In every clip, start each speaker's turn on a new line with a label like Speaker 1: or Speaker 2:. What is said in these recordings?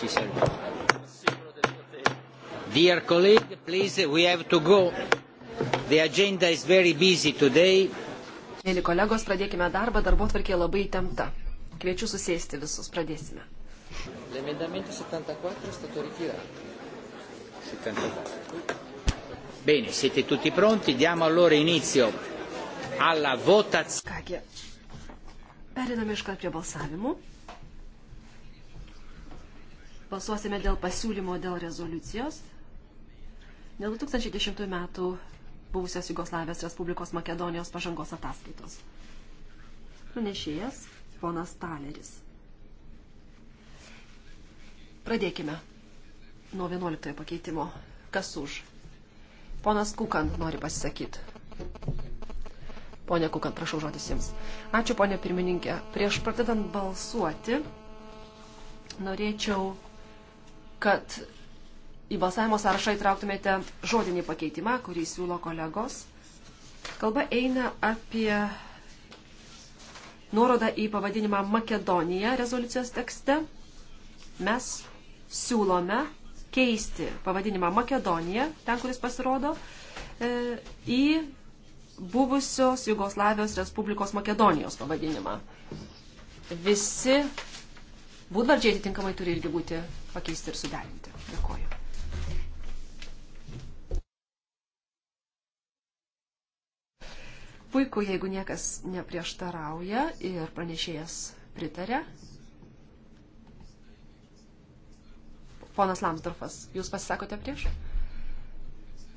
Speaker 1: si serve. Dear colleague, please, we have to go. The agenda is very busy today.
Speaker 2: Mėly kolegos, pradėkime darbą, darbo tvarkė labai įtempta. Kviečiu susėsti visus, pradėsime.
Speaker 1: L'emendamento 74 è stato ritirato. 74. Bene, siete tutti pronti, diamo allora inizio alla votazione. Kągi,
Speaker 2: periname iškart prie balsavimų. Balsuosime dėl pasiūlymo dėl rezoliucijos. Dėl 2010 metų buvusios Jugoslavijos Respublikos Makedonijos pažangos ataskaitos. Pranešėjas ponas Taleris. Pradėkime nuo 11 pakeitimo. Kas už? Ponas Kukan nori pasisakyti. Pone Kukan, prašau žodis jums. Ačiū, ponė pirmininkė. Prieš pradedant balsuoti, norėčiau kad į balsavimo sąrašą įtrauktumėte žodinį pakeitimą, kurį siūlo kolegos. Kalba eina apie nuorodą į pavadinimą Makedonija rezoliucijos tekste. Mes siūlome keisti pavadinimą Makedonija, ten, kuris pasirodo, e, į buvusios Jugoslavijos Respublikos Makedonijos pavadinimą. Visi būdvardžiai atitinkamai turi irgi būti pakeisti ir suderinti. Dėkoju. Puiku, jeigu niekas neprieštarauja ir pranešėjas pritarė. Ponas Lamsdorfas, jūs pasisakote prieš?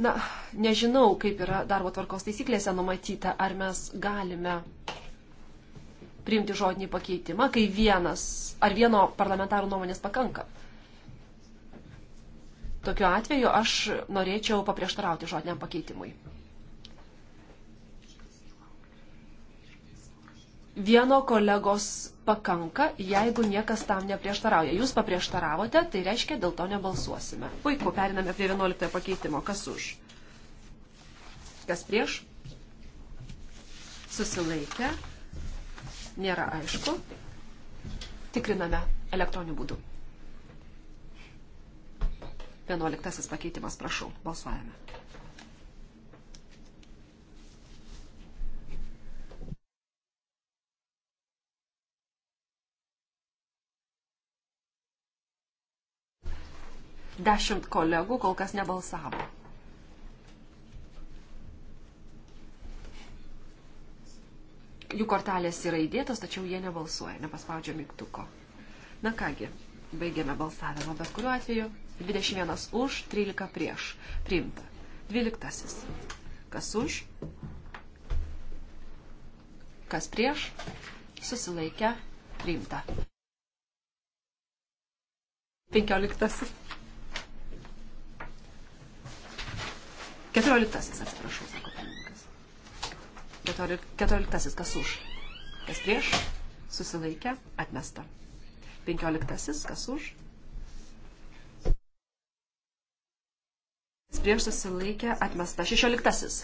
Speaker 2: Na, nežinau, kaip yra darbo tvarkos taisyklėse numatyta, ar mes galime priimti žodinį pakeitimą, kai vienas ar vieno parlamentarų nuomonės pakanka. Tokiu atveju aš norėčiau paprieštarauti žodiniam pakeitimui. Vieno kolegos pakanka, jeigu niekas tam neprieštarauja. Jūs paprieštaravote, tai reiškia, dėl to nebalsuosime. Puiku, periname prie 11 pakeitimo. Kas už? Kas prieš? Susilaikę. Nėra aišku. Tikriname elektroniniu būdu. 11 pakeitimas, prašau, balsuojame. Dešimt kolegų kol kas nebalsavo. Jų kortelės yra įdėtos, tačiau jie nebalsuoja, nepaspaudžia mygtuko. Na kągi, baigiame balsavimą, bet kuriuo atveju 21 už, 13 prieš. Priimta. 12. Kas už? Kas prieš? Susilaikę. Priimta. 15. 14. Atsiprašau, sako pirmininkas. 14. Kas už? Kas prieš? Susilaikę. Atmesta. 15. Kas už? prieš susilaikė atmesta. Šešioliktasis.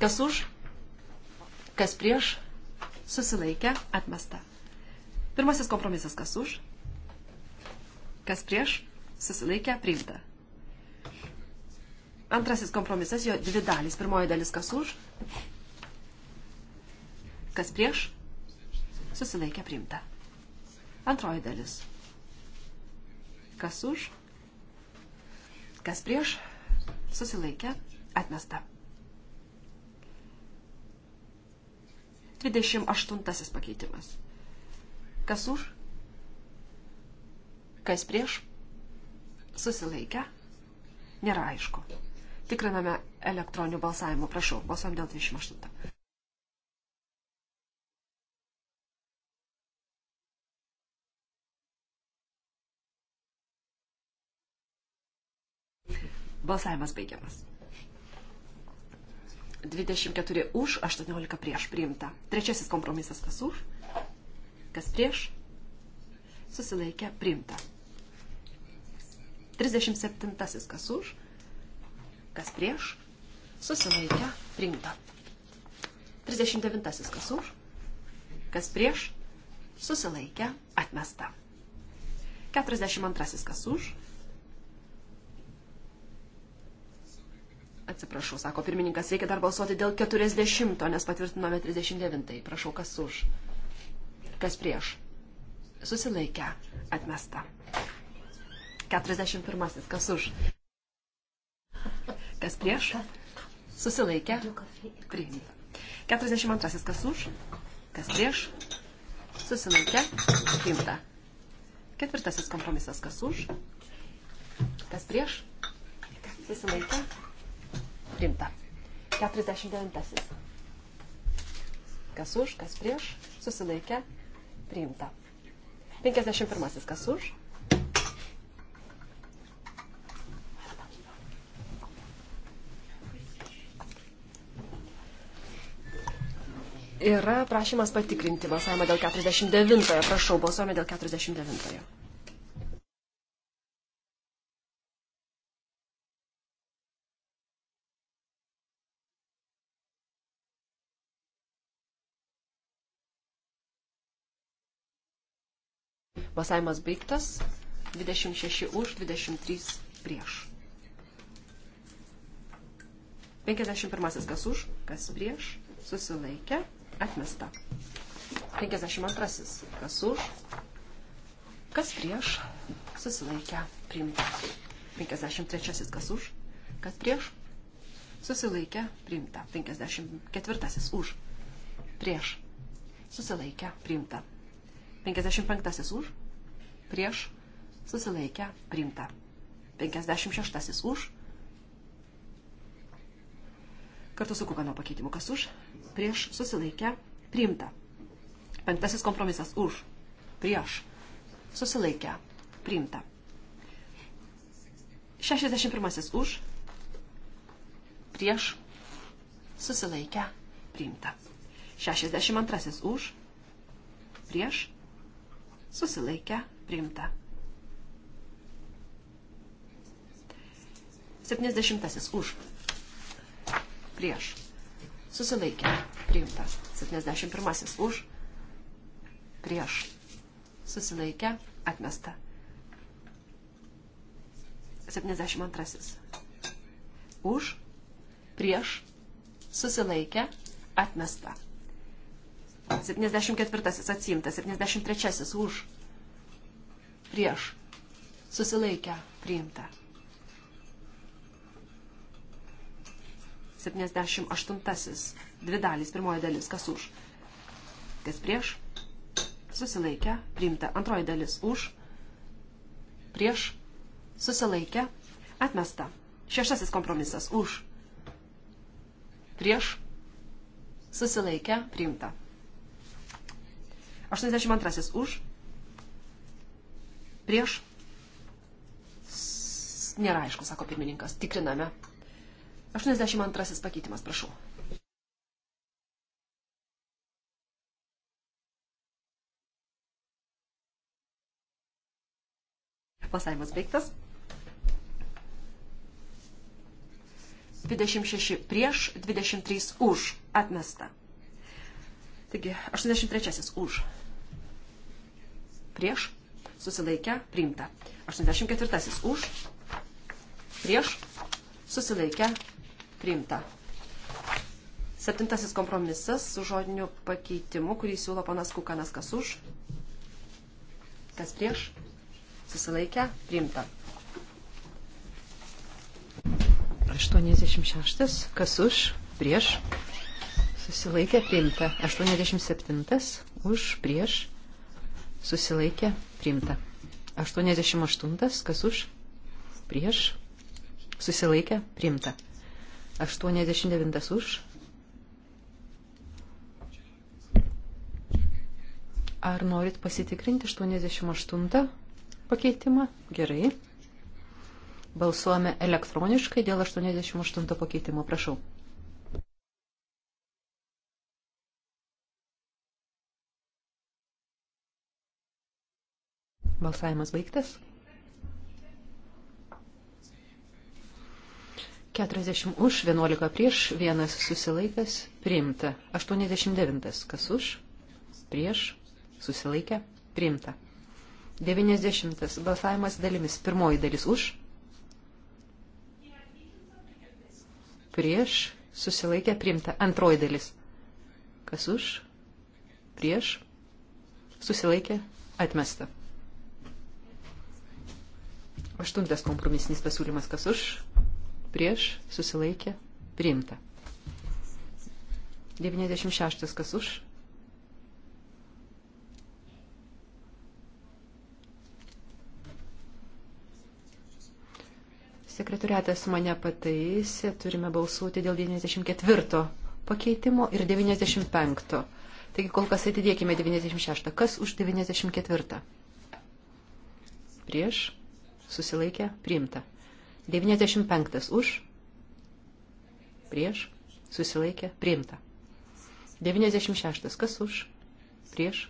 Speaker 2: Kas už, kas prieš susilaikė atmesta. Pirmasis kompromisas. Kas už, kas prieš susilaikė priimta. Antrasis kompromisas, jo dvi dalys. Pirmoji dalis kas už, kas prieš, susilaikė priimta. Antroji dalis. Kas už, kas prieš, susilaikė, atmesta. 28 pakeitimas. Kas už? Kas prieš? Susilaikę? Nėra aišku. Tikriname elektroninių balsavimų. Prašau, balsuom dėl 28. Balsavimas baigiamas. 24 už, 18 prieš priimta. Trečiasis kompromisas kas už, kas prieš, susilaikė priimta. 37 kas už, kas prieš, susilaikė priimta. 39 kas už, kas prieš, susilaikė atmesta. 42 kas už, Atsiprašau, sako pirmininkas, reikia dar balsuoti dėl 40, nes patvirtinome 39. Prašau, kas už. Kas prieš. Susilaikę. Atmesta. 41. Kas už. Kas prieš. Susilaikę. Priimta. 42. Kas už. Kas prieš. Susilaikę. Priimta. Ketvirtasis kompromisas. Kas už. Kas prieš. Susilaikę Primta. 49. Kas už, kas prieš, susilaikė, priimta. 51. Kas už? Yra prašymas patikrinti balsavimą dėl 49. Prašau, balsuojame dėl 49. Balsavimas baigtas. 26 už, 23 prieš. 51 kas už, kas prieš, susilaikė, atmesta. 52 kas už, kas prieš, susilaikė, priimta. 53 kas už, kas prieš, susilaikė, priimta. 54 už, prieš, susilaikė, priimta. 55 už, prieš, susilaikę, priimta. 56 už, kartu su kukano pakeitimu, kas už, prieš, susilaikę, priimta. Penktasis kompromisas už, prieš, susilaikę, priimta. 61 už, prieš, susilaikę, priimta. 62 už, prieš, susilaikę, priimta. 70 už. Prieš. Susilaikė. Priimta. 71 už. Prieš. Susilaikė. Atmesta. 72. Už. Prieš. Susilaikė. Atmesta. 74 atsiimta. 73 už prieš, susilaikę, priimta. 78. Dvi dalys, pirmoji dalis, kas už, kas prieš, susilaikę, priimta. Antroji dalis, už, prieš, susilaikę, atmesta. Šeštasis kompromisas, už, prieš, susilaikę, priimta. 82. Už, Prieš? Nėra aišku, sako pirmininkas. Tikriname. 82 pakeitimas, prašau. Balsavimas baigtas. 26 prieš, 23 už. Atmesta. Taigi, 83 už. Prieš susilaikę priimta. 84 už, prieš, susilaikę priimta. Septintasis kompromisas su žodiniu pakeitimu, kurį siūlo panas Kukanas kas už, kas prieš, susilaikę priimta. 86, kas už, prieš, susilaikė priimta. 87, už, prieš, susilaikė, priimta. 88, kas už, prieš, susilaikė, priimta. 89 už. Ar norit pasitikrinti 88 pakeitimą? Gerai. Balsuojame elektroniškai dėl 88 pakeitimo. Prašau. Balsavimas baigtas. 40 už, 11 prieš, vienas susilaikas, priimta. 89 kas už, prieš, susilaikę, priimta. 90 balsavimas dalimis. Pirmoji dalis už, prieš, susilaikę, priimta. Antroji dalis. Kas už, prieš, susilaikę, atmesta. Aštuntas kompromisinis pasiūlymas, kas už, prieš, susilaikė, priimta. 96 kas už. Sekretariatas mane pataisė, turime balsuoti dėl 94 pakeitimo ir 95. Taigi kol kas atidėkime 96. Kas už 94? Prieš susilaikė, priimta. 95 už, prieš, susilaikė, priimta. 96 kas už, prieš,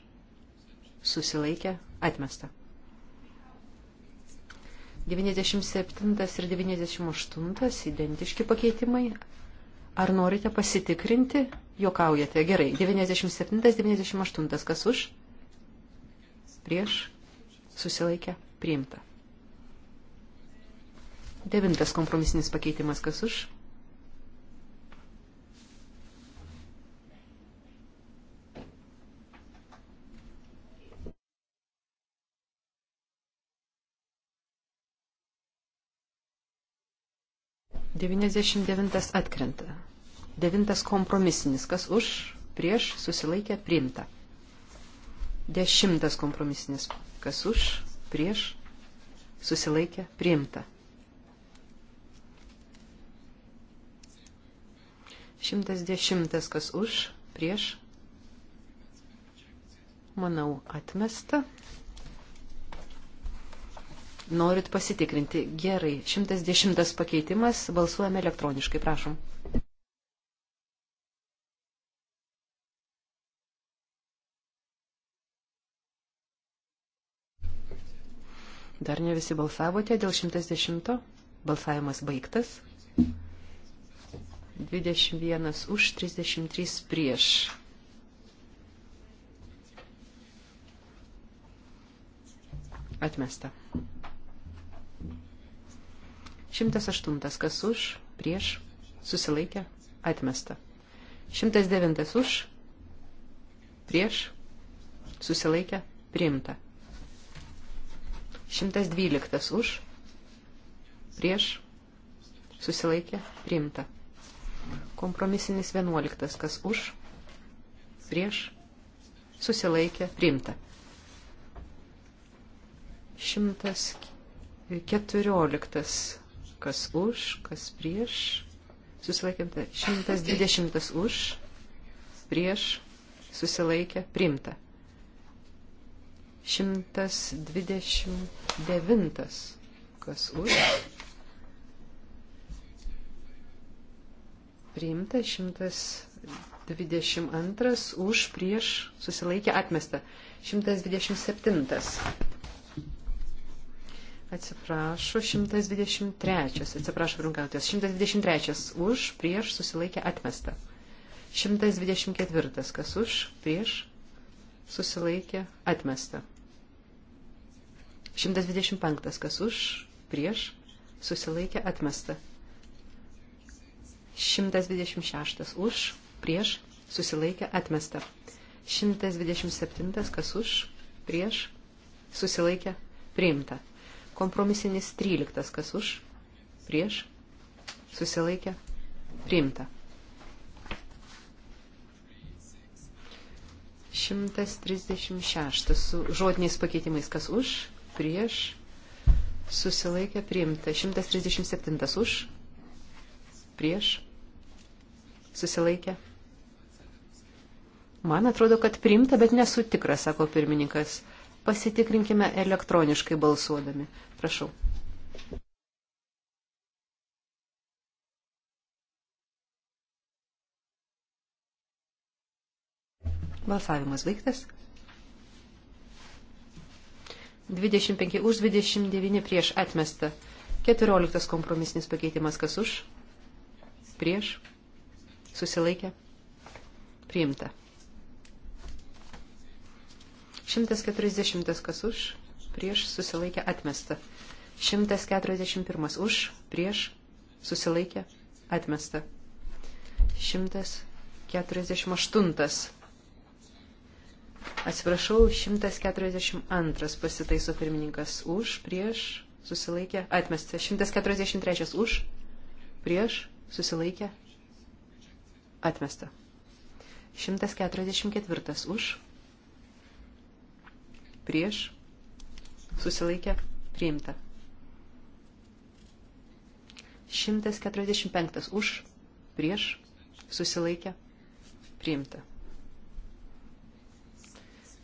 Speaker 2: susilaikė, atmesta. 97 ir 98 identiški pakeitimai. Ar norite pasitikrinti? Jokaujate. Gerai. 97, 98. Kas už? Prieš? Susilaikę? Priimta. Devintas kompromisinis pakeitimas, kas už? Devyniasdešimt devintas atkrenta. Devintas kompromisinis, kas už, prieš, susilaikė, priimta. Dešimtas kompromisinis, kas už, prieš, susilaikė, priimta. 110 kas už, prieš. Manau, atmesta. Norit pasitikrinti. Gerai. 110 pakeitimas. Balsuojame elektroniškai. Prašom. Dar ne visi balsavote dėl 110. Balsavimas baigtas. 21 už, 33 prieš. Atmesta. 108. Kas už, prieš, susilaikė, atmesta. 109. Už, prieš, susilaikė, priimta. 112. Už, prieš, susilaikė, priimta. Kompromisinis 11. Kas už? Prieš? Susilaikė? Priimta. 114. Kas už? Kas prieš? Susilaikėmta. 120 už? Prieš? Susilaikė? Priimta. 129. Kas už? priimta, 122 už, prieš, susilaikė, atmesta, 127. Atsiprašau, 123. Atsiprašau, runkautės. 123 už, prieš, susilaikė, atmesta. 124. Kas už, prieš, susilaikė, atmesta. 125. Kas už, prieš, susilaikė, atmesta. 126 už, prieš, susilaikė, atmesta. 127 kas už, prieš, susilaikė, priimta. Kompromisinis 13 kas už, prieš, susilaikė, priimta. 136 su žodiniais pakeitimais, kas už, prieš, susilaikė priimta. 137 už, prieš, susilaikė. Man atrodo, kad priimta, bet nesu tikras, sako pirmininkas. Pasitikrinkime elektroniškai balsuodami. Prašau. Balsavimas baigtas. 25 už 29 prieš atmestą. 14 kompromisinis pakeitimas kas už? Prieš Susilaikė. Priimta. 140 kas už, prieš susilaikė atmesta. 141 už, prieš susilaikė atmesta. 148. Atsiprašau, 142 pasitaiso pirmininkas už, prieš susilaikė atmesta. 143 už, prieš susilaikė Atmesta. 144 už. Prieš. Susilaikė. Priimta. 145 už. Prieš. Susilaikė. Priimta.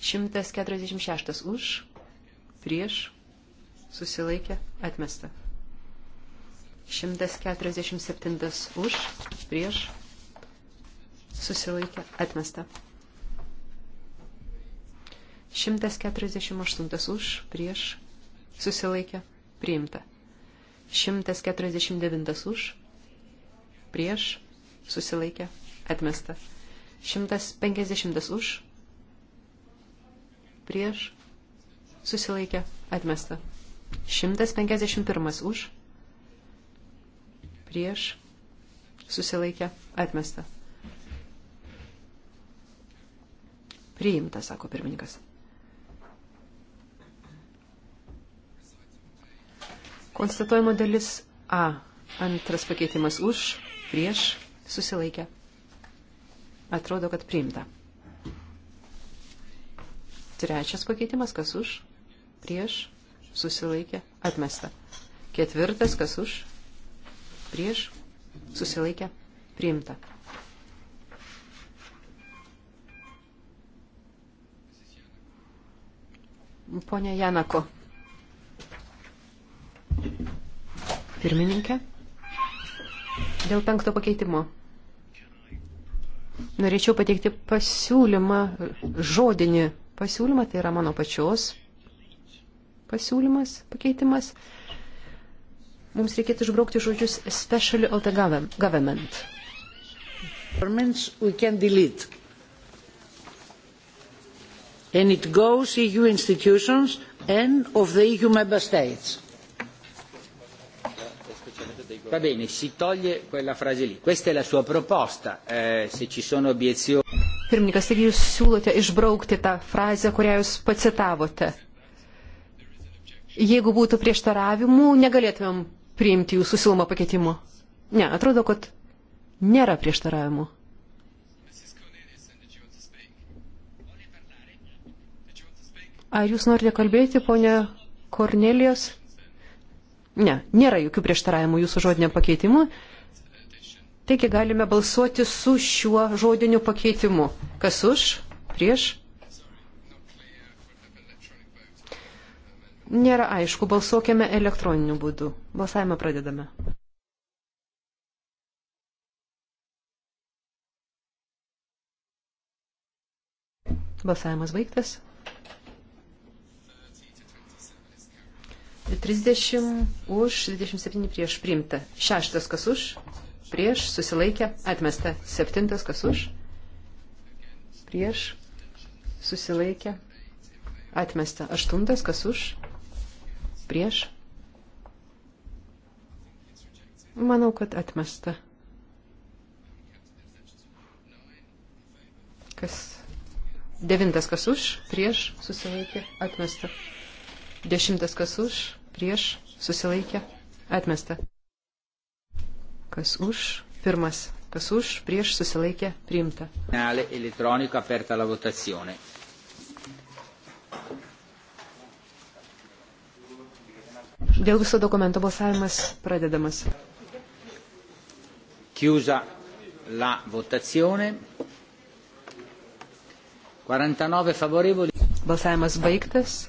Speaker 2: 146 už. Prieš. Susilaikė. Atmesta. 147 už. Prieš susilaikė atmesta. 148 už, prieš, susilaikė, priimta. 149 už, prieš, susilaikė, atmesta. 150 už, prieš, susilaikė, atmesta. 151 už, prieš, susilaikė, atmesta. Priimta, sako pirmininkas. Konstatuojama dalis A. Antras pakeitimas už, prieš, susilaikė. Atrodo, kad priimta. Trečias pakeitimas, kas už, prieš, susilaikė, atmesta. Ketvirtas, kas už, prieš, susilaikė, priimta. Pone Janako. Pirmininkė. Dėl penkto pakeitimo. Norėčiau pateikti pasiūlymą, žodinį pasiūlymą, tai yra mano pačios pasiūlymas, pakeitimas. Mums reikėtų išbraukti žodžius specially of the government.
Speaker 1: Governments we can delete and it goes EU institutions and of the EU member states. Va bene, si toglie quella frase lì. Questa è la sua proposta. Eh, se ci sono obiezioni.
Speaker 2: Pirmininkas, taigi jūs siūlote išbraukti tą frazę, kurią jūs pacitavote. Jeigu būtų prieštaravimų, negalėtumėm priimti jūsų siūlomą pakeitimą. Ne, atrodo, kad nėra prieštaravimų. Ar jūs norite kalbėti, ponė Kornelijos? Ne, nėra jokių prieštaravimų jūsų žodiniam pakeitimu. Taigi galime balsuoti su šiuo žodiniu pakeitimu. Kas už? Prieš? Nėra aišku, balsuokime elektroniniu būdu. Balsavimą pradedame. Balsavimas baigtas. 30 už, 27 prieš priimta. Šeštas kas už, prieš susilaikė, atmesta. Septintas kas už, prieš susilaikė, atmesta. Aštuntas kas už, prieš. Manau, kad atmesta. Kas? Devintas kas už, prieš susilaikė, atmesta. Dešimtas kas už, prieš, susilaikė, atmesta. Kas už, pirmas, kas už, prieš, susilaikė, priimta.
Speaker 1: Elektronika aperta la votazione.
Speaker 2: Dėl viso dokumento balsavimas pradedamas.
Speaker 1: Chiusa la votazione. 49 favorevoli. Balsavimas baigtas.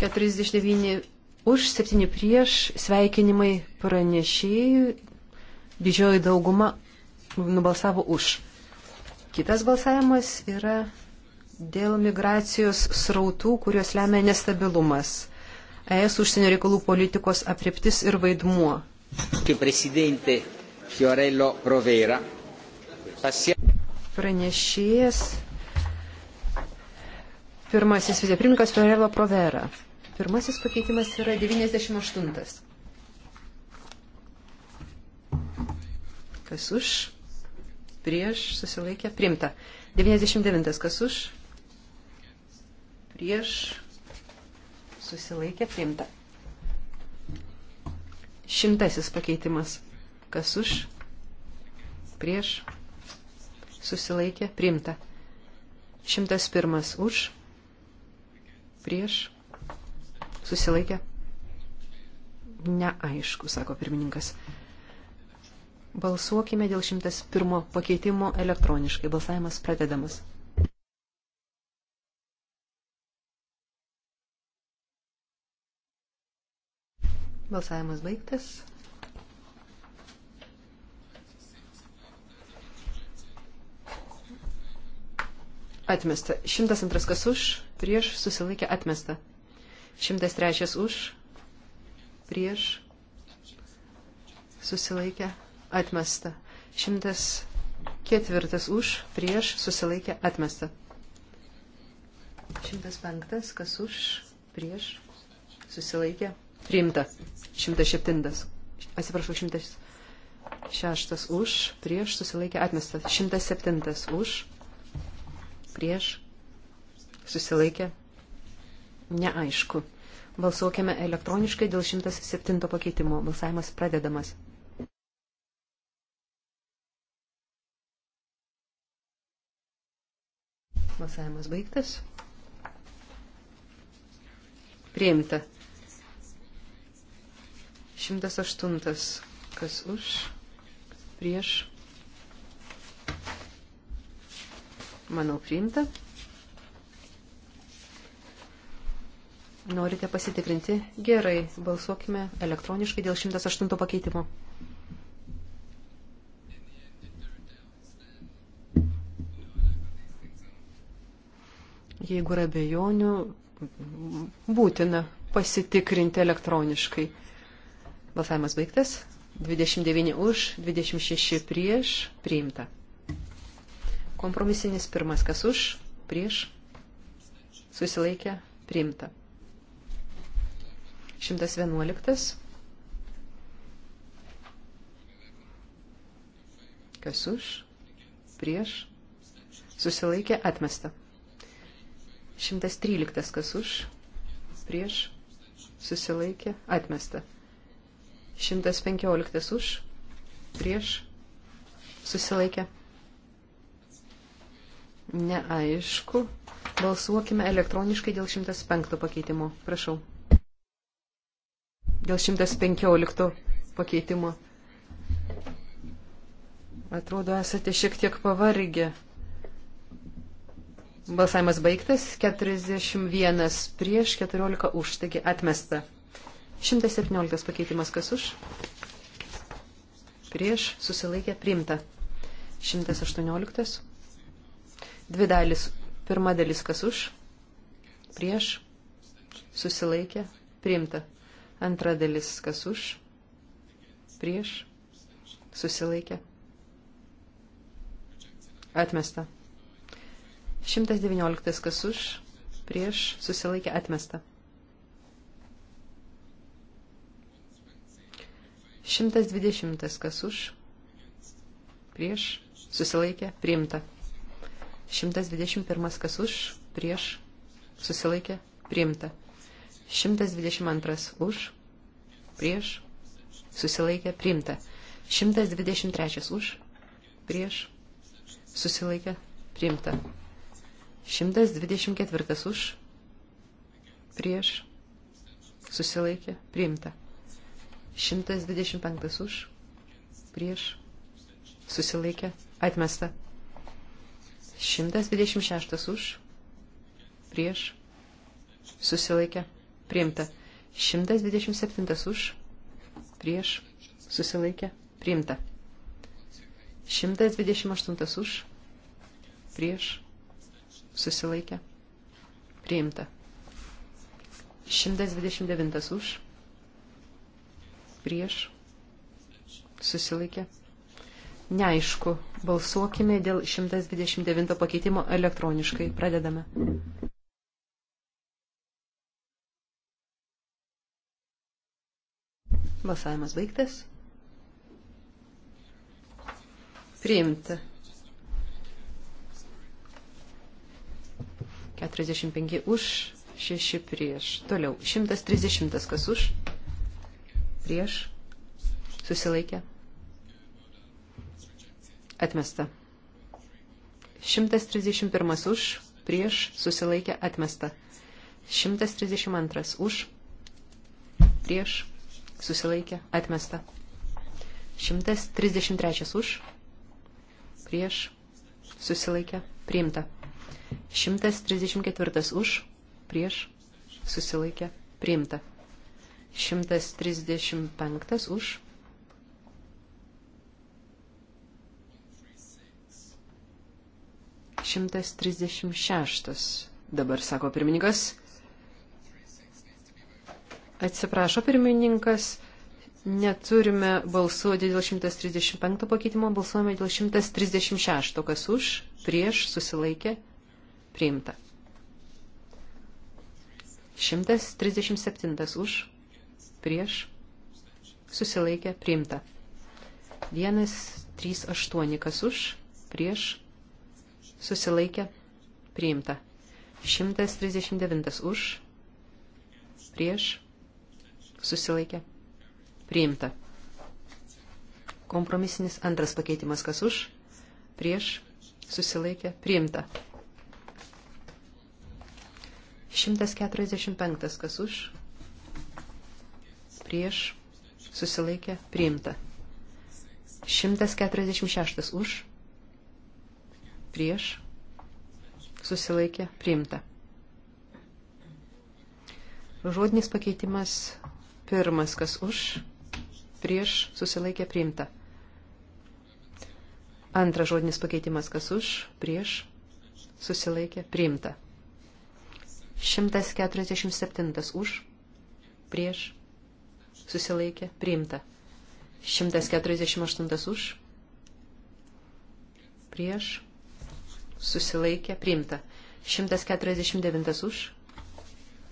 Speaker 1: 49 už, 7
Speaker 2: prieš, sveikinimai pranešėjai, didžioji dauguma nubalsavo už. Kitas balsavimas yra dėl migracijos srautų, kuriuos lemia nestabilumas. ES užsienio reikalų politikos apriptis ir vaidmuo. Pranešėjas pirmasis vicepirmininkas Fiorello Provera. Pirmasis pakeitimas yra 98. Kas už? Prieš susilaikė. Primta. 99. Kas už? Prieš susilaikė. Primta. Šimtasis pakeitimas. Kas už? Prieš susilaikė. Primta. Šimtas pirmas už. Prieš Susilaikė? Neaišku, sako pirmininkas. Balsuokime dėl 101 pakeitimo elektroniškai. Balsavimas pradedamas. Balsavimas baigtas. Atmesta. 102 kas už, prieš susilaikė atmesta. 103 už, prieš, susilaikę, atmesta. 104 už, prieš, susilaikę, atmesta. 105 kas už, prieš, susilaikė, priimta. 107. Atsiprašau, 106 už, prieš, susilaikė, atmestas. 107 už, prieš, susilaikė, Neaišku. Balsuokime elektroniškai dėl 107 pakeitimo. Balsavimas pradedamas. Balsavimas baigtas. Priimta. 108. Kas už? Prieš. Manau, priimta. Norite pasitikrinti? Gerai, balsuokime elektroniškai dėl 108 pakeitimo. Jeigu yra bejonių, būtina pasitikrinti elektroniškai. Balsavimas baigtas. 29 už, 26 prieš, priimta. Kompromisinis pirmas, kas už, prieš, susilaikė, priimta. 111. Kas už? Prieš? Susilaikė atmesta. 113. Kas už? Prieš? Susilaikė atmesta. 115. Už? Prieš? Susilaikė. Neaišku. Balsuokime elektroniškai dėl 105 pakeitimo. Prašau dėl 115 pakeitimo. Atrodo, esate šiek tiek pavargę. Balsavimas baigtas, 41 prieš, 14 už, taigi atmesta. 117 pakeitimas kas už? Prieš, susilaikė, priimta. 118. Dvi dalis. Pirma dalis kas už? Prieš, susilaikė, priimta. Antra dalis, kas už, prieš, susilaikė. Atmesta. 119, kas už, prieš, susilaikė, atmesta. 120, kas už, prieš, susilaikė, priimta. 121, kas už, prieš, susilaikė, priimta. 122 už, prieš, susilaikė, priimta. 123 už, prieš, susilaikė, priimta. 124 už, prieš, susilaikė, priimta. 125 už, prieš, susilaikė, atmesta. 126 už, prieš, susilaikė, priimta. 127 už, prieš, susilaikė, priimta. 128 už, prieš, susilaikė, priimta. 129 už, prieš, susilaikė. Neaišku, balsuokime dėl 129 pakeitimo elektroniškai. Pradedame. Balsavimas baigtas. Priimta. 45 už, 6 prieš. Toliau, 130 kas už, prieš, susilaikė, atmesta. 131 už, prieš, susilaikė, atmesta. 132 už, prieš, susilaikė, atmesta. 133 už, prieš, susilaikė, priimta. 134 už, prieš, susilaikė, priimta. 135 už. Šimtas trisdešimt šeštas. Dabar sako pirmininkas, Atsiprašo pirmininkas, neturime balsuoti dėl 135 pakeitimo, balsuojame dėl 136, kas už, prieš, susilaikė, priimta. 137 už, prieš, susilaikė, priimta. 138 kas už, prieš, susilaikė, priimta. 139 už, prieš, Susilaikė. Priimta. Kompromisinis antras pakeitimas kas už, prieš, susilaikė, priimta. 145 kas už, prieš, susilaikė, priimta. 146 už, prieš, susilaikė, priimta. Žodinis pakeitimas Pirmas, kas už, prieš, susilaikė priimta. Antras žodinis pakeitimas, kas už, prieš, susilaikė priimta. 147 už, prieš, susilaikė priimta. 148 už, prieš, susilaikė priimta. 149 už,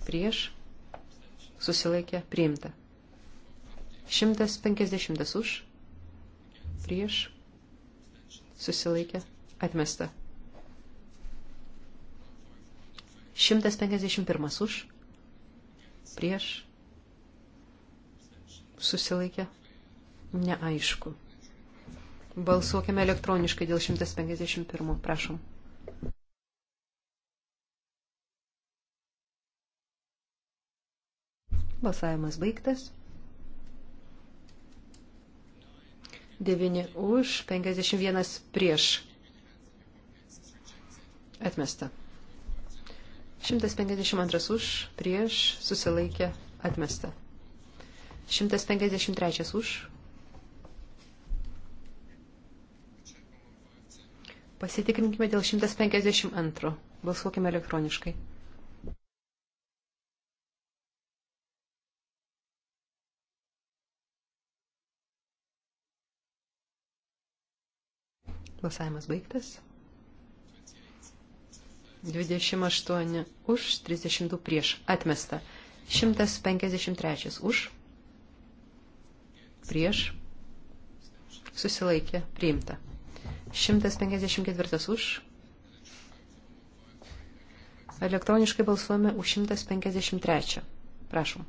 Speaker 2: prieš, susilaikė priimta. 150 už, prieš, susilaikė atmesta. 151 už, prieš, susilaikė neaišku. Balsuokime elektroniškai dėl 151. Prašom. Balsavimas baigtas. 9 už, 51 prieš. Atmesta. 152 už, prieš, susilaikė, atmesta. 153 už. Pasitikrinkime dėl 152. Balsuokime elektroniškai. Balsavimas baigtas. 28 už, 32 prieš. Atmesta. 153 už, prieš, susilaikė, priimta. 154 už. Elektroniškai balsuojame už 153. Prašom.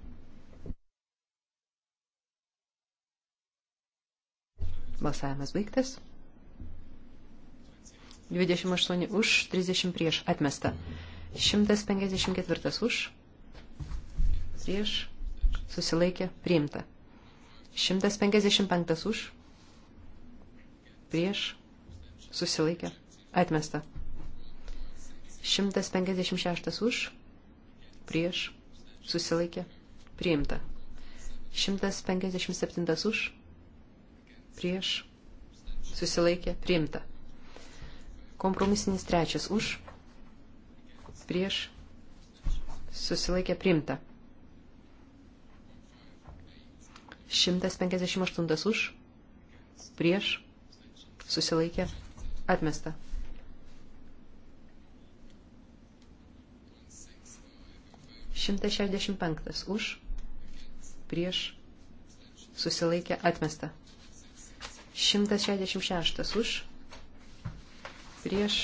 Speaker 2: Balsavimas baigtas. 28 už, 30 prieš, atmesta. 154 už, prieš, susilaikė, priimta. 155 už, prieš, susilaikė, atmesta. 156 už, prieš, susilaikė, priimta. 157 už, prieš, susilaikė, priimta. Kompromisinis trečias už, prieš, susilaikė priimta. 158 už, prieš, susilaikė atmesta. Šimtas šešdešimt penktas už, prieš, susilaikė atmesta. Šimtas šešdešimt šeštas už, prieš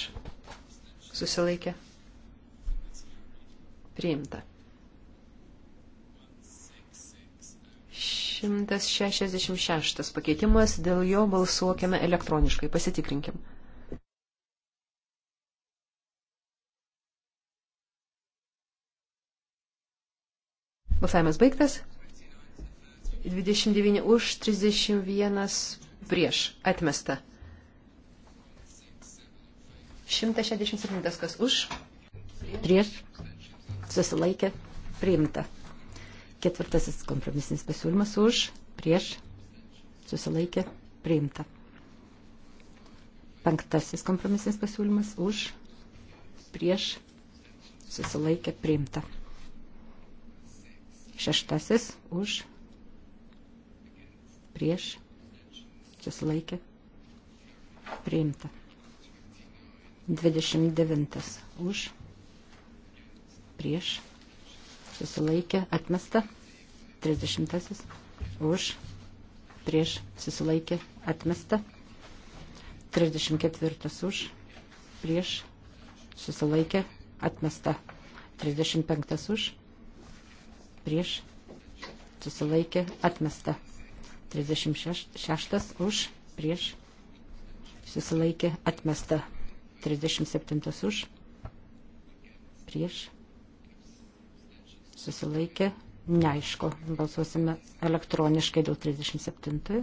Speaker 2: susilaikė priimta. 166 pakeitimas, dėl jo balsuokime elektroniškai, pasitikrinkim. Balsavimas baigtas. 29 už, 31 prieš, atmesta. 167 kas už.
Speaker 3: Prieš. Susilaikė. Priimta. Ketvirtasis kompromisinis pasiūlymas už. Prieš. Susilaikė. Priimta. Penktasis kompromisinis pasiūlymas už. Prieš. Susilaikė. Priimta. Šeštasis už. Prieš. Susilaikė. Priimta. 29 už, prieš, susilaikė, atmesta, 30 už, prieš, susilaikė, atmesta, 34 už, prieš, susilaikė, atmesta, 35 už, prieš, susilaikė, atmesta, 36 už, prieš, susilaikė, atmesta. 37 už, prieš, susilaikė, neaišku, balsuosime elektroniškai dėl 37.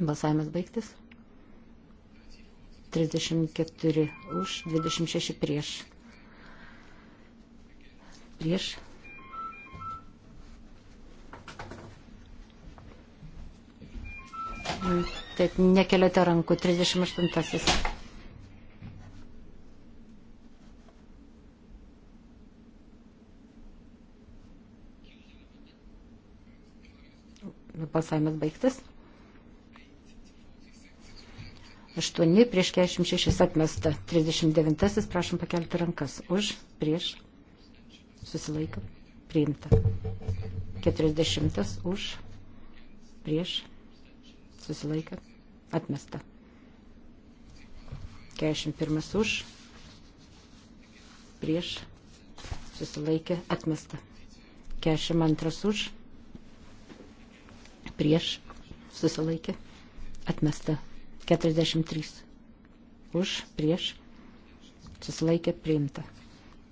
Speaker 3: Balsavimas baigtis. 34 už, 26 prieš. Prieš Nu, Tad nekeliate rankų. 38. Balsavimas baigtas. 8 prieš 46 atmesta. 39. Prašom pakelti rankas. Už, prieš, susilaikom, priimta. 40. Už, prieš, susilaikė, atmesta. 41 už, prieš, susilaikė, atmesta. 42 už, prieš, susilaikė, atmesta. 43 už, prieš, susilaikė, priimta.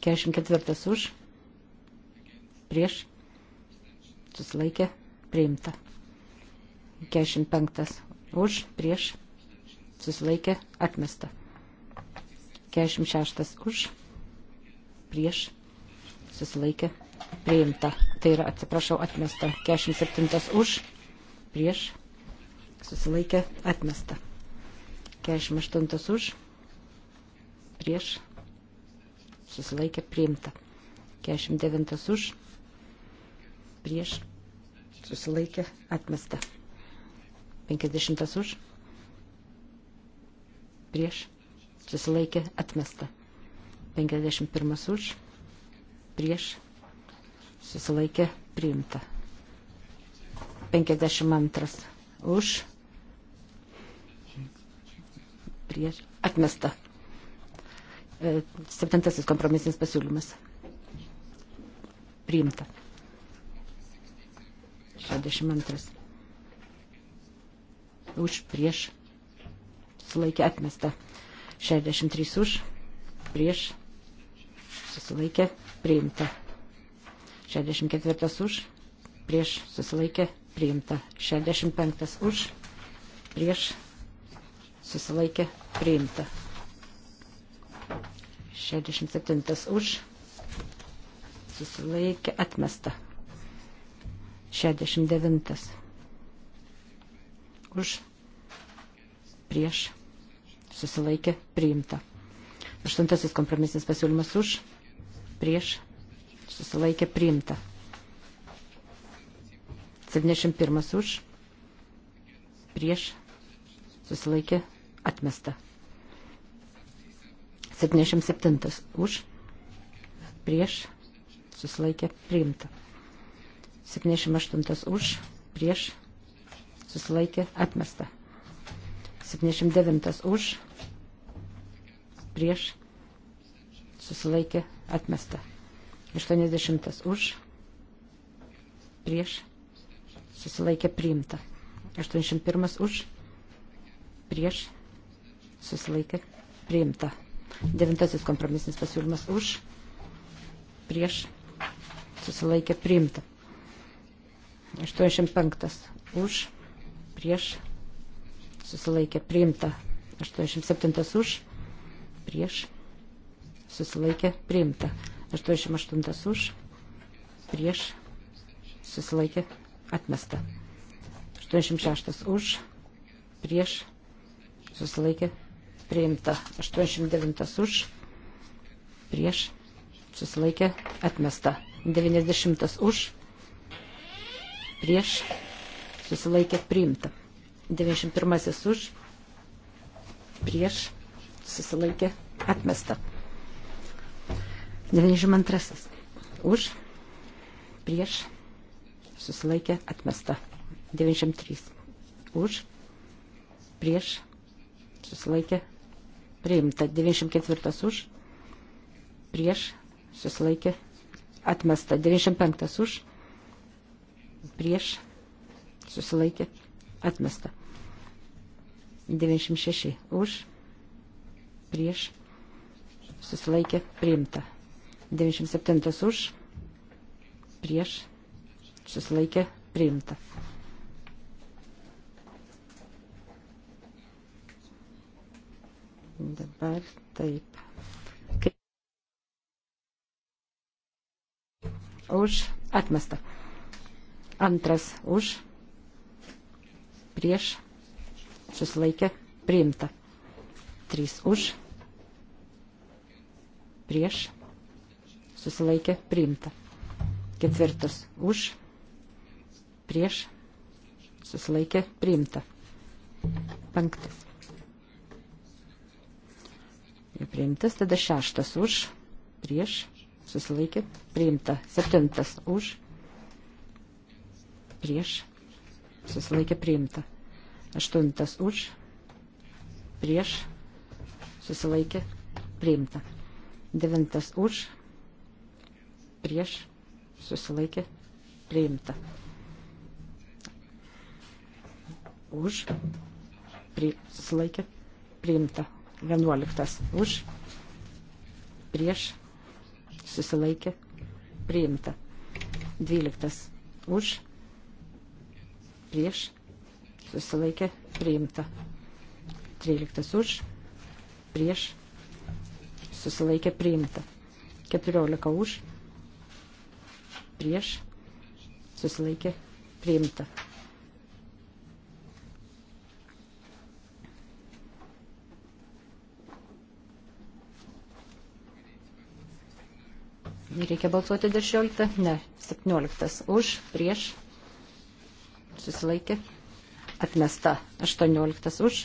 Speaker 3: 44 už, prieš, susilaikė, priimta. 45 už, prieš, susilaikė, atmesta. 46 už, prieš, susilaikė, priimta. Tai yra, atsiprašau, atmesta. 47 už, prieš, susilaikė, atmesta. 48 už, prieš, susilaikė, priimta. 49 už, prieš, susilaikė, atmesta. 50 už, prieš, susilaikė, atmesta. 51 už, prieš, susilaikė, priimta. 52 už, prieš, atmesta. E, septintasis kompromisinis pasiūlymas. Priimta. 62 už prieš susilaikė atmesta. 63 už prieš susilaikė priimta. 64 už prieš susilaikė priimta. 65 už prieš susilaikė priimta. 67 už susilaikė atmesta. 69 už prieš susilaikė priimta. Aštuntasis kompromisinis pasiūlymas už prieš susilaikė priimta. 71 už prieš susilaikė atmesta. 77 už prieš susilaikė priimta. 78 už prieš susilaikė atmesta. 79 už, prieš, susilaikė, atmesta. 80 už, prieš, susilaikė, priimta. 81 už, prieš, susilaikė, priimta. Devintasis kompromisinis pasiūlymas už, prieš, susilaikė, priimta. 85 už, prieš, susilaikė priimta. 87 už, prieš, susilaikė priimta. 88 už, prieš, susilaikė atmesta. 86 už, prieš, susilaikė priimta. 89 už, prieš, susilaikė atmesta. 90 už, prieš, susilaikė priimta. 91 už, prieš, susilaikė, atmesta. 92 už, prieš, susilaikė, atmesta. 93 už, prieš, susilaikė, priimta. 94 už, prieš, susilaikė, atmesta. 95 už, prieš, susilaikė, atmesta. 96 už, prieš, susilaikė, priimta. 97 už, prieš, susilaikė, priimta. Dabar taip. Už atmestą. Antras už, prieš, susilaikė priimta. 3 už, prieš, susilaikė priimta. Ketvirtas už, prieš, susilaikė priimta. Penktas. Jau priimtas, tada šeštas už, prieš, susilaikė priimta. Septintas už, prieš, susilaikė priimta. Aštuntas už, prieš, susilaikė, priimta. Devintas už, prieš, susilaikė, priimta. Už, prie, susilaikė, priimta. Vienuoliktas už, prieš, susilaikė, priimta. Dvyliktas už, prieš, susilaikė priimta. 13 už, prieš, susilaikė priimta. 14 už, prieš, susilaikė priimta. Reikia balsuoti dėl 16, ne, 17 už, prieš, susilaikė priimta atmesta 18 už,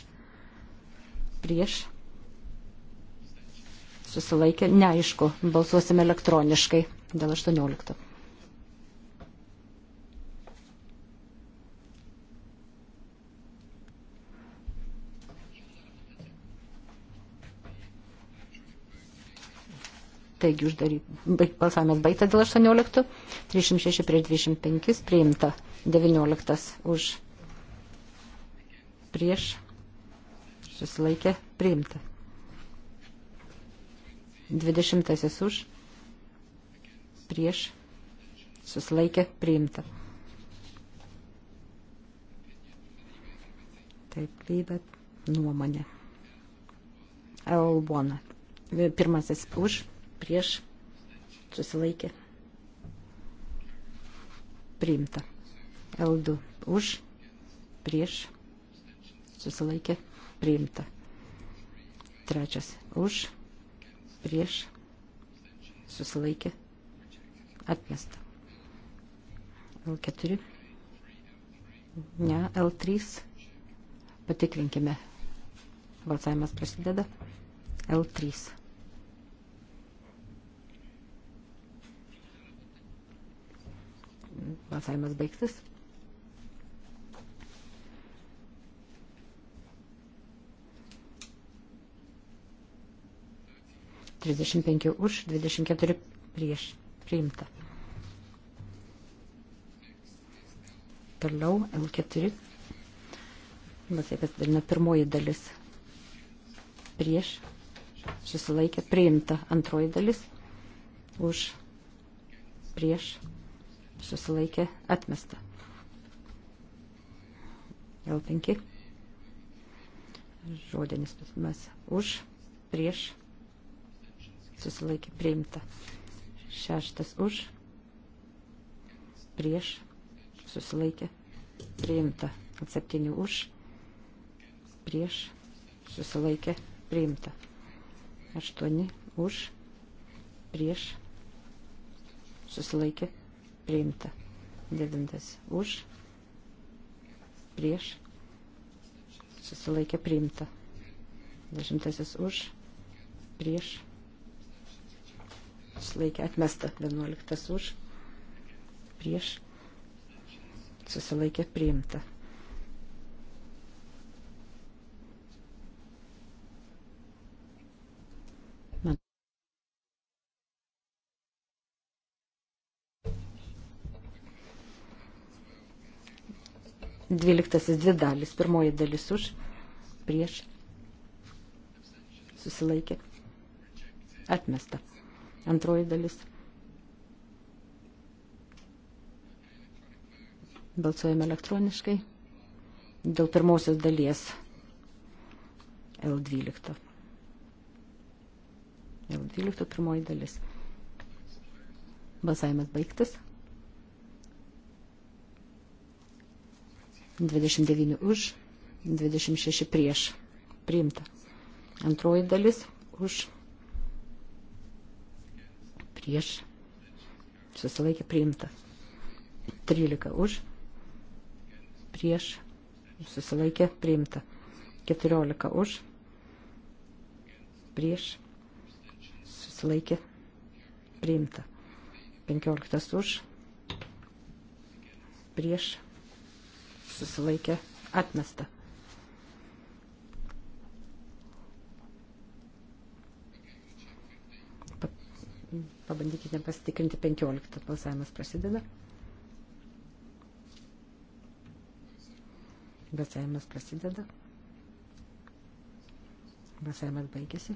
Speaker 3: prieš, susilaikė, neaišku, balsuosime elektroniškai dėl 18. Taigi uždary, balsavimas baigtas dėl 18, 306 prieš 25 priimta, 19 už prieš susilaikė priimta. 20 už prieš susilaikė priimta. Taip, lybet nuomonė. Elbona. Pirmasis už, prieš susilaikė priimta. L2 už, prieš susilaikė priimta. Trečias už, prieš, susilaikė atmesta. L4, ne, L3, patikrinkime. Balsavimas prasideda. L3. Balsavimas baigtas. 35 už, 24 prieš priimta. Toliau L4. Vasai pasidalina pirmoji dalis prieš, susilaikė, priimta antroji dalis už, prieš, susilaikė, atmesta. L5. Žodinis pasimas už, prieš, susilaikė priimta. Šeštas už, prieš, susilaikė priimta. Septyni už, prieš, susilaikė priimta. Aštuoni už, prieš, susilaikė priimta. Devintas už, prieš, susilaikė priimta. Dešimtasis už, prieš, susilaikė priimta susilaikė atmesta, 11 už, prieš, susilaikė priimta. Man. Dvyliktasis dvi dalis, pirmoji dalis už, prieš, susilaikė, atmesta. Antroji dalis. Balsuojame elektroniškai dėl pirmosios dalies L12. L12 pirmoji dalis. Balsavimas baigtas. 29 už, 26 prieš. Priimta. Antroji dalis už prieš, susilaikė priimta. 13 už, prieš, susilaikė priimta. 14 už, prieš, susilaikė priimta. 15 už, prieš, susilaikė atmesta. Pabandykite pasitikrinti 15. Balsavimas prasideda. Balsavimas prasideda. Balsavimas baigėsi.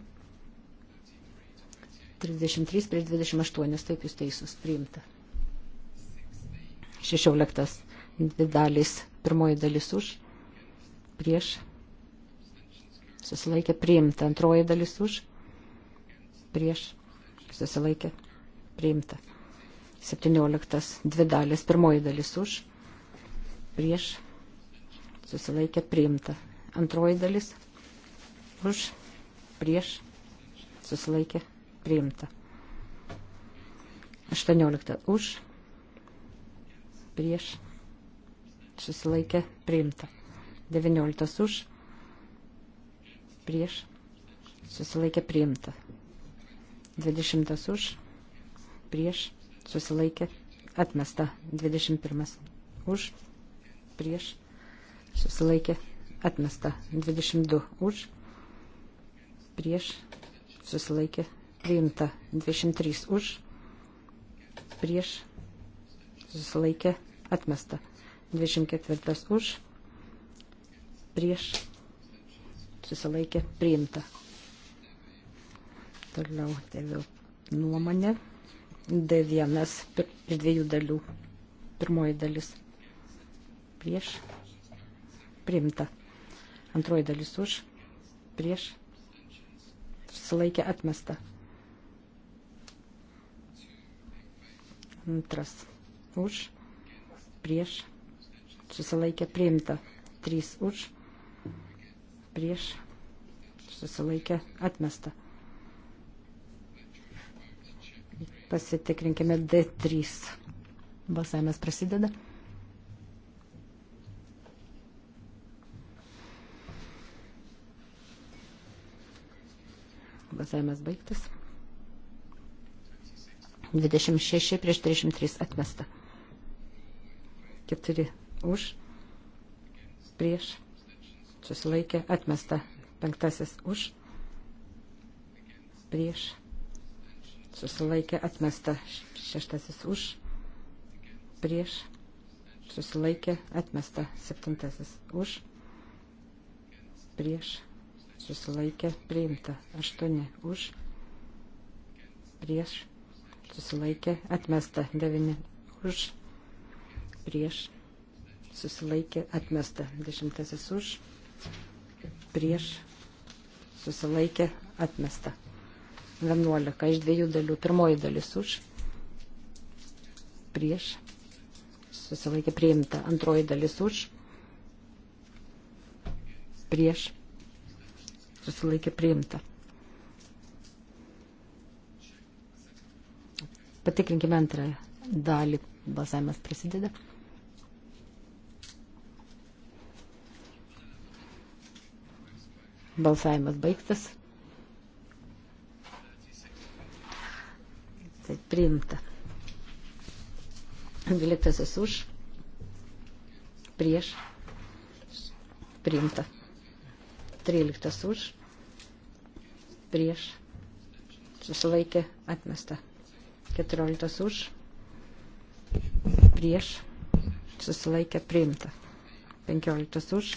Speaker 3: 33 prieš 28, taip jūs teisus, priimta. 16. Dvi dalys. Pirmoji dalis už, prieš, susilaikė priimta. Antroji dalis už, prieš, susilaikė, priimta. 17 dvi dalis, pirmoji dalis už, prieš, susilaikė, priimta. Antroji dalis už, prieš, susilaikė, priimta. 18 už, prieš, susilaikė, priimta. 19 už, prieš, susilaikė, priimta. 20 už, prieš, susilaikė, atmesta. 21 už, prieš, susilaikė, atmesta. 22 už, prieš, susilaikė, priimta. 23 už, prieš, susilaikė, atmesta. 24 už, prieš, susilaikė, priimta. Toliau tėvių nuomonė. D1 iš dviejų dalių. Pirmoji dalis prieš. Primta. Antroji dalis už. Prieš. Susilaikė atmesta. Antras. Už. Prieš. Susilaikė priimta. Trys už. Prieš. Susilaikė atmesta. Pasitikrinkime D3. Balsavimas prasideda. Balsavimas baigtas. 26 prieš 33 atmesta. 4 už, prieš, susilaikė, atmesta. Penktasis už, prieš, susilaikė atmesta. Šeštasis už, prieš, susilaikė atmesta. Septintasis už, prieš, susilaikė priimta. Aštuoni už, prieš, susilaikė atmesta. Devini už, prieš, susilaikė atmesta. Dešimtasis už, prieš, susilaikė atmesta. 11 iš dviejų dalių. Pirmoji dalis už, prieš, susilaikė priimta. Antroji dalis už, prieš, susilaikė priimta. Patikrinkime antrąją dalį. Balsavimas prasideda. Balsavimas baigtas. Tai priimta. Dvyliktasis už. Prieš. Priimta. Tryliktas už. Prieš. Susilaikė atmesta. Keturioliktas už. Prieš. Susilaikė priimta. Penkioliktas už.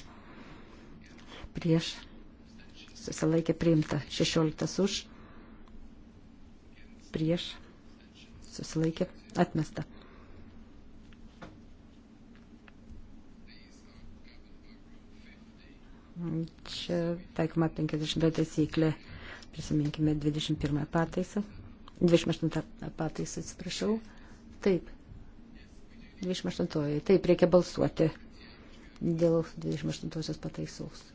Speaker 3: Prieš. Susilaikė priimta. Šešioliktas už. Prieš susilaikė, atmesta. Čia taikoma 50 taisyklė, prisiminkime 21 pataisą, 28 pataisą, atsiprašau. Taip, 28, taip, reikia balsuoti dėl 28 pataisos.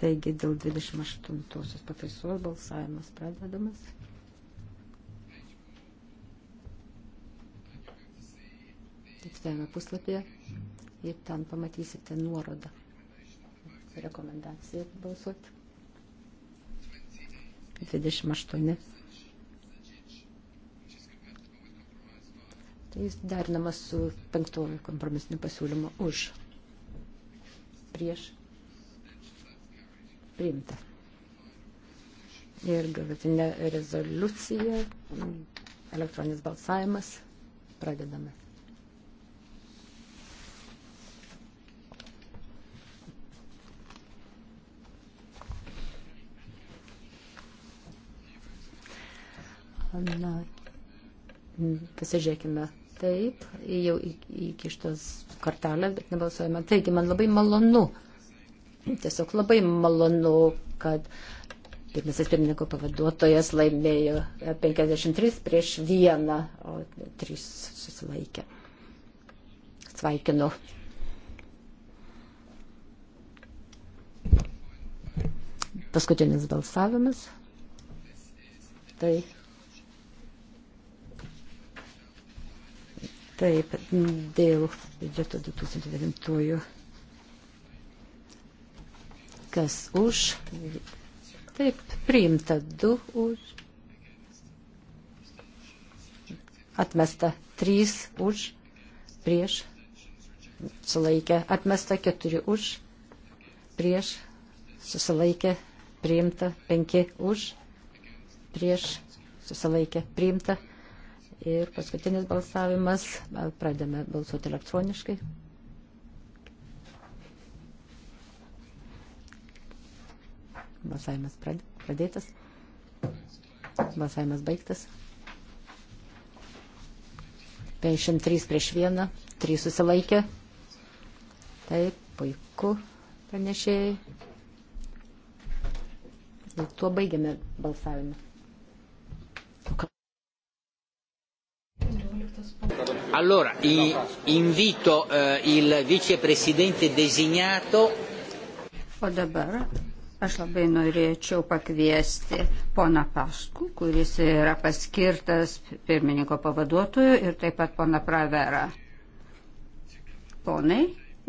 Speaker 3: Taigi dėl 28 pataisos balsavimas pradedamas. Atsidavime puslapyje ir ten pamatysite nuorodą rekomendaciją balsuoti. 28. Tai jis derinamas su penktoju kompromisiniu pasiūlymu už. Prieš priimta. Ir galutinė rezoliucija, elektroninis balsavimas, pradedame. Na, pasižiūrėkime. Taip, jau įkištos kortelės, bet nebalsuojame. Taigi, man labai malonu uh, Tiesiog labai malonu, kad pirmasis pirmininko pavaduotojas laimėjo 53 prieš vieną, o 3 susilaikė. Sveikinu. Paskutinis balsavimas. Tai Taip, dėl biudžeto 2009 kas už. Taip, priimta 2 už. Atmesta 3 už. Prieš. Sulaikė. Atmesta 4 už. Prieš. Susilaikė. Priimta 5 už. Prieš. Susilaikė. Priimta. Ir paskutinis balsavimas. Pradėme balsuoti elektroniškai. Balsavimas pradėtas. Balsavimas baigtas. 53 prieš 1, 3 susilaikė. Taip, puiku, pranešėjai. Ir nu, tuo baigiame balsavimą.
Speaker 1: Allora, invito uh, il vicepresidente designato.
Speaker 4: O dabar Aš labai norėčiau pakviesti poną Paskų, kuris yra paskirtas pirmininko pavaduotoju ir taip pat poną Praverą. Ponai,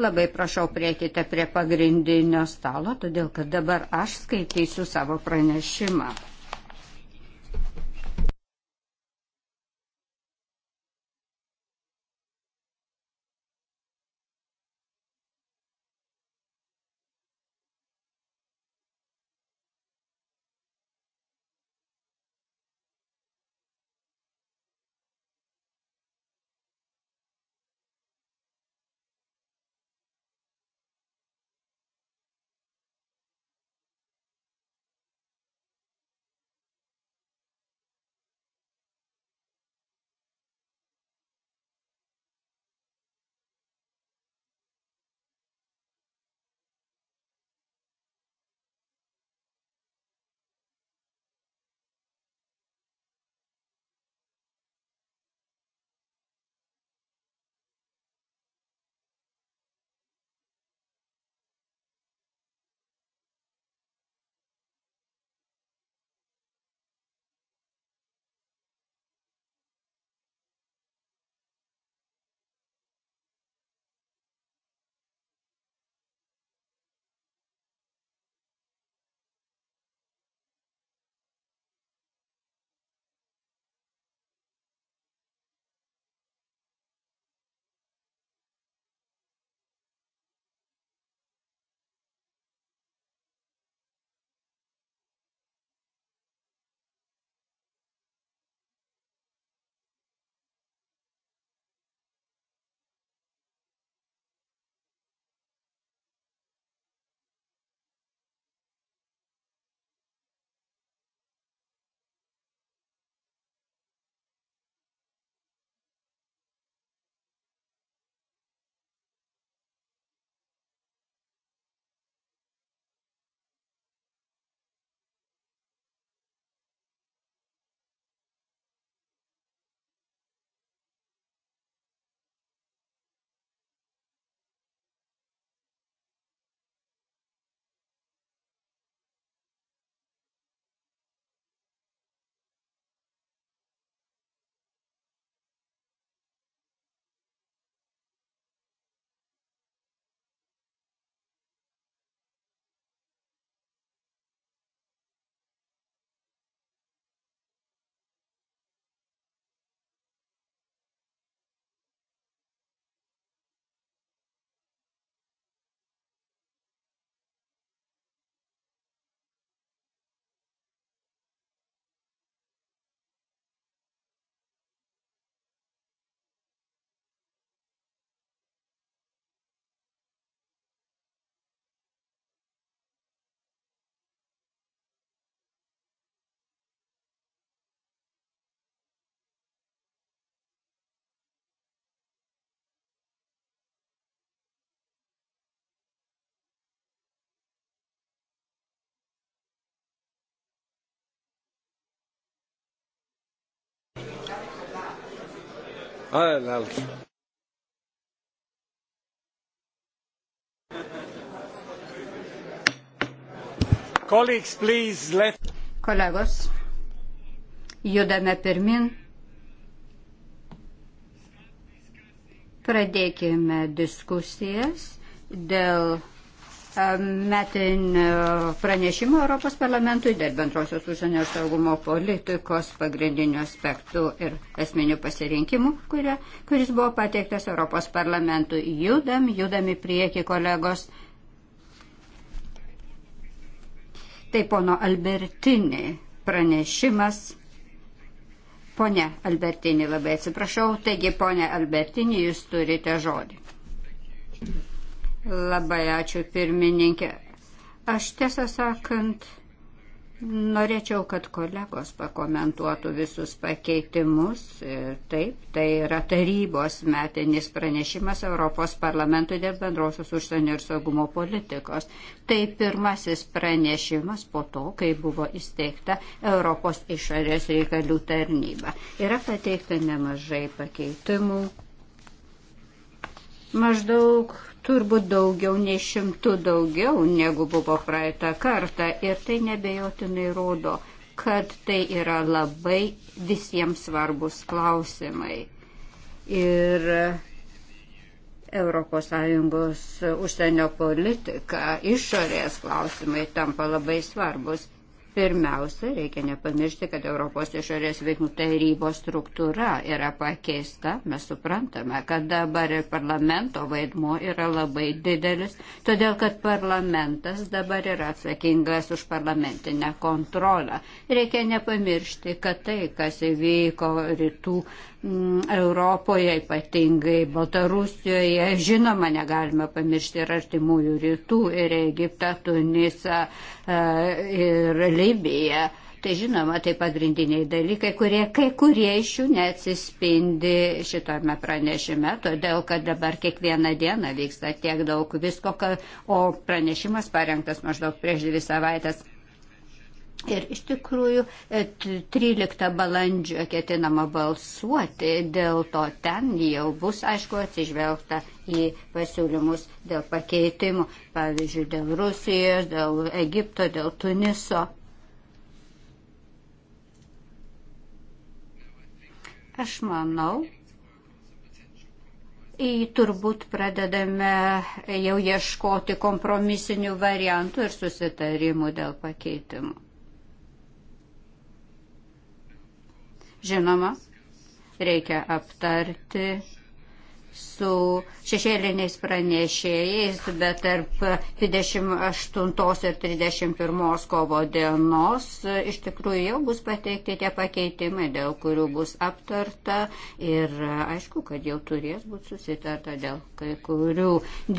Speaker 4: labai prašau priekite prie pagrindinio stalo, todėl kad dabar aš skaitysiu savo pranešimą.
Speaker 1: Ah, l'altro. Colleagues, please, let...
Speaker 4: Kolegos, judame pirmin. Pradėkime diskusijas dėl metinio e, pranešimo Europos parlamentui dėl bendrosios užsienio ir saugumo politikos pagrindinių aspektų ir esminių pasirinkimų, kurie, kuris buvo pateiktas Europos parlamentui. Judam, judam į priekį, kolegos. Tai pono Albertini pranešimas. Pone Albertini, labai atsiprašau. Taigi, pone Albertini, jūs turite žodį. Labai ačiū pirmininkė. Aš tiesą sakant, norėčiau, kad kolegos pakomentuotų visus pakeitimus. Taip, tai yra tarybos metinis pranešimas Europos parlamentui dėl bendrosios užsienio ir saugumo politikos. Tai pirmasis pranešimas po to, kai buvo įsteigta Europos išorės reikalių tarnyba. Yra pateikta nemažai pakeitimų maždaug turbūt daugiau nei šimtų daugiau negu buvo praeitą kartą ir tai nebejotinai rodo, kad tai yra labai visiems svarbus klausimai. Ir ES užsienio politika, išorės klausimai tampa labai svarbus. Pirmiausia, reikia nepamiršti, kad Europos išorės veiklų tarybos struktūra yra pakeista. Mes suprantame, kad dabar ir parlamento vaidmo yra labai didelis, todėl kad parlamentas dabar yra atsakingas už parlamentinę kontrolę. Reikia nepamiršti, kad tai, kas įvyko rytų Mm, Europoje, ypatingai Baltarusijoje. Žinoma, negalime pamiršti ir artimųjų rytų, ir Egiptą, Tunisą, e, ir Libiją. Tai žinoma, tai pagrindiniai dalykai, kurie kai kurie iš jų neatsispindi šitame pranešime, todėl kad dabar kiekvieną dieną vyksta tiek daug visko, kad, o pranešimas parengtas maždaug prieš dvi savaitės. Ir iš tikrųjų 13 e, balandžio ketinama balsuoti, dėl to ten jau bus, aišku, atsižvelgta į pasiūlymus dėl pakeitimų, pavyzdžiui, dėl Rusijos, dėl Egipto, dėl Tuniso. Aš manau, turbūt pradedame jau ieškoti kompromisinių variantų ir susitarimų dėl pakeitimų. Žinoma, reikia aptarti su šešėliniais pranešėjais, bet tarp 28 ir 31 kovo dienos e, iš tikrųjų jau bus pateikti tie pakeitimai, dėl kurių bus aptarta ir e, aišku, kad jau turės būti susitarta dėl kai kurių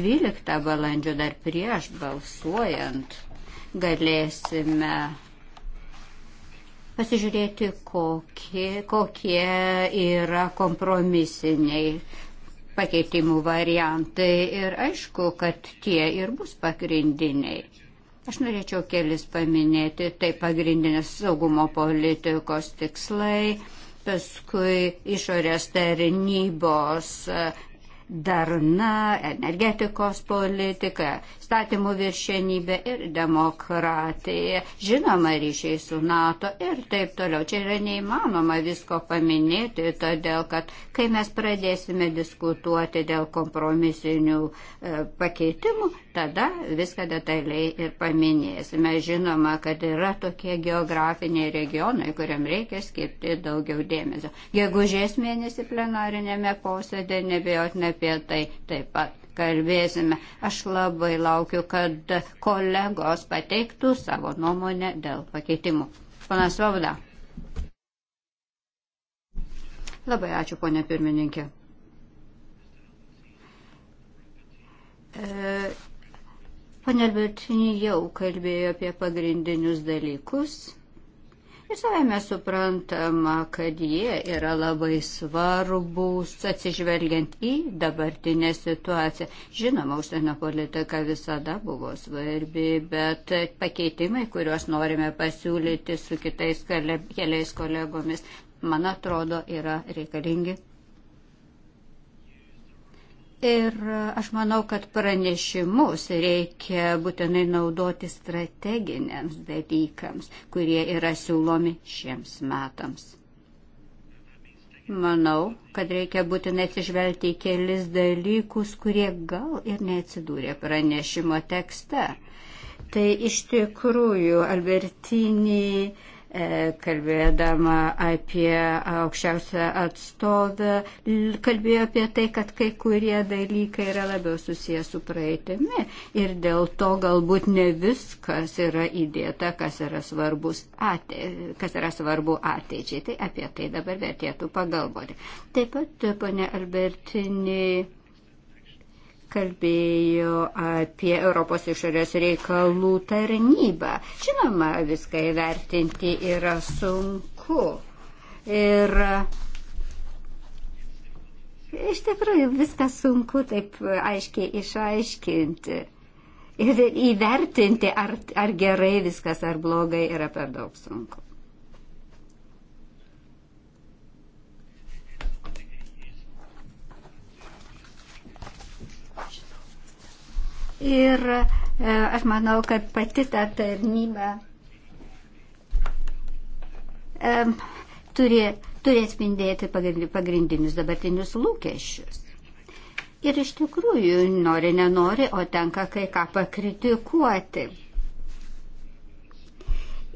Speaker 4: 12 balandžio dar prieš balsuojant galėsime pasižiūrėti, kokie, kokie yra kompromisiniai pakeitimų variantai ir aišku, kad tie ir bus pagrindiniai. Aš norėčiau kelis paminėti, tai pagrindinės saugumo politikos tikslai, paskui išorės tarnybos darna, energetikos politika, statymų viršienybė ir demokratija, žinoma ryšiai su NATO ir taip toliau. Čia yra neįmanoma visko paminėti, todėl kad kai mes pradėsime diskutuoti dėl kompromisinių e, pakeitimų, tada viską detaliai ir paminėsime. Žinoma, kad yra tokie geografiniai regionai, kuriam reikia skirti daugiau dėmesio. Gegužės mėnesį plenarinėme posėdė nebejotinai apie tai taip pat kalbėsime. Aš labai laukiu, kad kolegos pateiktų savo nuomonę dėl pakeitimų. Panas Vauda. Labai ačiū, ponė pirmininkė. E, Pane Albertini jau kalbėjo apie pagrindinius dalykus Ir savame suprantama, kad jie yra labai svarbus atsižvelgiant į dabartinę situaciją. Žinoma, užsienio politika visada buvo svarbi, bet pakeitimai, kuriuos norime pasiūlyti su kitais keliais kolegomis, man atrodo, yra reikalingi Ir aš manau, kad pranešimus reikia būtinai naudoti strateginiams dalykams, kurie yra siūlomi šiems metams. Manau, kad reikia būtinai atsižvelgti į kelis dalykus, kurie gal ir neatsidūrė pranešimo tekste. Tai iš tikrųjų Albertiniai E, kalbėdama apie aukščiausią atstovę, kalbėjo apie tai, kad kai kurie dalykai yra labiau susijęs su praeitimi ir dėl to galbūt ne viskas yra įdėta, kas yra, ate, kas yra svarbu ateičiai. Tai apie tai dabar vertėtų pagalvoti. Taip pat, ponė Albertiniai kalbėjo apie Europos išorės reikalų tarnybą. Žinoma, viską įvertinti yra sunku. Ir iš tikrųjų viską sunku taip aiškiai išaiškinti. Ir įvertinti, ar, ar gerai viskas, ar blogai, yra per daug sunku. Ir e, aš manau, kad pati ta tarnyba e, turi, turi atspindėti pagrindinius dabartinius lūkesčius. Ir iš tikrųjų, nori, nenori, o tenka kai ką pakritikuoti.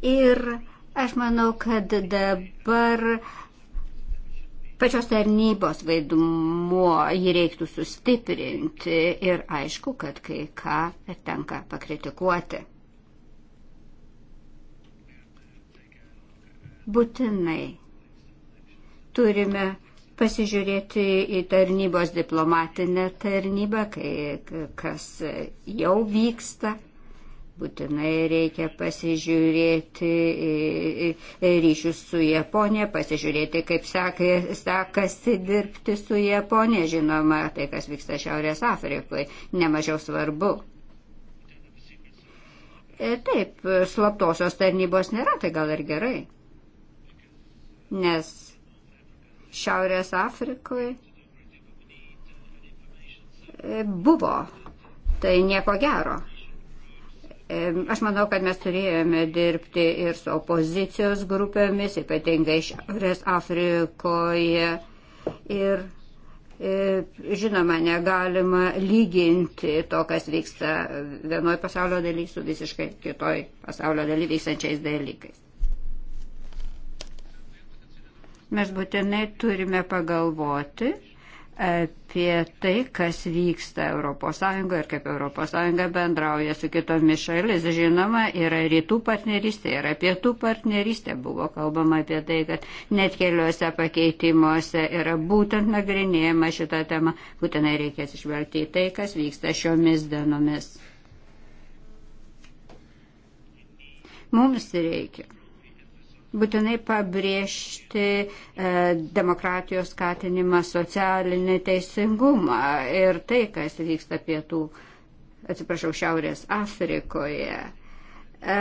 Speaker 4: Ir aš manau, kad dabar uh, Pačios tarnybos vaidmuo jį reiktų sustiprinti ir aišku, kad kai ką tenka pakritikuoti. Būtinai turime pasižiūrėti į tarnybos diplomatinę tarnybą, kai kas jau vyksta Būtinai reikia pasižiūrėti ryšius su Japonija, pasižiūrėti, kaip sekė, sekasi dirbti su Japonija, žinoma, tai kas vyksta Šiaurės Afrikoje, nemažiau svarbu. E, taip, slaptosios tarnybos nėra, tai gal ir gerai. Nes Šiaurės Afrikoje e, buvo. Tai nieko gero. Aš manau, kad mes turėjome dirbti ir su opozicijos grupėmis, ypatingai Šiaurės Afrikoje. Ir, e, žinoma, negalima lyginti to, kas vyksta vienoje pasaulio dalyje su visiškai kitoj pasaulio dalyje vykstančiais dalykais. Mes būtinai turime pagalvoti apie tai, kas vyksta ES ir kaip ES bendrauja su kitomis šalis. Žinoma, yra rytų partnerystė, yra pietų partnerystė. Buvo kalbama apie tai, kad net keliuose pakeitimuose yra būtent nagrinėjama šita tema. Būtinai reikės išvelgti į tai, kas vyksta šiomis dienomis. Mums reikia būtinai pabrėžti e, demokratijos skatinimą, socialinį teisingumą ir tai, kas vyksta pietų, atsiprašau, Šiaurės Afrikoje. E,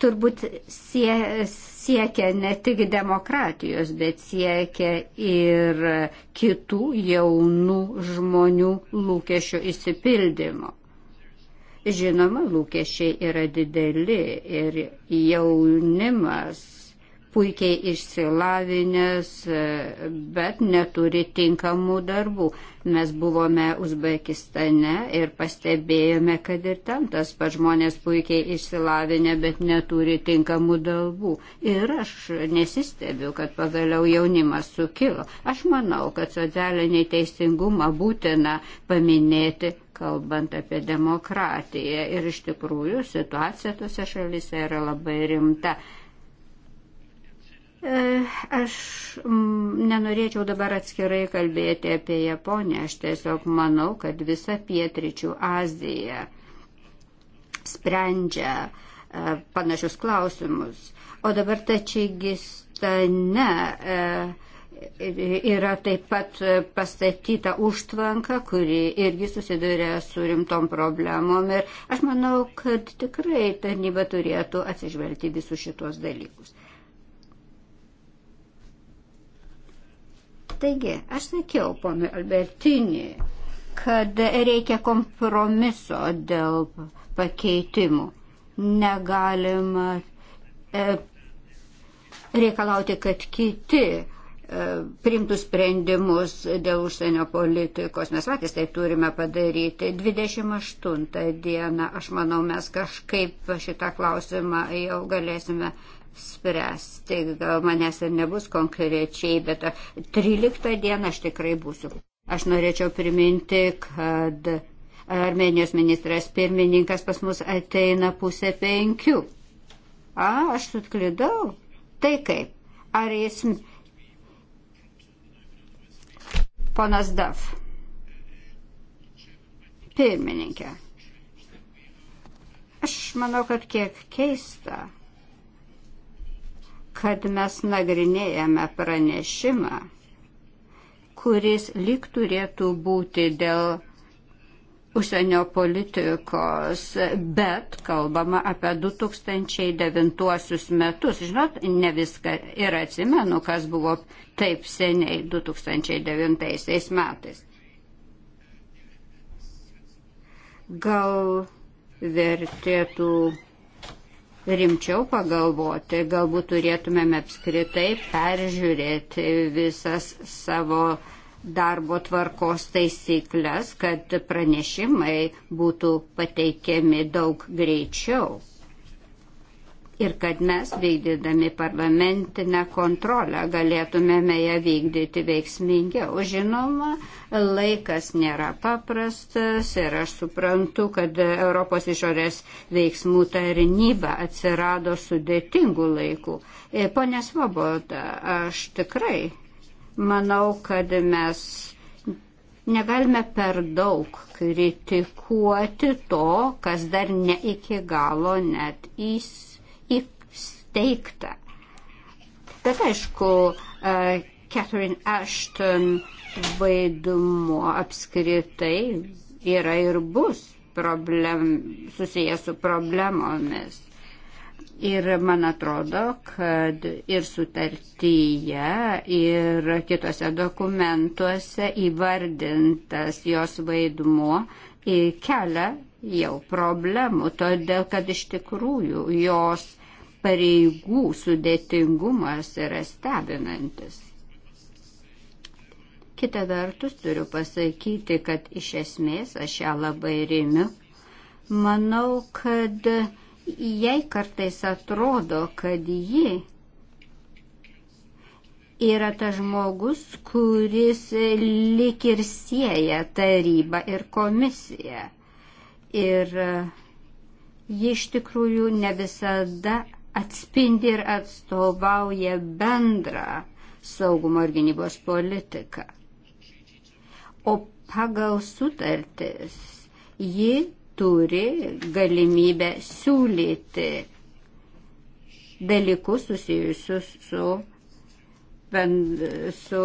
Speaker 4: turbūt sie, siekia ne tik demokratijos, bet siekia ir kitų jaunų žmonių lūkesčių įsipildymo. Žinoma, lūkesčiai yra dideli ir jaunimas puikiai išsilavinęs, bet neturi tinkamų darbų. Mes buvome Uzbekistane ir pastebėjome, kad ir ten tas pats žmonės puikiai išsilavinę, bet neturi tinkamų darbų. Ir aš nesistebiu, kad pagaliau jaunimas sukilo. Aš manau, kad socialinį teisingumą būtina paminėti kalbant apie demokratiją. Ir iš tikrųjų situacija tose šalise yra labai rimta. E, aš nenorėčiau dabar atskirai kalbėti apie Japoniją, aš tiesiog manau, kad visa pietričių Azija sprendžia e, panašius klausimus. O dabar Tačigistane e, yra taip pat pastatyta užtvanka, kuri irgi susiduria su rimtom problemom. Ir aš manau, kad tikrai tarnyba turėtų atsižvelgti visus šitos dalykus. Taigi, aš sakiau, ponui Albertini, kad reikia kompromiso dėl pakeitimų. Negalima e, reikalauti, kad kiti e, priimtų sprendimus dėl užsienio politikos. Mes patys taip turime padaryti. 28 dieną, aš manau, mes kažkaip šitą klausimą jau galėsime spręsti. Gal manęs ir nebus konkrečiai, bet 13 dieną aš tikrai būsiu. Aš norėčiau priminti, kad Armenijos ministras pirmininkas pas mus ateina pusę penkių. A, aš sutklidau. Tai kaip? Ar jis. Ponas Daf. Pirmininkė. Aš manau, kad kiek keista, kad mes nagrinėjame pranešimą, kuris lyg turėtų būti dėl užsienio politikos, bet kalbama apie 2009 metus. Žinot, ne viską ir atsimenu, kas buvo taip seniai 2009 metais. Gal vertėtų rimčiau pagalvoti, galbūt turėtumėme apskritai peržiūrėti visas savo darbo tvarkos taisyklės, kad pranešimai būtų pateikiami daug greičiau ir kad mes vykdydami parlamentinę kontrolę galėtumėme ją vykdyti veiksmingiau. Žinoma, laikas nėra paprastas ir aš suprantu, kad Europos išorės veiksmų tarnyba atsirado sudėtingų laikų. E, Pone Svoboda, aš tikrai manau, kad mes negalime per daug kritikuoti to, kas dar ne iki galo net įsivaizduojame įsteigta. Bet aišku, e, Catherine Ashton vaidmuo apskritai yra ir bus problem, susijęs su problemomis. Ir man atrodo, kad ir sutartyje, ir kitose dokumentuose įvardintas jos vaidmuo kelia jau problemų, todėl kad iš tikrųjų jos pareigų sudėtingumas yra stebinantis. Kita vertus turiu pasakyti, kad iš esmės aš ją labai rimiu. Manau, kad jai kartais atrodo, kad ji yra tas žmogus, kuris lik ir sieja tarybą ir komisiją. Ir ji iš tikrųjų ne visada atspindi ir atstovauja bendrą saugumo ir gynybos politiką. O pagal sutartis ji turi galimybę siūlyti dalykus susijusius su, bend, su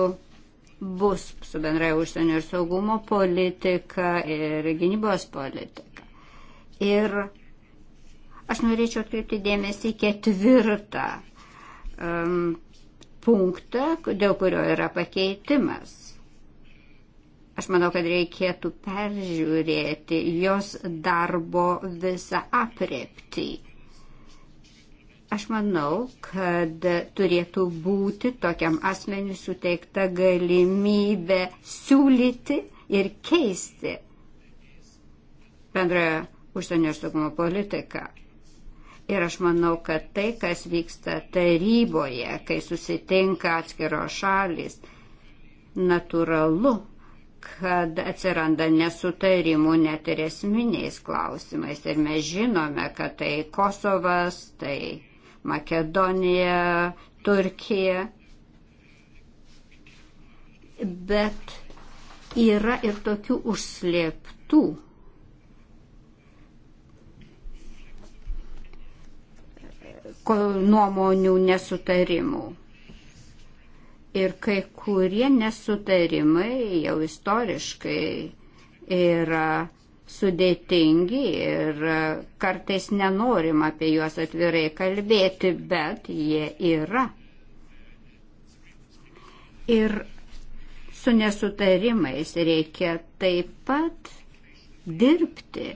Speaker 4: bus, su bendrai užsienio ir saugumo politika ir gynybos politika. Ir Aš norėčiau atkreipti dėmesį ketvirtą um, punktą, dėl kurio yra pakeitimas. Aš manau, kad reikėtų peržiūrėti jos darbo visą apreptį. Aš manau, kad turėtų būti tokiam asmeniu suteikta galimybė siūlyti ir keisti bendrojo užsienio saugumo politiką. Ir aš manau, kad tai, kas vyksta taryboje, kai susitinka atskiros šalis, natūralu, kad atsiranda nesutarimų net ir esminiais klausimais. Ir mes žinome, kad tai Kosovas, tai Makedonija, Turkija. Bet yra ir tokių užslėptų nuomonių nesutarimų. Ir kai kurie nesutarimai jau istoriškai yra sudėtingi ir kartais nenorim apie juos atvirai kalbėti, bet jie yra. Ir su nesutarimais reikia taip pat dirbti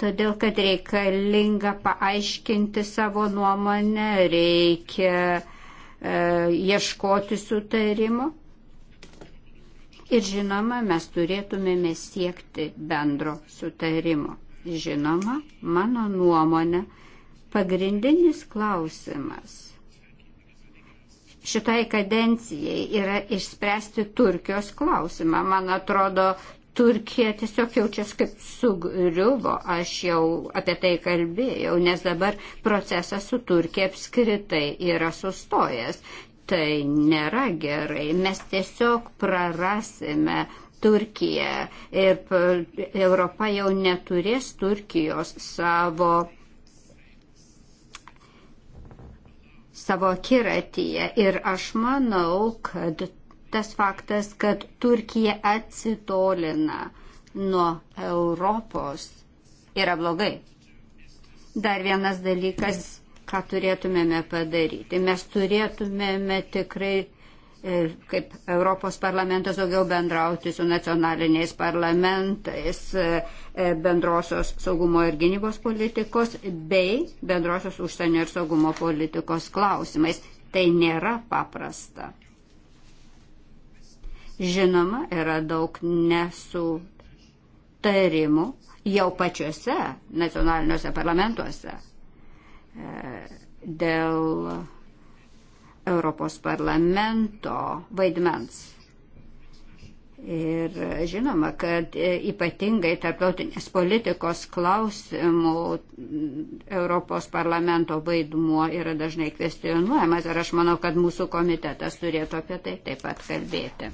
Speaker 4: todėl kad reikalinga paaiškinti savo nuomonę, reikia e, ieškoti sutarimo. Ir žinoma, mes turėtumėme siekti bendro sutarimo. Žinoma, mano nuomonė, pagrindinis klausimas šitai kadencijai yra išspręsti Turkijos klausimą. Man atrodo, Turkija tiesiog jaučias kaip sugriuvo, aš jau apie tai kalbėjau, nes dabar procesas su Turkija apskritai yra sustojęs. Tai nėra gerai, mes tiesiog prarasime Turkiją ir Europa jau neturės Turkijos savo savo akiratyje ir aš manau, kad tas faktas, kad Turkija atsitolina nuo Europos, yra blogai. Dar vienas dalykas, ką turėtumėme padaryti. Mes turėtumėme tikrai e, kaip Europos parlamentas daugiau bendrauti su nacionaliniais parlamentais e, bendrosios saugumo ir gynybos politikos bei bendrosios užsienio ir saugumo politikos klausimais. Tai nėra paprasta. Žinoma, yra daug nesutarimų jau pačiuose nacionaliniuose parlamentuose e, dėl Europos parlamento vaidmens. Ir žinoma, kad ypatingai tarptautinės politikos klausimų Europos parlamento vaidmuo yra dažnai kvestionuojamas ir aš manau, kad mūsų komitetas turėtų apie tai taip pat kalbėti.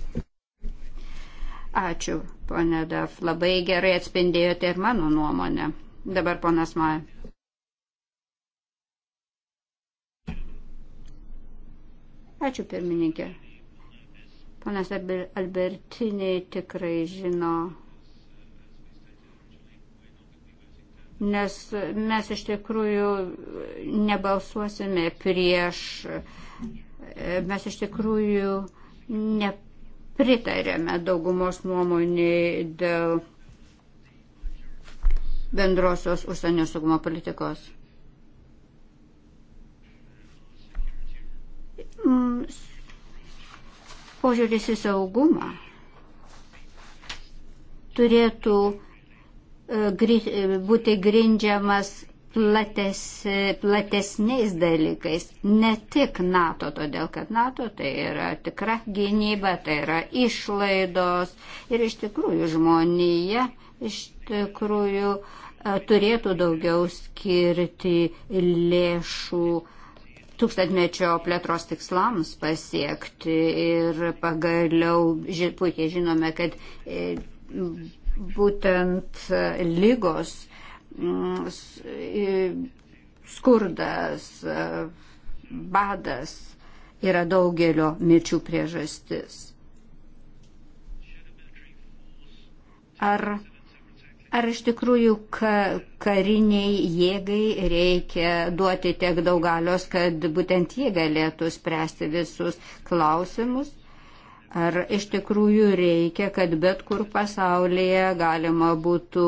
Speaker 4: Ačiū, ponė Daf. Labai gerai atspindėjote ir mano nuomonę. Dabar ponas Maja. Ačiū, pirmininkė. Ponas Albertiniai tikrai žino nes mes iš tikrųjų nebalsuosime prieš, mes iš tikrųjų ne, pritarėme daugumos nuomonį dėl bendrosios užsienio saugumo politikos. Mm, požiūris į saugumą turėtų e, e, būti grindžiamas plates, platesniais dalykais, ne tik NATO, todėl kad NATO tai yra tikra gynyba, tai yra išlaidos ir iš tikrųjų žmonija iš tikrųjų e, turėtų daugiau skirti lėšų tūkstantmečio plėtros tikslams pasiekti ir pagaliau puikiai žinome, kad e, būtent e, lygos Mm, skurdas, e, badas yra daugelio mirčių priežastis. Ar, ar iš tikrųjų ka, kariniai jėgai reikia duoti tiek daug galios, kad būtent jie galėtų spręsti visus klausimus? Ar iš tikrųjų reikia, kad bet kur pasaulyje galima būtų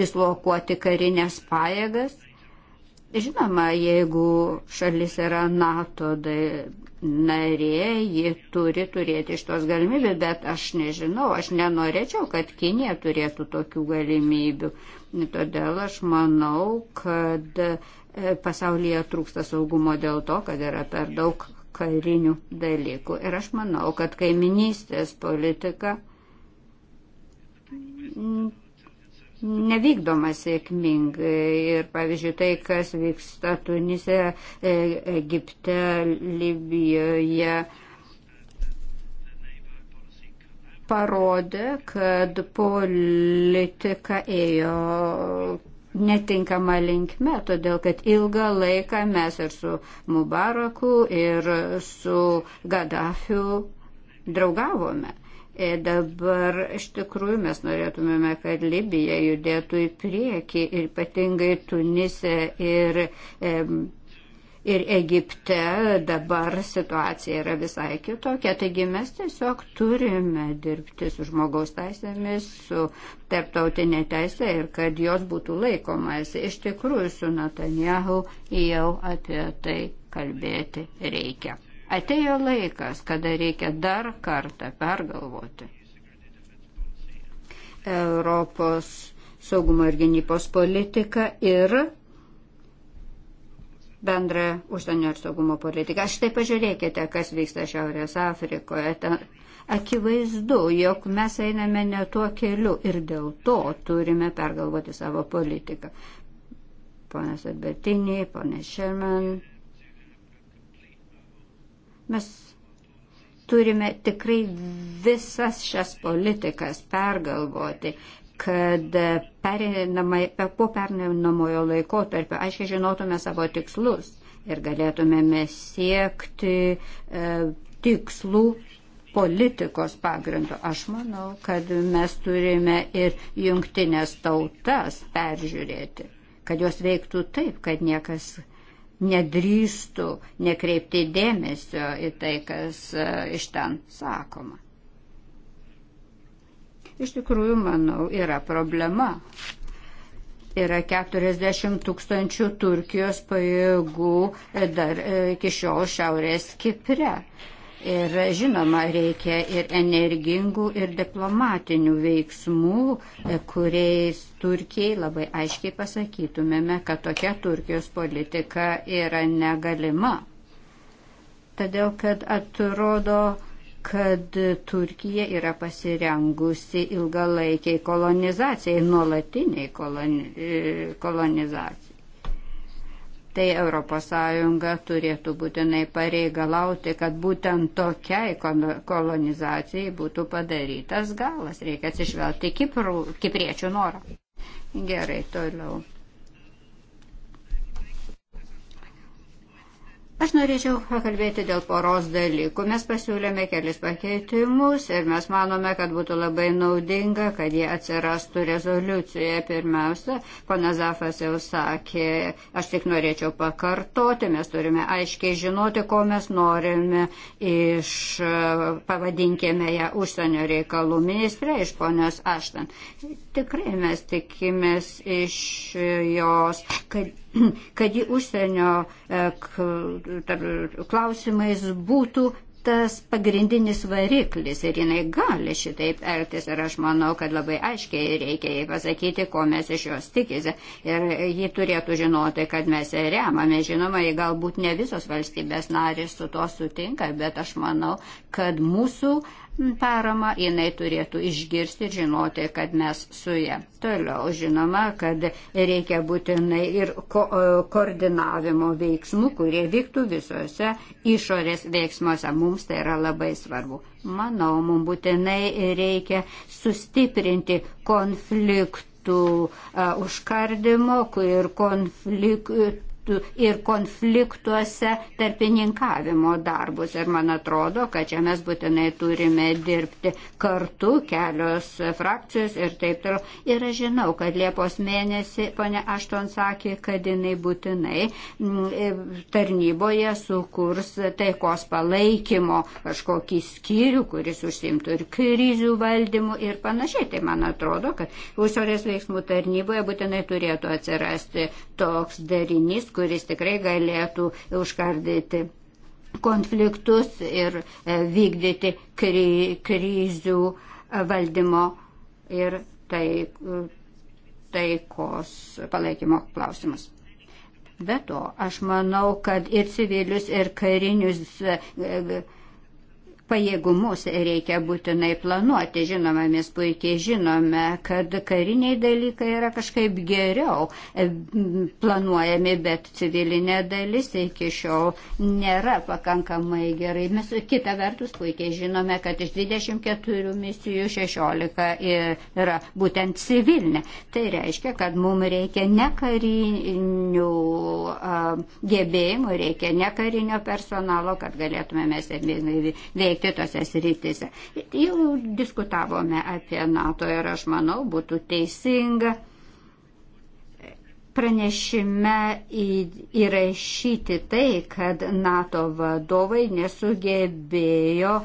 Speaker 4: dislokuoti karinės pajėgas? Žinoma, jeigu šalis yra NATO narė, ji turi turėti šitos galimybės, bet aš nežinau, aš nenorėčiau, kad Kinė turėtų tokių galimybių. Todėl aš manau, kad e, pasaulyje trūksta saugumo dėl to, kad yra per daug karinių dalykų. Ir aš manau, kad kaiminystės politika nevykdoma sėkmingai. Ir pavyzdžiui, tai, kas vyksta Tunise, e, Egipte, Libijoje, parodė, kad politika ėjo netinkama linkme, todėl kad ilgą laiką mes ir su Mubaraku, ir su Gaddafiu draugavome. Ir dabar iš tikrųjų mes norėtumėme, kad Libija judėtų į priekį ir ypatingai Tunise ir e, ir Egipte dabar situacija yra visai kitokia. Taigi mes tiesiog turime dirbti su žmogaus teisėmis, su tarptautinė teisė ir kad jos būtų laikomas. Iš tikrųjų, su Netanjahu jau apie tai kalbėti reikia. Atėjo laikas, kada reikia dar kartą pergalvoti. Europos saugumo ir gynybos politika ir bendrą užsienio ir saugumo politiką. Štai pažiūrėkite, kas vyksta Šiaurės Afrikoje. Ten akivaizdu, jog mes einame ne tuo keliu ir dėl to turime pergalvoti savo politiką. Ponas Albertini, ponas Sherman. Mes turime tikrai visas šias politikas pergalvoti kad po perinamojo laikotarpio aiškiai žinotume savo tikslus ir galėtumėme siekti e, tikslų politikos pagrindu. Aš manau, kad mes turime ir jungtinės tautas peržiūrėti, kad jos veiktų taip, kad niekas nedrįstų nekreipti dėmesio į tai, kas e, iš ten sakoma iš tikrųjų, manau, yra problema. Yra 40 tūkstančių Turkijos pajėgų e, dar e, iki šiol Šiaurės Kipre. Ir žinoma, reikia ir energingų, ir diplomatinių veiksmų, e, kuriais Turkijai labai aiškiai pasakytumėme, kad tokia Turkijos politika yra negalima. Todėl, kad atrodo, kad Turkija yra pasirengusi ilgalaikiai kolonizacijai, nuolatiniai koloni, e, kolonizacijai. Tai ES turėtų būtinai pareigalauti, kad būtent tokiai kolonizacijai būtų padarytas galas. Reikia atsižvelgti kiprų, kipriečių norą. Gerai, toliau. Aš norėčiau pakalbėti dėl poros dalykų. Mes pasiūlėme kelis pakeitimus ir mes manome, kad būtų labai naudinga, kad jie atsirastų rezoliucijoje. Pirmiausia, panazafas jau sakė, aš tik norėčiau pakartoti, mes turime aiškiai žinoti, ko mes norime iš, pavadinkime ją, užsienio reikalų ministrė, iš ponios Aštan. Tikrai mes tikimės iš jos, kad kad į užsienio e, klausimais būtų tas pagrindinis variklis ir jinai gali šitaip elgtis ir aš manau, kad labai aiškiai reikia jai pasakyti, ko mes iš jos tikisi ir ji turėtų žinoti, kad mes ją remame. Žinoma, jei galbūt ne visos valstybės narės su to sutinka, bet aš manau, kad mūsų paramą, jinai turėtų išgirsti ir žinoti, kad mes su ja. Toliau žinoma, kad reikia būtinai ir ko, e, koordinavimo veiksmų, kurie vyktų visose išorės veiksmuose. Mums tai yra labai svarbu. Manau, mums būtinai reikia sustiprinti konfliktų e, užkardimo ir konfliktų ir konfliktuose tarpininkavimo darbus. Ir man atrodo, kad čia mes būtinai turime dirbti kartu, kelios frakcijos ir taip toliau. Ir aš žinau, kad Liepos mėnesį ponia Ašton sakė, kad jinai būtinai mm, tarnyboje sukurs taikos palaikymo kažkokį skyrių, kuris užsimtų ir krizių valdymu ir panašiai. Tai man atrodo, kad užsiorės veiksmų tarnyboje būtinai turėtų atsirasti toks darinys, kuris tikrai galėtų užkardyti konfliktus ir e, vykdyti kri, krizių e, valdymo ir tai, taikos palaikymo klausimus. Be to, aš manau, kad ir civilius, ir karinius pajėgumus reikia būtinai planuoti. Žinoma, mes puikiai žinome, kad kariniai dalykai yra kažkaip geriau planuojami, bet civilinė dalis iki šiol nėra pakankamai gerai. Mes kita vertus puikiai žinome, kad iš 24 misijų 16 yra būtent civilinė. Tai reiškia, kad mums reikia ne karinių gebėjimų, reikia ne karinio personalo, kad galėtume mes veikti bei kitose sritise. Jau diskutavome apie NATO ir aš manau, būtų teisinga Pranešime įrašyti tai, kad NATO vadovai nesugebėjo e,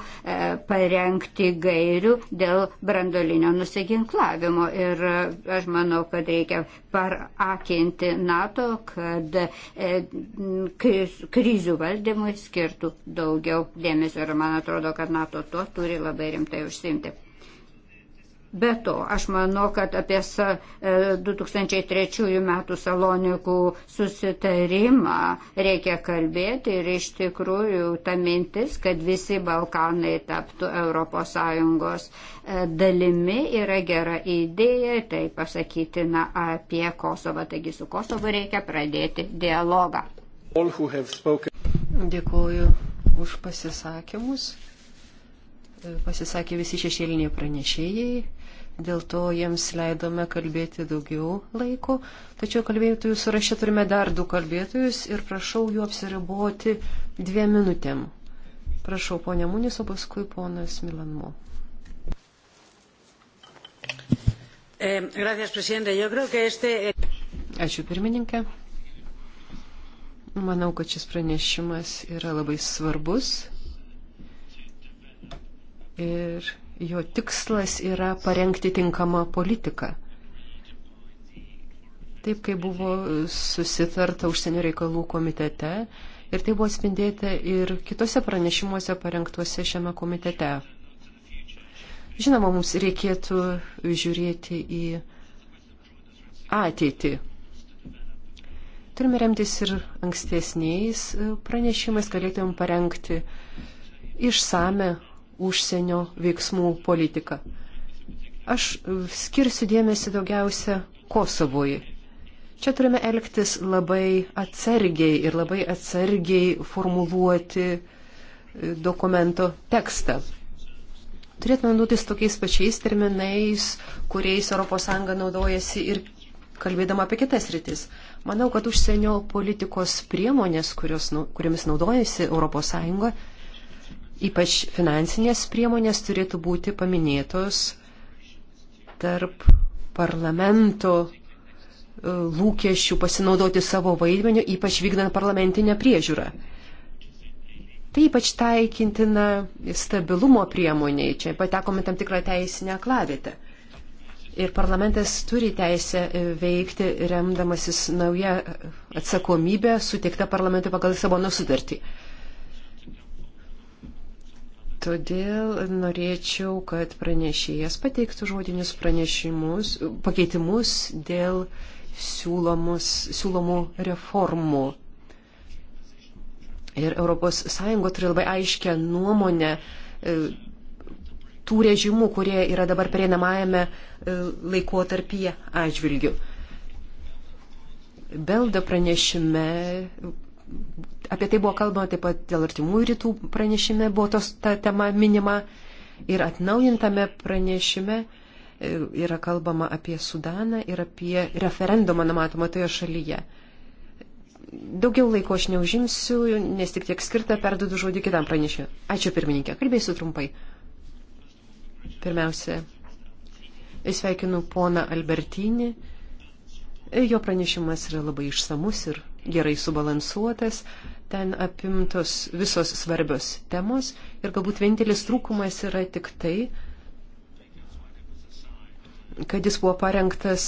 Speaker 4: parengti gairių dėl brandolinio nusiginklavimo. Ir e, aš manau, kad reikia parakinti NATO, kad e, krizių valdymui skirtų daugiau dėmesio. Ir man atrodo, kad NATO to turi labai rimtai užsimti. Be to, aš manau, kad apie 2003 e, metų salonikų susitarimą reikia kalbėti ir iš tikrųjų ta mintis, kad visi Balkanai taptų ES e, dalimi yra gera idėja, tai pasakytina apie Kosovą, taigi su Kosovu reikia pradėti dialogą. Dėkuoju
Speaker 2: už pasisakymus. E, pasisakė visi šešėliniai pranešėjai dėl to jiems leidome kalbėti daugiau laiko, tačiau kalbėtojų sąraše turime dar du kalbėtojus ir prašau jų apsiriboti dviem minutėm. Prašau, ponė Munis, o paskui ponas Milanmo.
Speaker 3: Eh, eh,
Speaker 2: Ačiū pirmininkė. Manau, kad šis pranešimas yra labai svarbus. Ir Jo tikslas yra parengti tinkamą politiką. Taip, kaip buvo susitarta užsienio reikalų komitete ir tai buvo atspindėta ir kitose pranešimuose parengtuose šiame komitete. Žinoma, mums reikėtų žiūrėti į ateitį. Turime remtis ir ankstesniais pranešimais, galėtumėm parengti išsame užsienio veiksmų politiką. Aš skirsiu dėmesį daugiausia Kosovui. Čia turime elgtis labai atsargiai ir labai atsargiai formuluoti e, dokumento tekstą. Turėtume naudotis tokiais pačiais terminais, kuriais ES naudojasi ir kalbėdama apie kitas rytis. Manau, kad užsienio politikos priemonės, kurios, nu, kuriomis naudojasi ES, Ypač finansinės priemonės turėtų būti paminėtos tarp parlamento e, lūkesčių pasinaudoti savo vaidmeniu, ypač vykdant parlamentinę priežiūrą. Tai ypač taikintina stabilumo priemoniai, čia patekome tam tikrą teisinę klavietę. Ir parlamentas turi teisę e, veikti remdamasis nauja e, atsakomybė suteikta parlamentui pagal savo nusutartį. sutartį. Todėl norėčiau, kad pranešėjas pateiktų žodinius pranešimus, pakeitimus dėl siūlomų reformų. Ir ES turi labai aiškę nuomonę e, tų režimų, kurie yra dabar prieinamajame e, laikotarpyje atžvilgiu. Beldo pranešime apie tai buvo kalbama taip pat dėl artimųjų rytų pranešime, buvo tos ta tema minima ir atnaujintame pranešime e, yra kalbama apie Sudaną ir apie referendumą numatomą toje šalyje. Daugiau laiko aš neužimsiu, nes tik tiek skirta perdodu žodį kitam pranešiu. Ačiū pirmininkė, kalbėsiu trumpai. Pirmiausia, sveikinu poną Albertinį. Jo pranešimas yra labai išsamus ir gerai subalansuotas, ten apimtos visos svarbios temos ir galbūt vienintelis trūkumas yra tik tai, kad jis buvo parengtas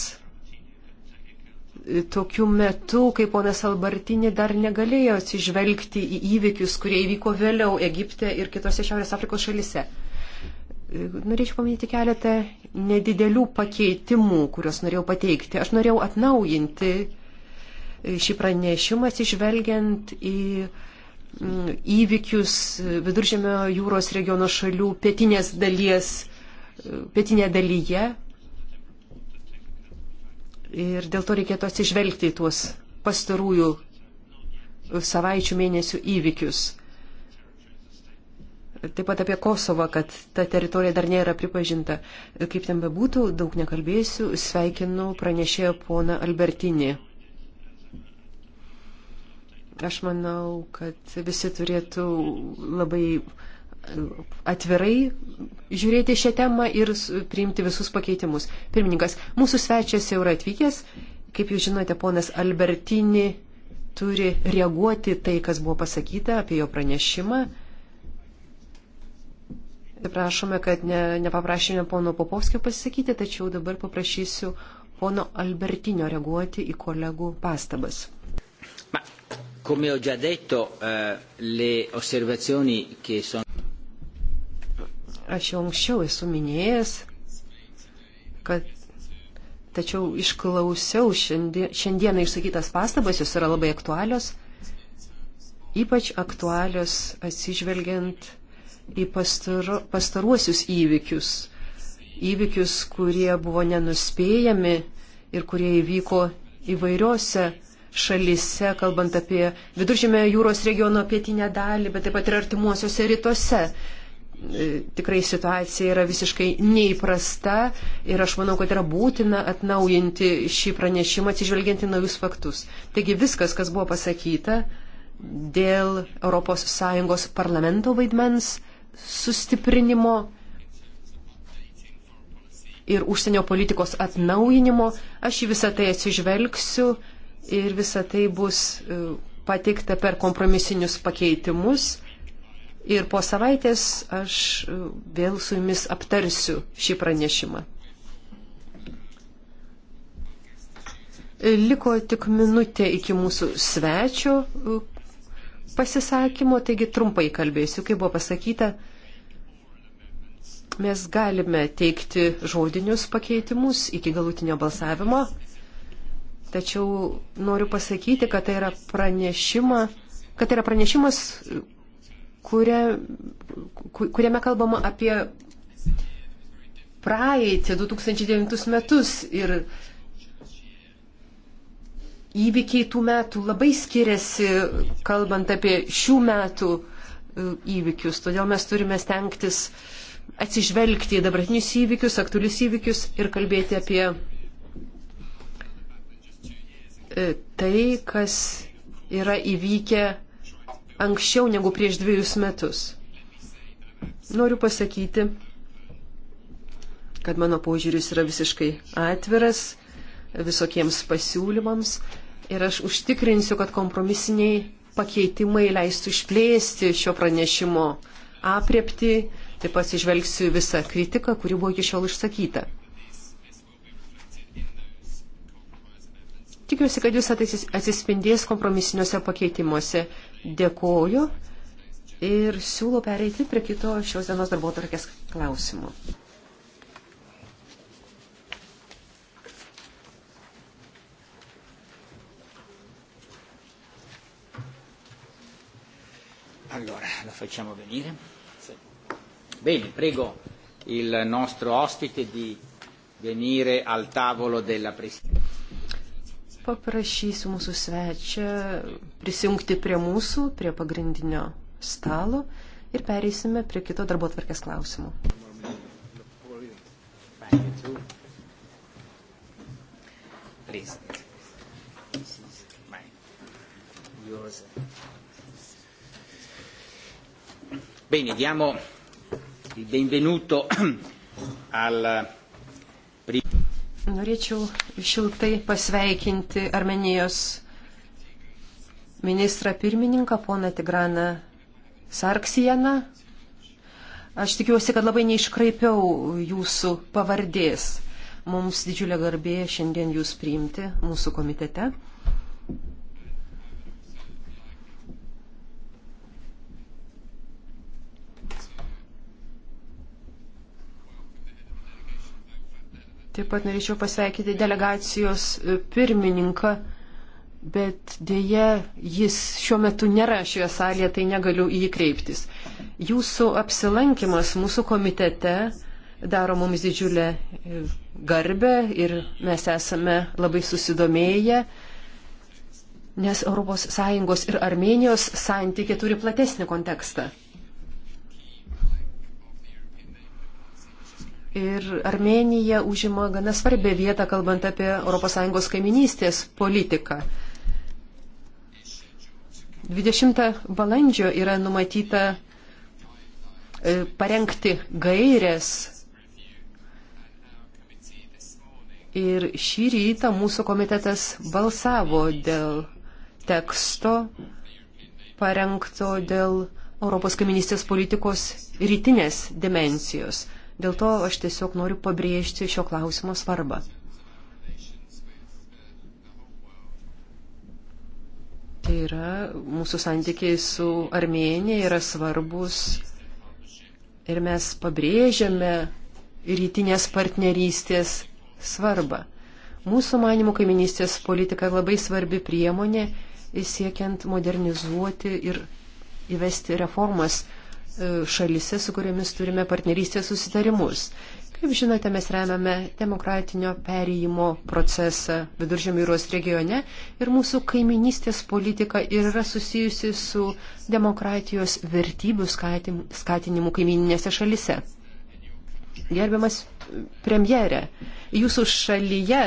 Speaker 2: tokiu metu, kai ponas Albertini dar negalėjo atsižvelgti į įvykius, kurie įvyko vėliau Egipte ir kitose Šiaurės Afrikos šalise. Norėčiau paminėti keletą nedidelių pakeitimų, kuriuos norėjau pateikti. Aš norėjau atnaujinti šį pranešimą atsižvelgiant į mm, įvykius viduržėmio jūros regiono šalių pietinės dalies, pietinė dalyje. Ir dėl to reikėtų atsižvelgti į tuos pastarųjų savaičių mėnesių įvykius. Taip pat apie Kosovą, kad ta teritorija dar nėra pripažinta. Kaip ten bebūtų, daug nekalbėsiu, sveikinu pranešėjo poną Albertinį. Aš manau, kad visi turėtų labai atvirai žiūrėti šią temą ir priimti visus pakeitimus. Pirmininkas, mūsų svečias jau yra atvykęs. Kaip jūs žinote, ponas Albertini turi reaguoti tai, kas buvo pasakyta apie jo pranešimą. Prašome, kad ne, nepaprašėme pono Popovskio pasisakyti, tačiau dabar paprašysiu pono Albertinio reaguoti į kolegų pastabas.
Speaker 1: Come ho già detto, eh, le osservazioni che sono.
Speaker 2: Aš jau anksčiau esu minėjęs, kad tačiau išklausiau šiandien, šiandieną išsakytas pastabas, jos yra labai aktualios, ypač aktualios atsižvelgiant į pastaru, pastaruosius įvykius, įvykius, kurie buvo nenuspėjami ir kurie įvyko įvairiose šalise, kalbant apie viduržėmio jūros regiono pietinę dalį, bet taip pat ir artimuosiuose rytuose. E, tikrai situacija yra visiškai neįprasta ir aš manau, kad yra būtina atnaujinti šį pranešimą atsižvelgiant į naujus faktus. Taigi viskas, kas buvo pasakyta dėl ES parlamento vaidmens sustiprinimo ir užsienio politikos atnaujinimo, aš į visą tai atsižvelgsiu ir visa tai bus e, pateikta per kompromisinius pakeitimus. Ir po savaitės aš e, vėl su jumis aptarsiu šį pranešimą. E, liko tik minutė iki mūsų svečio pasisakymo, taigi trumpai kalbėsiu, kaip buvo pasakyta. Mes galime teikti žodinius pakeitimus iki galutinio balsavimo Tačiau noriu pasakyti, kad tai yra, pranešima, kad tai yra pranešimas, kuria, kuriame kalbama apie praeitį 2009 metus ir įvykiai tų metų labai skiriasi, kalbant apie šių metų e, įvykius. Todėl mes turime stengtis atsižvelgti į dabartinius įvykius, aktualius įvykius ir kalbėti apie E, tai, kas yra įvykę anksčiau negu prieš dviejus metus. Noriu pasakyti, kad mano požiūris yra visiškai atviras visokiems pasiūlymams ir aš užtikrinsiu, kad kompromisiniai pakeitimai leistų išplėsti šio pranešimo apriepti, taip pat išvelgsiu visą kritiką, kuri buvo iki šiol išsakyta. Tikiuosi, kad jūs atsispindės kompromisiniuose pakeitimuose. Dėkoju ir siūlau pereiti prie kito šios dienos darbo tarkės klausimų.
Speaker 1: Allora, la facciamo venire. Sì. Bene, prego il nostro ospite di venire al tavolo della Presidenza.
Speaker 2: Paprašysiu mūsų svečią prisijungti prie mūsų, prie pagrindinio stalo ir pereisime prie kito darbo tvarkės klausimų.
Speaker 1: Please. This is mine. Yours. Bene, diamo il benvenuto al primo.
Speaker 2: Norėčiau šiltai pasveikinti Armenijos ministrą pirmininką, poną Tigraną Sarksijaną. Aš tikiuosi, kad labai neiškraipiau jūsų pavardės. Mums didžiulė garbė šiandien jūs priimti mūsų komitete. Taip pat norėčiau pasveikinti delegacijos e, pirmininką, bet dėje jis šiuo metu nėra šioje salėje, tai negaliu į jį kreiptis. Jūsų apsilankimas mūsų komitete daro mums didžiulę e, garbę ir mes esame labai susidomėję, nes ES ir Armenijos santykiai turi platesnį kontekstą. Ir Armenija užima gana svarbę vietą, kalbant apie ES kaiminystės politiką. 20 balandžio yra numatyta e, parengti gairės. Ir šį rytą mūsų komitetas balsavo dėl teksto parengto dėl Europos kaiminystės politikos rytinės dimensijos. Dėl to aš tiesiog noriu pabrėžti šio klausimo svarbą. Tai yra, mūsų santykiai su Armėnija yra svarbus ir mes pabrėžiame rytinės partnerystės svarbą. Mūsų manimų kaiminystės politika labai svarbi priemonė siekiant modernizuoti ir įvesti reformas E, šalise, su kuriamis turime partnerystės susitarimus. Kaip žinote, mes remiame demokratinio perėjimo procesą Viduržėmio jūros regione ir mūsų kaiminystės politika yra susijusi su demokratijos vertybių skatinimu kaimininėse šalise. Gerbiamas premjerė, jūsų šalyje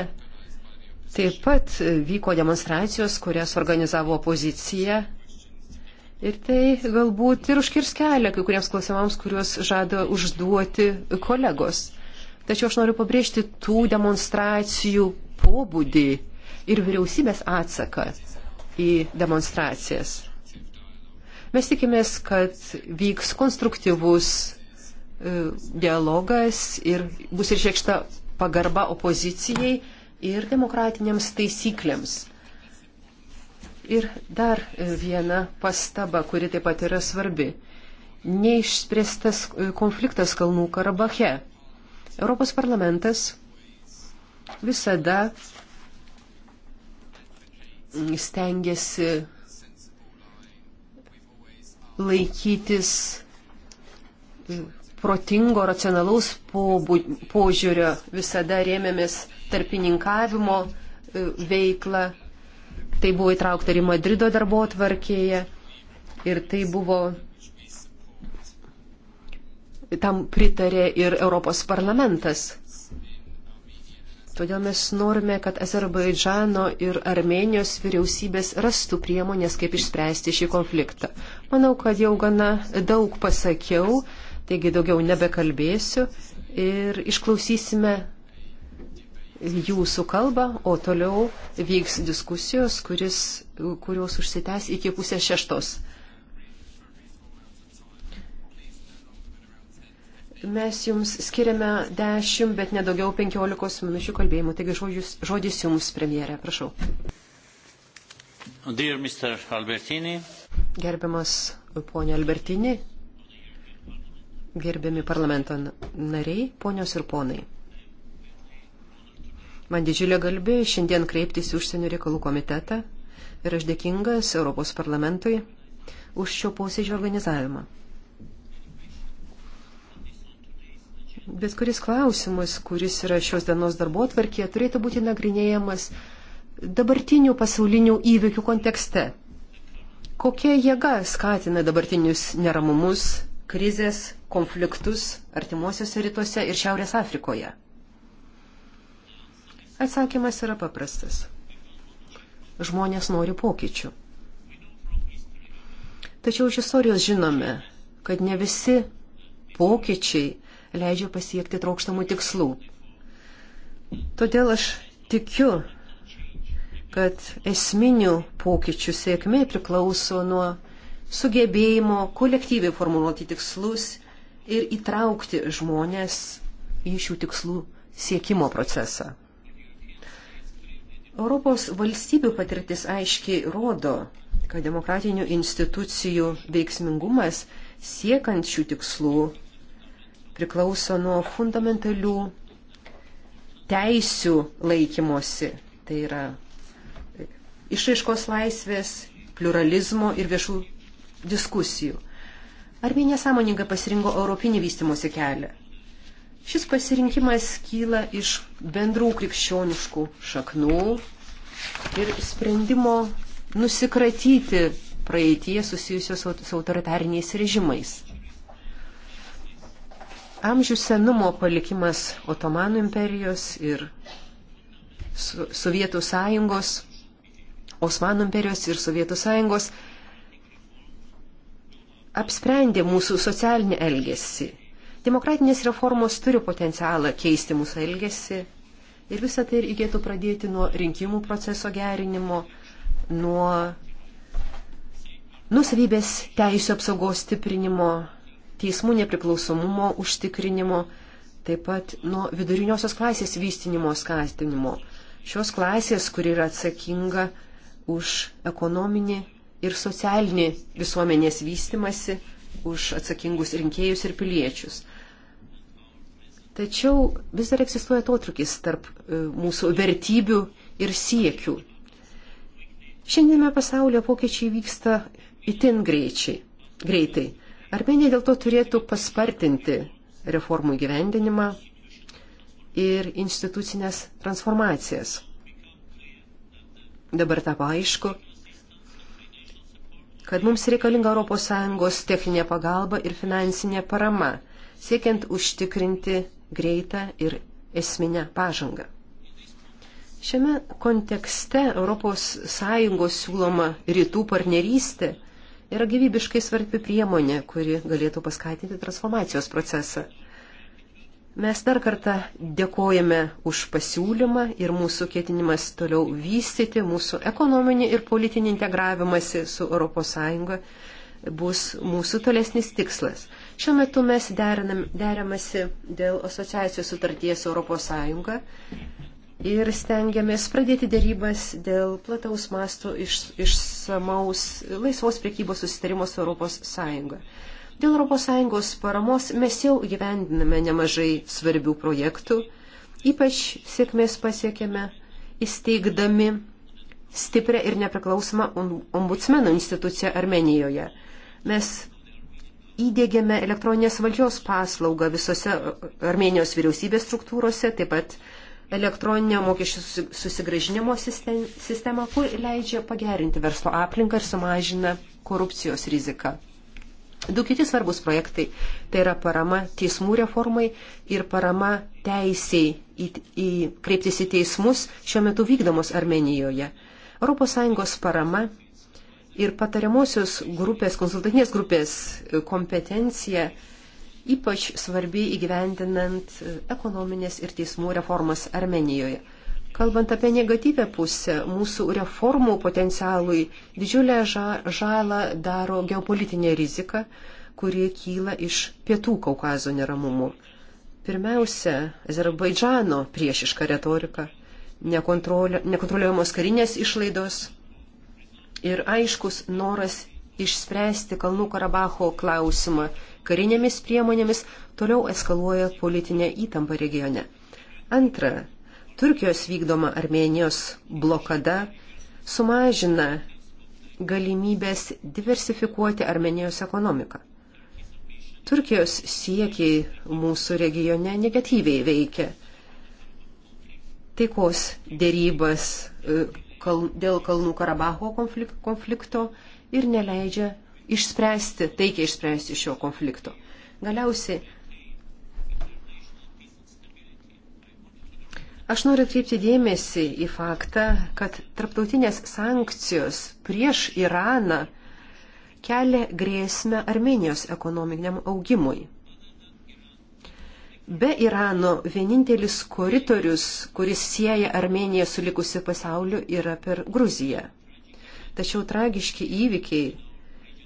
Speaker 2: taip pat vyko demonstracijos, kurias organizavo opozicija Ir tai galbūt ir užkirs kelią kai kuriems klausimams, kuriuos žada užduoti kolegos. Tačiau aš noriu pabrėžti tų demonstracijų pobūdį ir vyriausybės atsaką į demonstracijas. Mes tikimės, kad vyks konstruktyvus e, dialogas ir bus išreikšta pagarba opozicijai ir demokratinėms taisyklėms. Ir dar viena pastaba, kuri taip pat yra svarbi. Neišspręstas e, konfliktas Kalnų Karabache. Europos parlamentas visada stengiasi laikytis protingo, racionalaus požiūrio, visada rėmėmės tarpininkavimo e, veiklą Tai buvo įtraukta ir į Madrido darbo atvarkėje. Ir tai buvo. Tam pritarė ir Europos parlamentas. Todėl mes norime, kad Azerbaidžano ir Armenijos vyriausybės rastų priemonės, kaip išspręsti šį konfliktą. Manau, kad jau gana daug pasakiau, taigi daugiau nebekalbėsiu ir išklausysime jūsų kalbą, o toliau vyks diskusijos, kuris, kurios užsitęs iki pusės šeštos. Mes jums skiriame 10, bet nedaugiau 15 minučių kalbėjimų. Taigi žodis, žodis jums, premjerė, prašau.
Speaker 1: Dear Mr. Albertini.
Speaker 2: Gerbiamas ponė Albertini, gerbiami parlamento nariai, ponios ir ponai. Man didžiulė galbė šiandien kreiptis į užsienio reikalų komitetą ir aš dėkingas Europos parlamentui už šio posėdžio organizavimą. Bet kuris klausimas, kuris yra šios dienos darbo atvarkė, turėtų būti nagrinėjamas dabartinių pasaulinių įvykių kontekste. Kokia jėga skatina dabartinius neramumus, krizės, konfliktus artimuosiuose rytuose ir Šiaurės Afrikoje? Atsakymas yra paprastas. Žmonės nori pokyčių. Tačiau iš istorijos žinome, kad ne visi pokyčiai leidžia pasiekti trokštamų tikslų. Todėl aš tikiu, kad esminių pokyčių sėkmė priklauso nuo sugebėjimo kolektyviai formuluoti tikslus ir įtraukti žmonės į šių tikslų siekimo procesą. Europos valstybių patirtis aiškiai rodo, kad demokratinių institucijų veiksmingumas siekant šių tikslų priklauso nuo fundamentalių teisių laikymosi. Tai yra išraiškos laisvės, pluralizmo ir viešų diskusijų. Armenija sąmoningai pasirinko europinį vystimosi kelią. Šis pasirinkimas kyla iš bendrų krikščioniškų šaknų ir sprendimo nusikratyti praeitie susijusios su autoritariniais režimais. Amžių senumo palikimas Otomanų imperijos ir Sovietų sąjungos, Osmanų imperijos ir Sovietų sąjungos apsprendė mūsų socialinį elgesį Demokratinės reformos turi potencialą keisti mūsų elgesį ir visą tai reikėtų pradėti nuo rinkimų proceso gerinimo, nuo nusavybės teisų apsaugos stiprinimo, teismų nepriklausomumo užtikrinimo, taip pat nuo viduriniosios klasės vystinimo skatinimo. Šios klasės, kuri yra atsakinga už ekonominį ir socialinį visuomenės vystimasi, už atsakingus rinkėjus ir piliečius. Tačiau vis dar egzistuoja totrukis tarp e, mūsų vertybių ir siekių. Šiandiename pasaulyje pokyčiai vyksta itin greičiai, greitai. Armenija dėl to turėtų paspartinti reformų gyvendinimą ir institucinės transformacijas. Dabar tapo aišku, kad mums reikalinga ES techninė pagalba ir finansinė parama, siekiant užtikrinti greitą ir esminę pažangą. Šiame kontekste ES siūloma rytų partnerystė yra gyvybiškai svarbi priemonė, kuri galėtų paskatinti transformacijos procesą. Mes dar kartą dėkojame už pasiūlymą ir mūsų ketinimas toliau vystyti mūsų ekonominį ir politinį integravimąsi su ES bus mūsų tolesnis tikslas. Šiuo metu mes derinam, deramasi dėl asociacijos sutarties ES ir stengiamės pradėti dėrybas dėl plataus masto iš, išsamaus laisvos priekybos susitarimo su ES. Dėl ES paramos mes jau gyvendiname nemažai svarbių projektų, ypač sėkmės pasiekėme įsteigdami stiprią ir nepriklausomą ombudsmeno instituciją Armenijoje. Mes įdėgėme elektroninės valdžios paslaugą visose Armenijos vyriausybės struktūrose, taip pat elektroninio mokesčių susigražinimo sistemą, kur leidžia pagerinti verslo aplinką ir sumažina korupcijos riziką. Du kiti svarbus projektai - tai yra parama teismų reformai ir parama teisiai į, į, kreiptis į teismus šiuo metu vykdomos Armenijoje. ES parama ir patariamosios grupės, konsultatinės grupės kompetencija ypač svarbi įgyvendinant ekonominės ir teismų reformas Armenijoje. Kalbant apie negatyvę pusę, mūsų reformų potencialui didžiulę žalą daro geopolitinė rizika, kurie kyla iš pietų Kaukazo neramumų. Pirmiausia, Azerbaidžano priešiška retorika, nekontroliuojamos karinės išlaidos, ir aiškus noras išspręsti Kalnų Karabacho klausimą karinėmis priemonėmis toliau eskaluoja politinę įtampą regione. Antra, Turkijos vykdoma Armenijos blokada sumažina galimybės diversifikuoti Armenijos ekonomiką. Turkijos siekiai mūsų regione negatyviai veikia taikos dėrybas kal, dėl Kalnų Karabaho konflikto, konflikto ir neleidžia išspręsti, taikiai išspręsti šio konflikto. Galiausiai Aš noriu atkreipti dėmesį į faktą, kad tarptautinės sankcijos prieš Iraną kelia grėsmę Armenijos ekonominiam augimui. Be Irano vienintelis koridorius, kuris sieja Armeniją su likusiu pasauliu, yra per Gruziją. Tačiau tragiški įvykiai,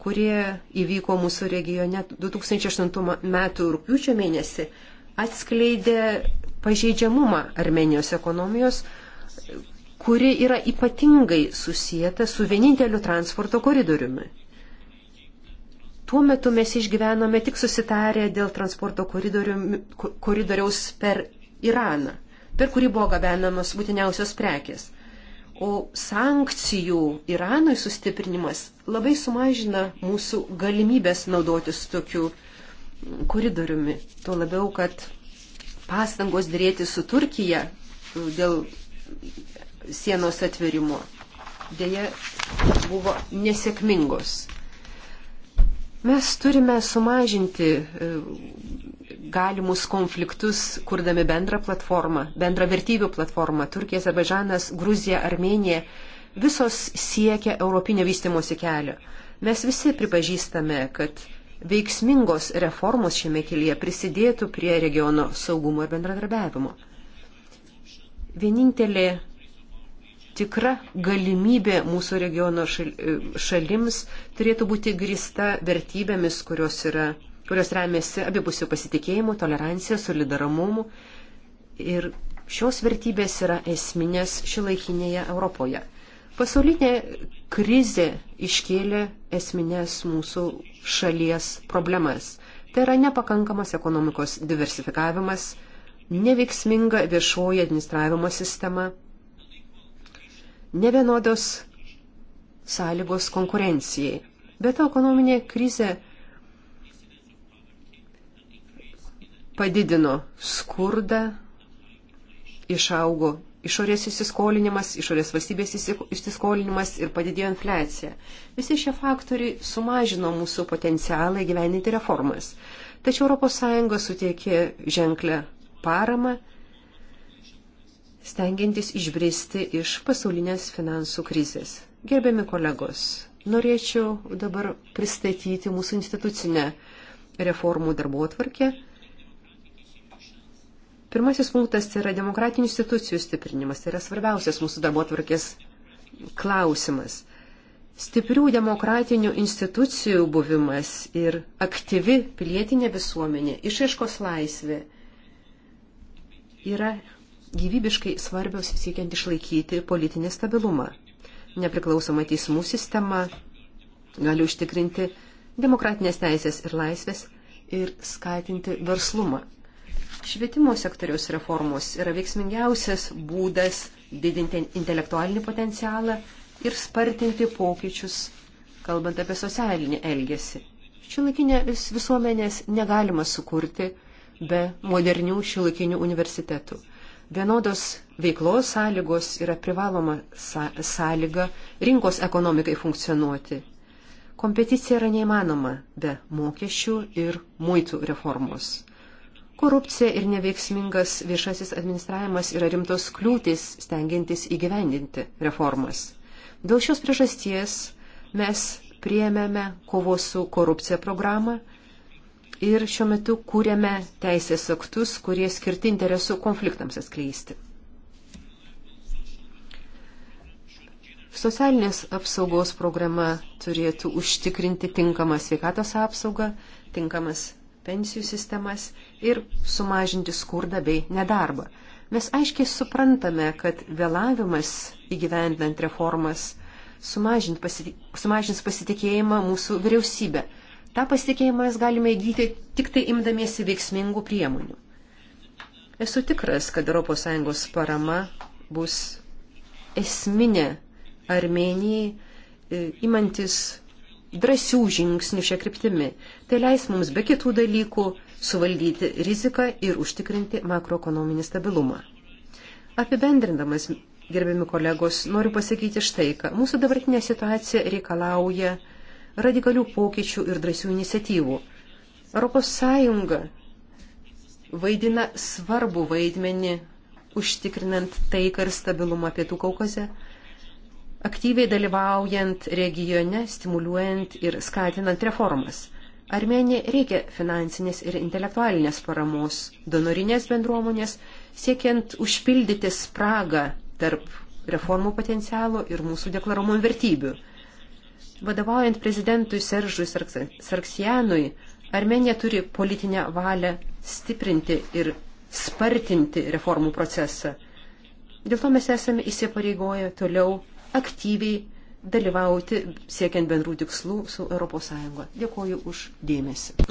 Speaker 2: kurie įvyko mūsų regione 2008 m. rūpiučio mėnesį, atskleidė pažeidžiamumą Armenijos ekonomijos, kuri yra ypatingai susijęta su vieninteliu transporto koridoriumi. Tuo metu mes išgyvenome tik susitarę dėl transporto koridoriaus per Iraną, per kurį buvo gabenamos būtiniausios prekės. O sankcijų Iranui sustiprinimas labai sumažina mūsų galimybės naudotis tokiu koridoriumi. Tuo labiau, kad pastangos dėrėti su Turkija dėl sienos atvirimo dėja buvo nesėkmingos. Mes turime sumažinti e, galimus konfliktus, kurdami bendrą platformą, bendrą vertybių platformą. Turkija, Azerbaidžanas, Gruzija, Armenija visos siekia europinio vystimosi kelio. Mes visi pripažįstame, kad veiksmingos reformos šiame kelyje prisidėtų prie regiono saugumo ir bendradarbiavimo. Vienintelė tikra galimybė mūsų regiono e, šalims turėtų būti grįsta vertybėmis, kurios, yra, kurios remiasi abipusių pasitikėjimų, tolerancija, solidarumu. Ir šios vertybės yra esminės šilaikinėje Europoje. Pasaulinė krizė iškėlė esminės mūsų šalies problemas. Tai yra nepakankamas ekonomikos diversifikavimas, neveiksminga viešoji administravimo sistema, nevienodos sąlygos konkurencijai. Bet ekonominė krizė padidino skurdą, išaugo išorės įsiskolinimas, išorės valstybės įsiskolinimas ir padidėjo infliacija. Visi šie faktoriai sumažino mūsų potencialą gyveninti reformas. Tačiau ES sutiekė ženklę paramą stengiantis išbristi iš pasaulinės finansų krizės. Gerbiami kolegos, norėčiau dabar pristatyti mūsų institucinę reformų darbo atvarkę. Pirmasis punktas tai yra demokratinių institucijų stiprinimas, tai yra svarbiausias mūsų darbo atvarkės klausimas. Stiprių demokratinių institucijų buvimas ir aktyvi pilietinė visuomenė, išaiškos laisvė yra gyvybiškai svarbios siekiant išlaikyti politinį stabilumą. Nepriklausoma teismų sistema gali užtikrinti demokratinės teisės ir laisvės ir skatinti verslumą. Švietimo sektoriaus reformos yra veiksmingiausias būdas didinti intelektualinį potencialą ir spartinti pokyčius, kalbant apie socialinį elgesį. Šiuolaikinės visuomenės negalima sukurti be modernių šiuolaikinių universitetų. Vienodos veiklos sąlygos yra privaloma sąlyga rinkos ekonomikai funkcionuoti. Kompeticija yra neįmanoma be mokesčių ir muitų reformos. Korupcija ir neveiksmingas viešasis administravimas yra rimtos kliūtis stengiantis įgyvendinti reformas. Dėl šios priežasties mes priemėme kovos su korupcija programą ir šiuo metu kūrėme teisės aktus, kurie skirti interesų konfliktams atskleisti. Socialinės apsaugos programa turėtų užtikrinti tinkamą sveikatos apsaugą, tinkamas pensijų sistemas ir sumažinti skurdą bei nedarbą. Mes aiškiai suprantame, kad vėlavimas įgyvendinant reformas sumažins pasitikėjimą mūsų vyriausybę Ta pasitikėjimą mes galime įgyti tik tai imdamiesi veiksmingų priemonių. Esu tikras, kad ES parama bus esminė Armenijai, e, imantis drąsių žingsnių šią kryptimį. Tai leis mums be kitų dalykų suvaldyti riziką ir užtikrinti makroekonominį stabilumą. Apibendrindamas, gerbiami kolegos, noriu pasakyti štai, ką mūsų dabartinė situacija reikalauja radikalių pokyčių ir drąsių iniciatyvų. ES vaidina svarbų vaidmenį užtikrinant taiką ir stabilumą Pietų Kaukaze, aktyviai dalyvaujant regione, stimuliuojant ir skatinant reformas. Armenija reikia finansinės ir intelektualinės paramos donorinės bendruomonės, siekiant užpildyti spragą tarp reformų potencialo ir mūsų deklaramų vertybių. Vadovaujant prezidentui Seržui Sarksianui, Armenija turi politinę valią stiprinti ir spartinti reformų procesą. Dėl to mes esame įsipareigoję toliau aktyviai dalyvauti siekiant bendrų tikslų su ES. Dėkuoju už dėmesį.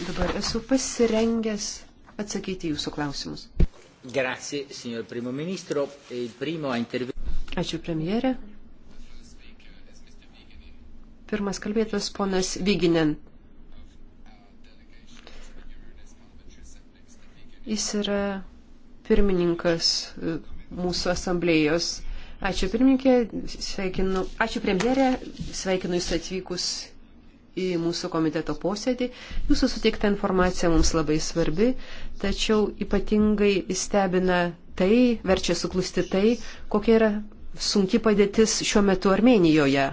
Speaker 2: Dabar esu pasirengęs atsakyti jūsų klausimus.
Speaker 1: Grazie, e Ačiū
Speaker 2: premjerė. Pirmas kalbėtas ponas Vyginen. Jis yra pirmininkas e, mūsų asamblėjos. Ačiū pirmininkė, sveikinu, ačiū premjerė, sveikinu jūs atvykus į mūsų komiteto posėdį. Jūsų suteikta informacija mums labai svarbi, tačiau ypatingai stebina tai, verčia suklusti tai, kokia yra sunki padėtis šiuo metu Armenijoje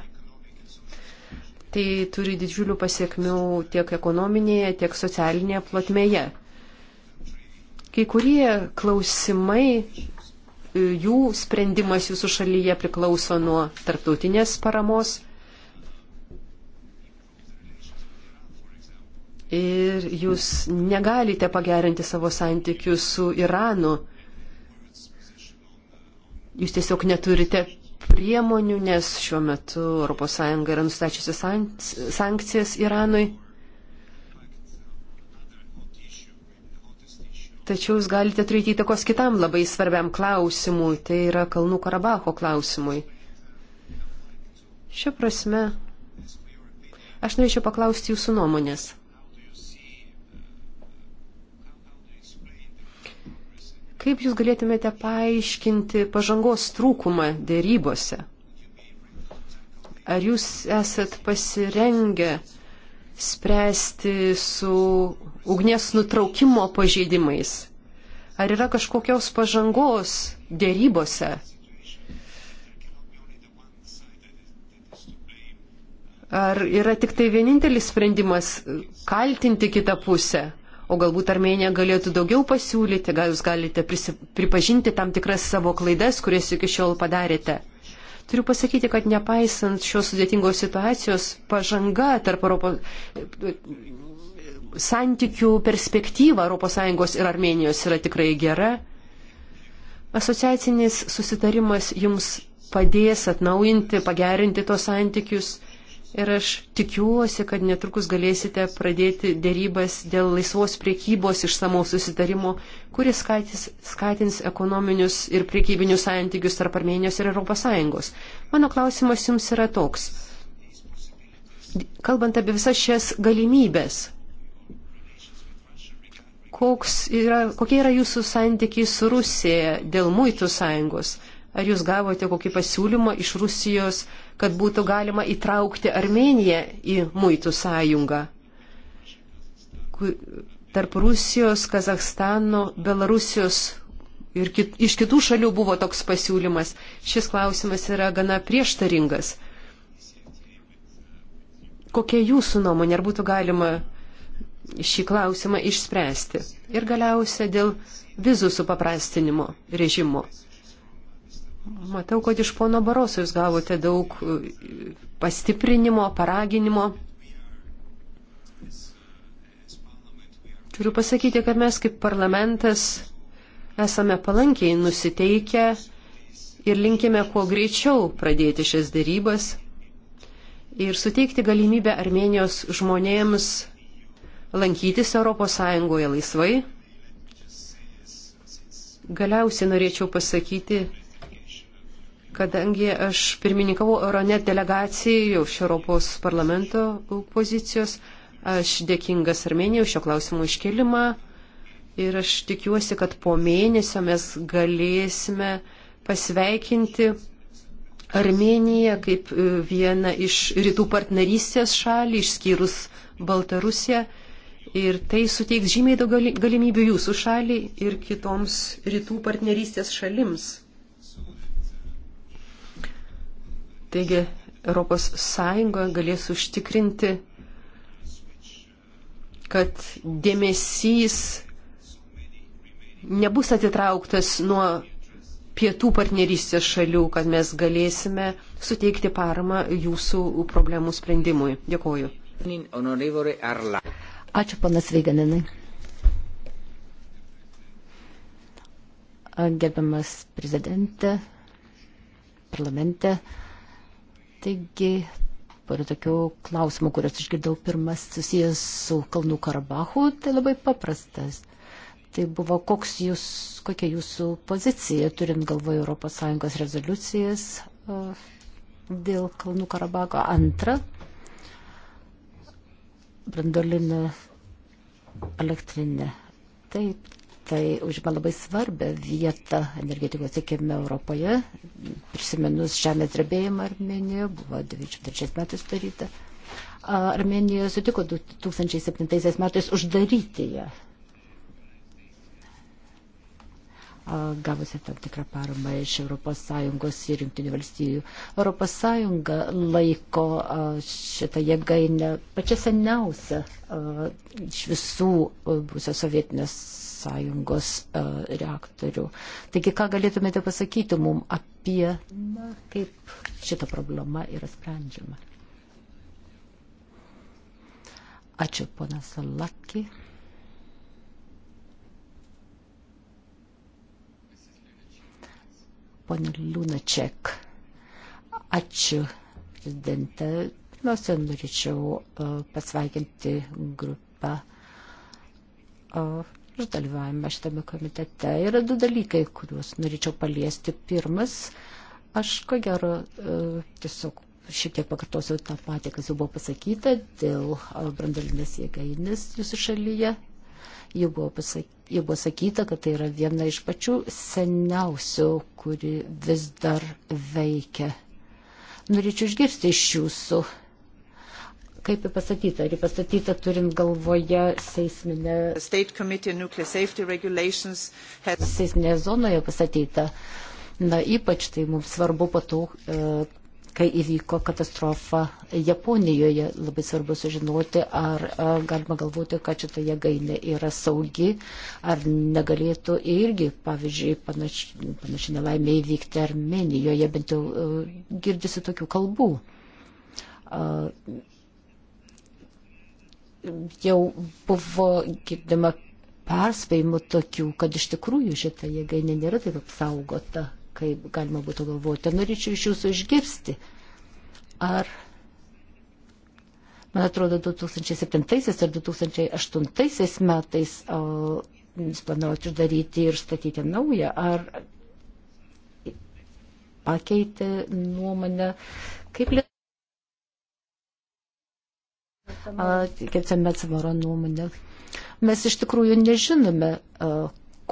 Speaker 2: tai turi didžiulių pasiekmių tiek ekonominėje, tiek socialinėje plotmėje. Kai kurie klausimai, e, jų sprendimas jūsų šalyje priklauso nuo tarptautinės paramos. Ir jūs negalite pagerinti savo santykių su Iranu. Jūs tiesiog neturite priemonių, nes šiuo metu ES yra nustačiusi sankcijas Iranui. Tačiau jūs galite turėti įtakos kitam labai svarbiam klausimui, tai yra Kalnų Karabaho klausimui. Šia prasme, aš norėčiau paklausti jūsų nuomonės. Kaip Jūs galėtumėte paaiškinti pažangos trūkumą dėrybose? Ar Jūs esat pasirengę spręsti su ugnies nutraukimo pažeidimais? Ar yra kažkokios pažangos dėrybose? Ar yra tik tai vienintelis sprendimas kaltinti kitą pusę? o galbūt Armenija galėtų daugiau pasiūlyti, gal jūs galite prisi, pripažinti tam tikras savo klaidas, kurias iki šiol padarėte. Turiu pasakyti, kad nepaisant šios sudėtingos situacijos, pažanga tarp Europos santykių perspektyva ES ir Armenijos yra tikrai gera. Asociacinis susitarimas jums padės atnaujinti, pagerinti tos santykius Ir aš tikiuosi, kad netrukus galėsite pradėti dėrybas dėl laisvos priekybos išsamaus susitarimo, kuris skatins, skatins ekonominius ir priekybinius santykius tarp Armenijos ir ES. Mano klausimas jums yra toks. Kalbant apie visas šias galimybės, yra, kokie yra jūsų santykiai su Rusija dėl muitų sąjungos? Ar jūs gavote kokį pasiūlymą iš Rusijos, kad būtų galima įtraukti Armeniją į muitų sąjungą? Tarp Rusijos, Kazakstano, Belarusijos ir kit, iš kitų šalių buvo toks pasiūlymas. Šis klausimas yra gana prieštaringas. Kokia jūsų nuomonė, ar būtų galima šį klausimą išspręsti? Ir galiausia dėl vizų supaprastinimo režimo. Matau, kad iš pono Baroso jūs gavote daug e, pastiprinimo, paraginimo. Turiu pasakyti, kad mes kaip parlamentas esame palankiai nusiteikę ir linkime kuo greičiau pradėti šias dėrybas ir suteikti galimybę Armenijos žmonėms lankytis ES laisvai. Galiausiai norėčiau pasakyti, Kadangi aš pirmininkavau Euronet delegacijai iš Europos parlamento pozicijos, aš dėkingas Armenijai už šio klausimo iškelimą ir aš tikiuosi, kad po mėnesio mes galėsime pasveikinti Armeniją kaip e, vieną iš rytų partnerystės šalį, išskyrus Baltarusiją. Ir tai suteiks žymiai daugiau galimybių jūsų šaliai ir kitoms rytų partnerystės šalims. Taigi ES galės užtikrinti, kad dėmesys nebus atitrauktas nuo pietų partnerystės šalių, kad mes galėsime suteikti paramą jūsų problemų sprendimui. Dėkuoju.
Speaker 3: Ačiū, panas Veiganinai. Gerbiamas prezidente, parlamente, Taigi, pora tokių klausimų, kuriuos išgirdau pirmas susijęs su Kalnų Karabahu, tai labai paprastas. Tai buvo, koks jūs, kokia jūsų pozicija, turint galvoje ES rezoliucijas uh, dėl Kalnų Karabako. Antra, brandolinė elektrinė. Taip, tai užima labai svarbę vietą energetikos tiekime Europoje. Prisiminus žemės drebėjimą Armenijoje, buvo 93 metais daryta. Armenija sutiko 2007 metais uždaryti ją. Gavusi tam tikrą paramą iš ES ir Junktinių valstybių. ES laiko šitą jėgainę pačią seniausią iš visų buvusios sovietinės ES e, reaktorių. Taigi, ką galėtumėte pasakyti mum apie, na, kaip šita problema yra sprendžiama? Ačiū, ponas Laki. Pone Liūnaček, ačiū, prezidente. Pirmiausia, norėčiau e, pasveikinti grupę e, ir dalyvavime šitame komitete. Yra du dalykai, kuriuos norėčiau paliesti. Pirmas, aš ko gero e, tiesiog šiek tiek pakartosiu tą patį, kas jau buvo pasakyta dėl e, brandalinės jėgainės jūsų šalyje. Jau buvo, pasak... jau buvo sakyta, kad tai yra viena iš pačių seniausių, kuri vis dar veikia. Norėčiau išgirsti iš jūsų kaip ji pastatyta? Ar ji pastatyta turint galvoje seisminę, has... seisminė zonoje pastatyta? Na, ypač tai mums svarbu po to, e, kai įvyko katastrofa Japonijoje. Labai svarbu sužinoti, ar e, galima galvoti, kad šita jėgainė yra saugi, ar negalėtų irgi, pavyzdžiui, panaši, panaši nelaimė įvykti Armenijoje, bent jau e, girdisi tokių kalbų jau buvo girdima perspėjimų tokių, kad iš tikrųjų šita jėgainė nėra taip apsaugota, kaip galima būtų galvoti. Norėčiau iš jūsų išgirsti, ar, man atrodo, 2007 ar 2008 metais o, jūs planavote uždaryti ir statyti naują, ar pakeitė nuomonę, kaip lietuvių. Kėtėme atsvaro nuomonę. Mes iš tikrųjų nežinome,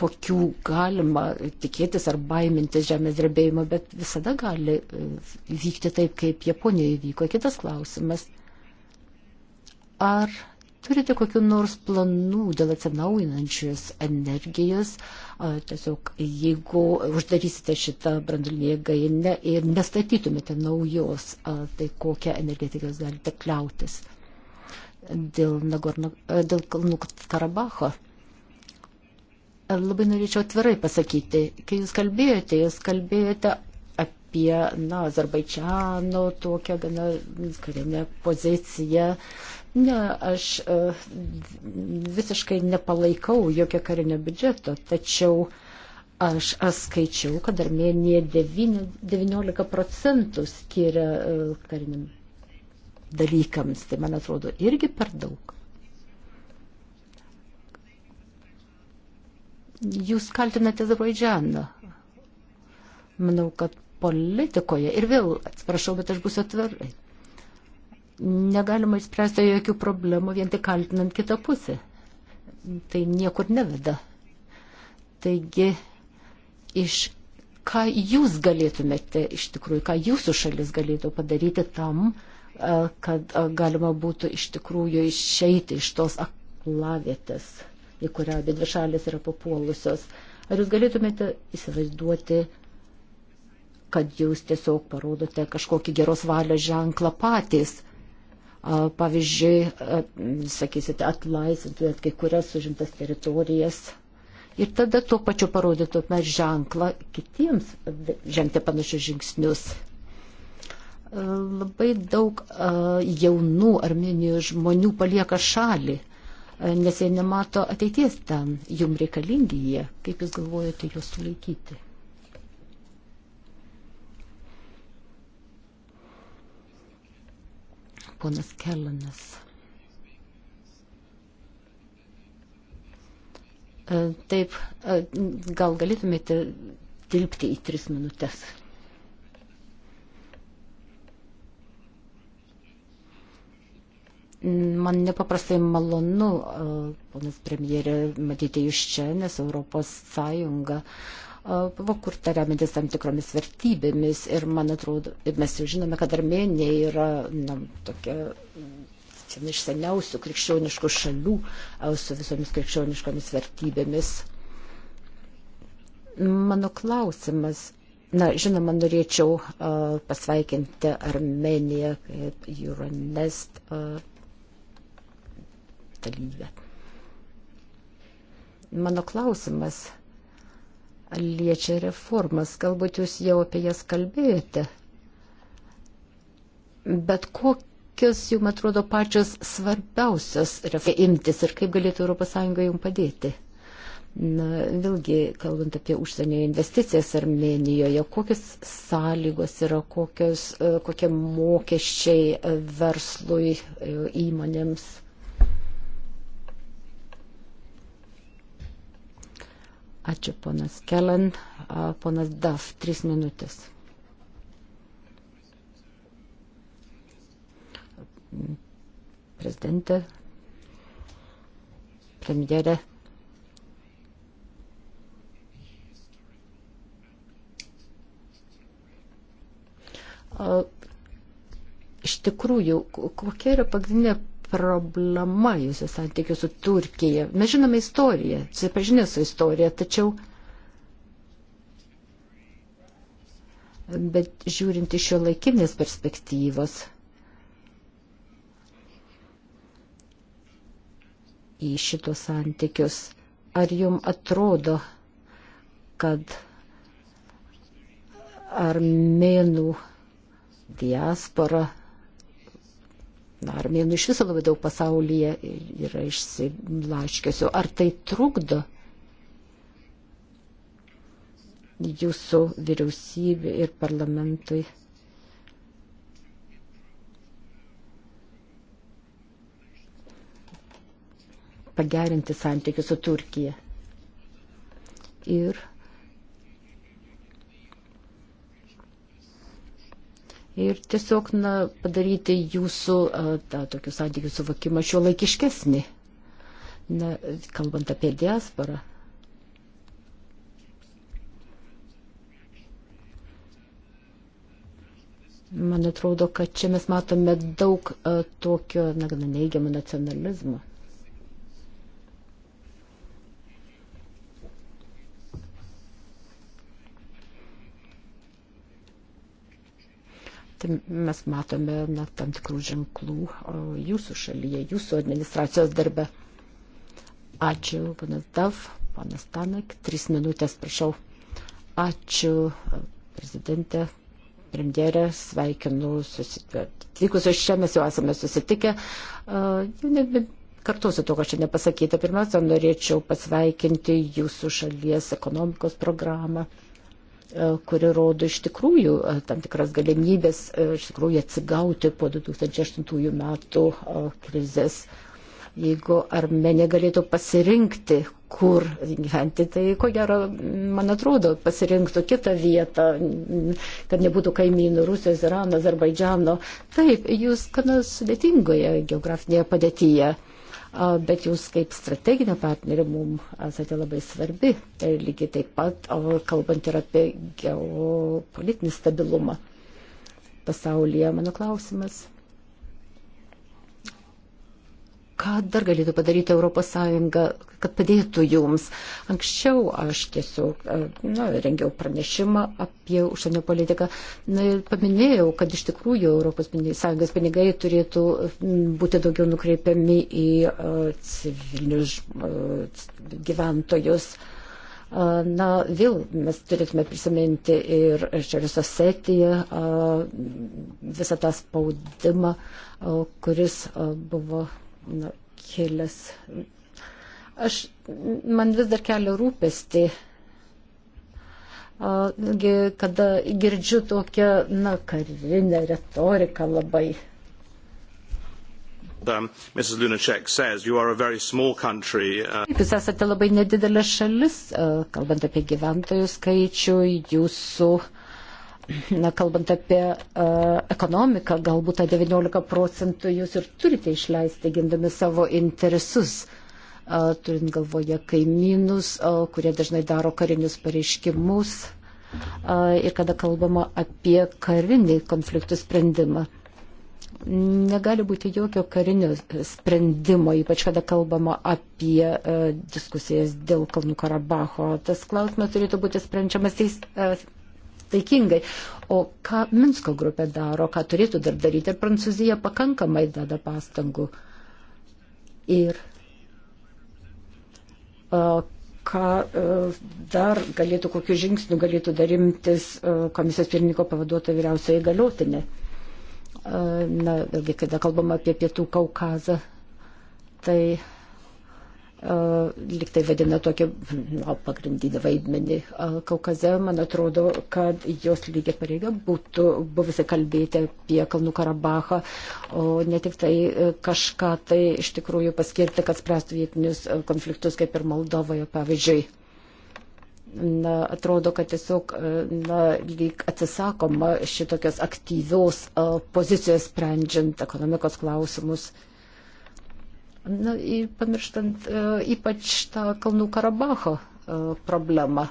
Speaker 3: kokių galima tikėtis ar baimintis žemės drebėjimo, bet visada gali e, vykti taip, kaip Japonijoje vyko. Kitas klausimas. Ar turite kokiu nors planų dėl atsinaujinančios energijos? Tiesiog jeigu uždarysite šitą brandulinį jėgainę ir nestatytumėte naujos, tai kokią energetiką jūs galite kliautis? dėl, Nagorno, e, dėl Kalnų Karabacho. E, labai norėčiau atvirai pasakyti, kai jūs kalbėjote, jūs kalbėjote apie na, Azerbaidžiano tokią gana karinę poziciją. Ne, aš e, visiškai nepalaikau jokio karinio biudžeto, tačiau aš skaičiau, kad Armenija 9, 19 procentų skiria kariniam dalykams. Tai man atrodo irgi per daug. Jūs kaltinate Azerbaidžianą. Manau, kad politikoje, ir vėl atsiprašau, bet aš būsiu atvirai, negalima išspręsti jokių problemų vien tik kaltinant kitą pusę. Tai niekur neveda. Taigi, iš ką jūs galėtumėte iš tikrųjų, ką jūsų šalis galėtų padaryti tam, E, kad e, galima būtų iš tikrųjų išeiti iš tos aklavietės, į kurią abi dvi šalis yra papuolusios. Ar jūs galėtumėte įsivaizduoti, kad jūs tiesiog parodote kažkokį geros valios ženklą patys? Pavyzdžiui, sakysite, atlaisvintumėt kai kurias užimtas teritorijas ir tada tuo pačiu parodytumėt ženklą kitiems žengti panašius žingsnius. Labai daug jaunų Armenijos žmonių palieka šalį, nes jie nemato ateities ten. Jums reikalingi jie. Kaip Jūs galvojate juos sulaikyti? Ponas Kelanas. Taip, gal galėtumėte tilpti į tris minutės. Man nepaprastai malonu, e, ponas premjerė, matyti jūs čia, nes Europos Sąjunga buvo e, kurta remintis tam tikromis vertybėmis ir man atrodo, ir mes jau žinome, kad Armenija yra na, tokia viena iš seniausių krikščioniškų šalių e, su visomis krikščioniškomis vertybėmis. Mano klausimas. Na, žinoma, norėčiau uh, pasveikinti Armeniją kaip Euronest uh, lygą. Mano klausimas liečia reformas, galbūt jūs jau apie jas kalbėjote, bet kokios jums atrodo pačios svarbiausios reformas imtis ir kaip galėtų ES jums padėti? Na, vėlgi, kalbant apie užsienio investicijas Armenijoje, kokios sąlygos yra, kokios, e, kokie mokesčiai e, verslui, e, įmonėms? Ačiū ponas Kelen, ponas Daf, trys minutės. Prezidentė, premjerė. Iš tikrųjų, kokia yra pagrindinė problema jūsų santykių su Turkija? Mes žinome istoriją, susipažinę su istorija, tačiau. Bet žiūrint iš šio laikinės perspektyvos, į šitos santykius, ar jum atrodo, kad armenų diaspora armėnų nu, iš viso labai daug pasaulyje yra išsilaškiusių. Ar tai trukdo jūsų vyriausybė ir parlamentui? pagerinti santykius su Turkija. Ir ir tiesiog na, padaryti jūsų tą, tokių santykių suvokimą šio laikiškesnį, na, kalbant apie diasporą. Man atrodo, kad čia mes matome daug uh, tokio, na, gana neigiamo nacionalizmo. tai mes matome na, tam tikrų ženklų jūsų šalyje, jūsų administracijos darbe. Ačiū, panas Dav, panas Tanek, trys minutės, prašau. Ačiū, prezidentė, premjerė, sveikinu, susitikus iš čia mes jau esame susitikę. Jau nebe kartuosiu to, kas čia nepasakyta. Pirmiausia, norėčiau pasveikinti jūsų šalies ekonomikos programą. E, kuri rodo iš tikrųjų e, tam tikras galimybės e, iš tikrųjų atsigauti po 2008 metų krizės. Jeigu Armenija galėtų pasirinkti, kur gyventi, tai ko gero, man atrodo, pasirinktų kitą vietą, kad nebūtų kaimynų Rusijos, Irano, Azerbaidžiano. Taip, jūs gana sudėtingoje geografinėje padėtyje bet jūs kaip strateginė partnerė mums esate labai svarbi, tai lygiai taip pat kalbant ir apie geopolitinį stabilumą pasaulyje. Mano klausimas ką dar galėtų padaryti ES, kad padėtų jums. Anksčiau aš tiesiog e, na, rengiau pranešimą apie užsienio politiką na, ir paminėjau, kad iš tikrųjų ES pinigai turėtų būti daugiau nukreipiami į e, civilinius e, gyventojus. Na, vėl mes turėtume prisiminti ir Šiaurės Osetiją, visą tą spaudimą, kuris buvo na, nu, kelias. Aš, man vis dar kelia rūpesti, kada girdžiu tokią, na, karinę retoriką labai. Um, Mrs. Lunacek says you are a very small country. Uh... Jūs esate labai nedidelė šalis, kalbant apie gyventojų skaičių, jūsų uh, na, kalbant apie uh, ekonomiką, galbūt tą 19 procentų jūs ir turite išleisti, gindami savo interesus, uh, turint galvoje kaimynus, uh, kurie dažnai daro karinius pareiškimus uh, ir kada kalbama apie karinį konfliktų sprendimą. Negali būti jokio karinio sprendimo, ypač kada kalbama apie uh, diskusijas dėl Kalnų Karabaho. Tas klausimas turėtų būti sprendžiamas teis, uh, taikingai. O ką Minsko grupė daro, ką turėtų dar daryti, ir Prancūzija pakankamai dada pastangų. Ir uh, ką dar galėtų, kokiu žingsniu galėtų darimtis komisijos pirmininko pavaduotoja vyriausioji galiotinė. Na, vėlgi, kada kalbam apie Pietų Kaukazą, tai liktai vadina tokį na, pagrindinį vaidmenį Kaukaze. Man atrodo, kad jos lygia pareiga būtų buvusi kalbėti apie Kalnų Karabachą, o ne tik tai e, kažką tai iš tikrųjų paskirti, kad spręstų vietinius e, konfliktus, kaip ir Moldovoje, pavyzdžiui. Na, atrodo, kad tiesiog e, na, lyg atsisakoma šitokios aktyvios pozicijos sprendžiant ekonomikos klausimus. Uh, Na, pamirštant e, ypač tą Kalnų Karabacho e, problemą.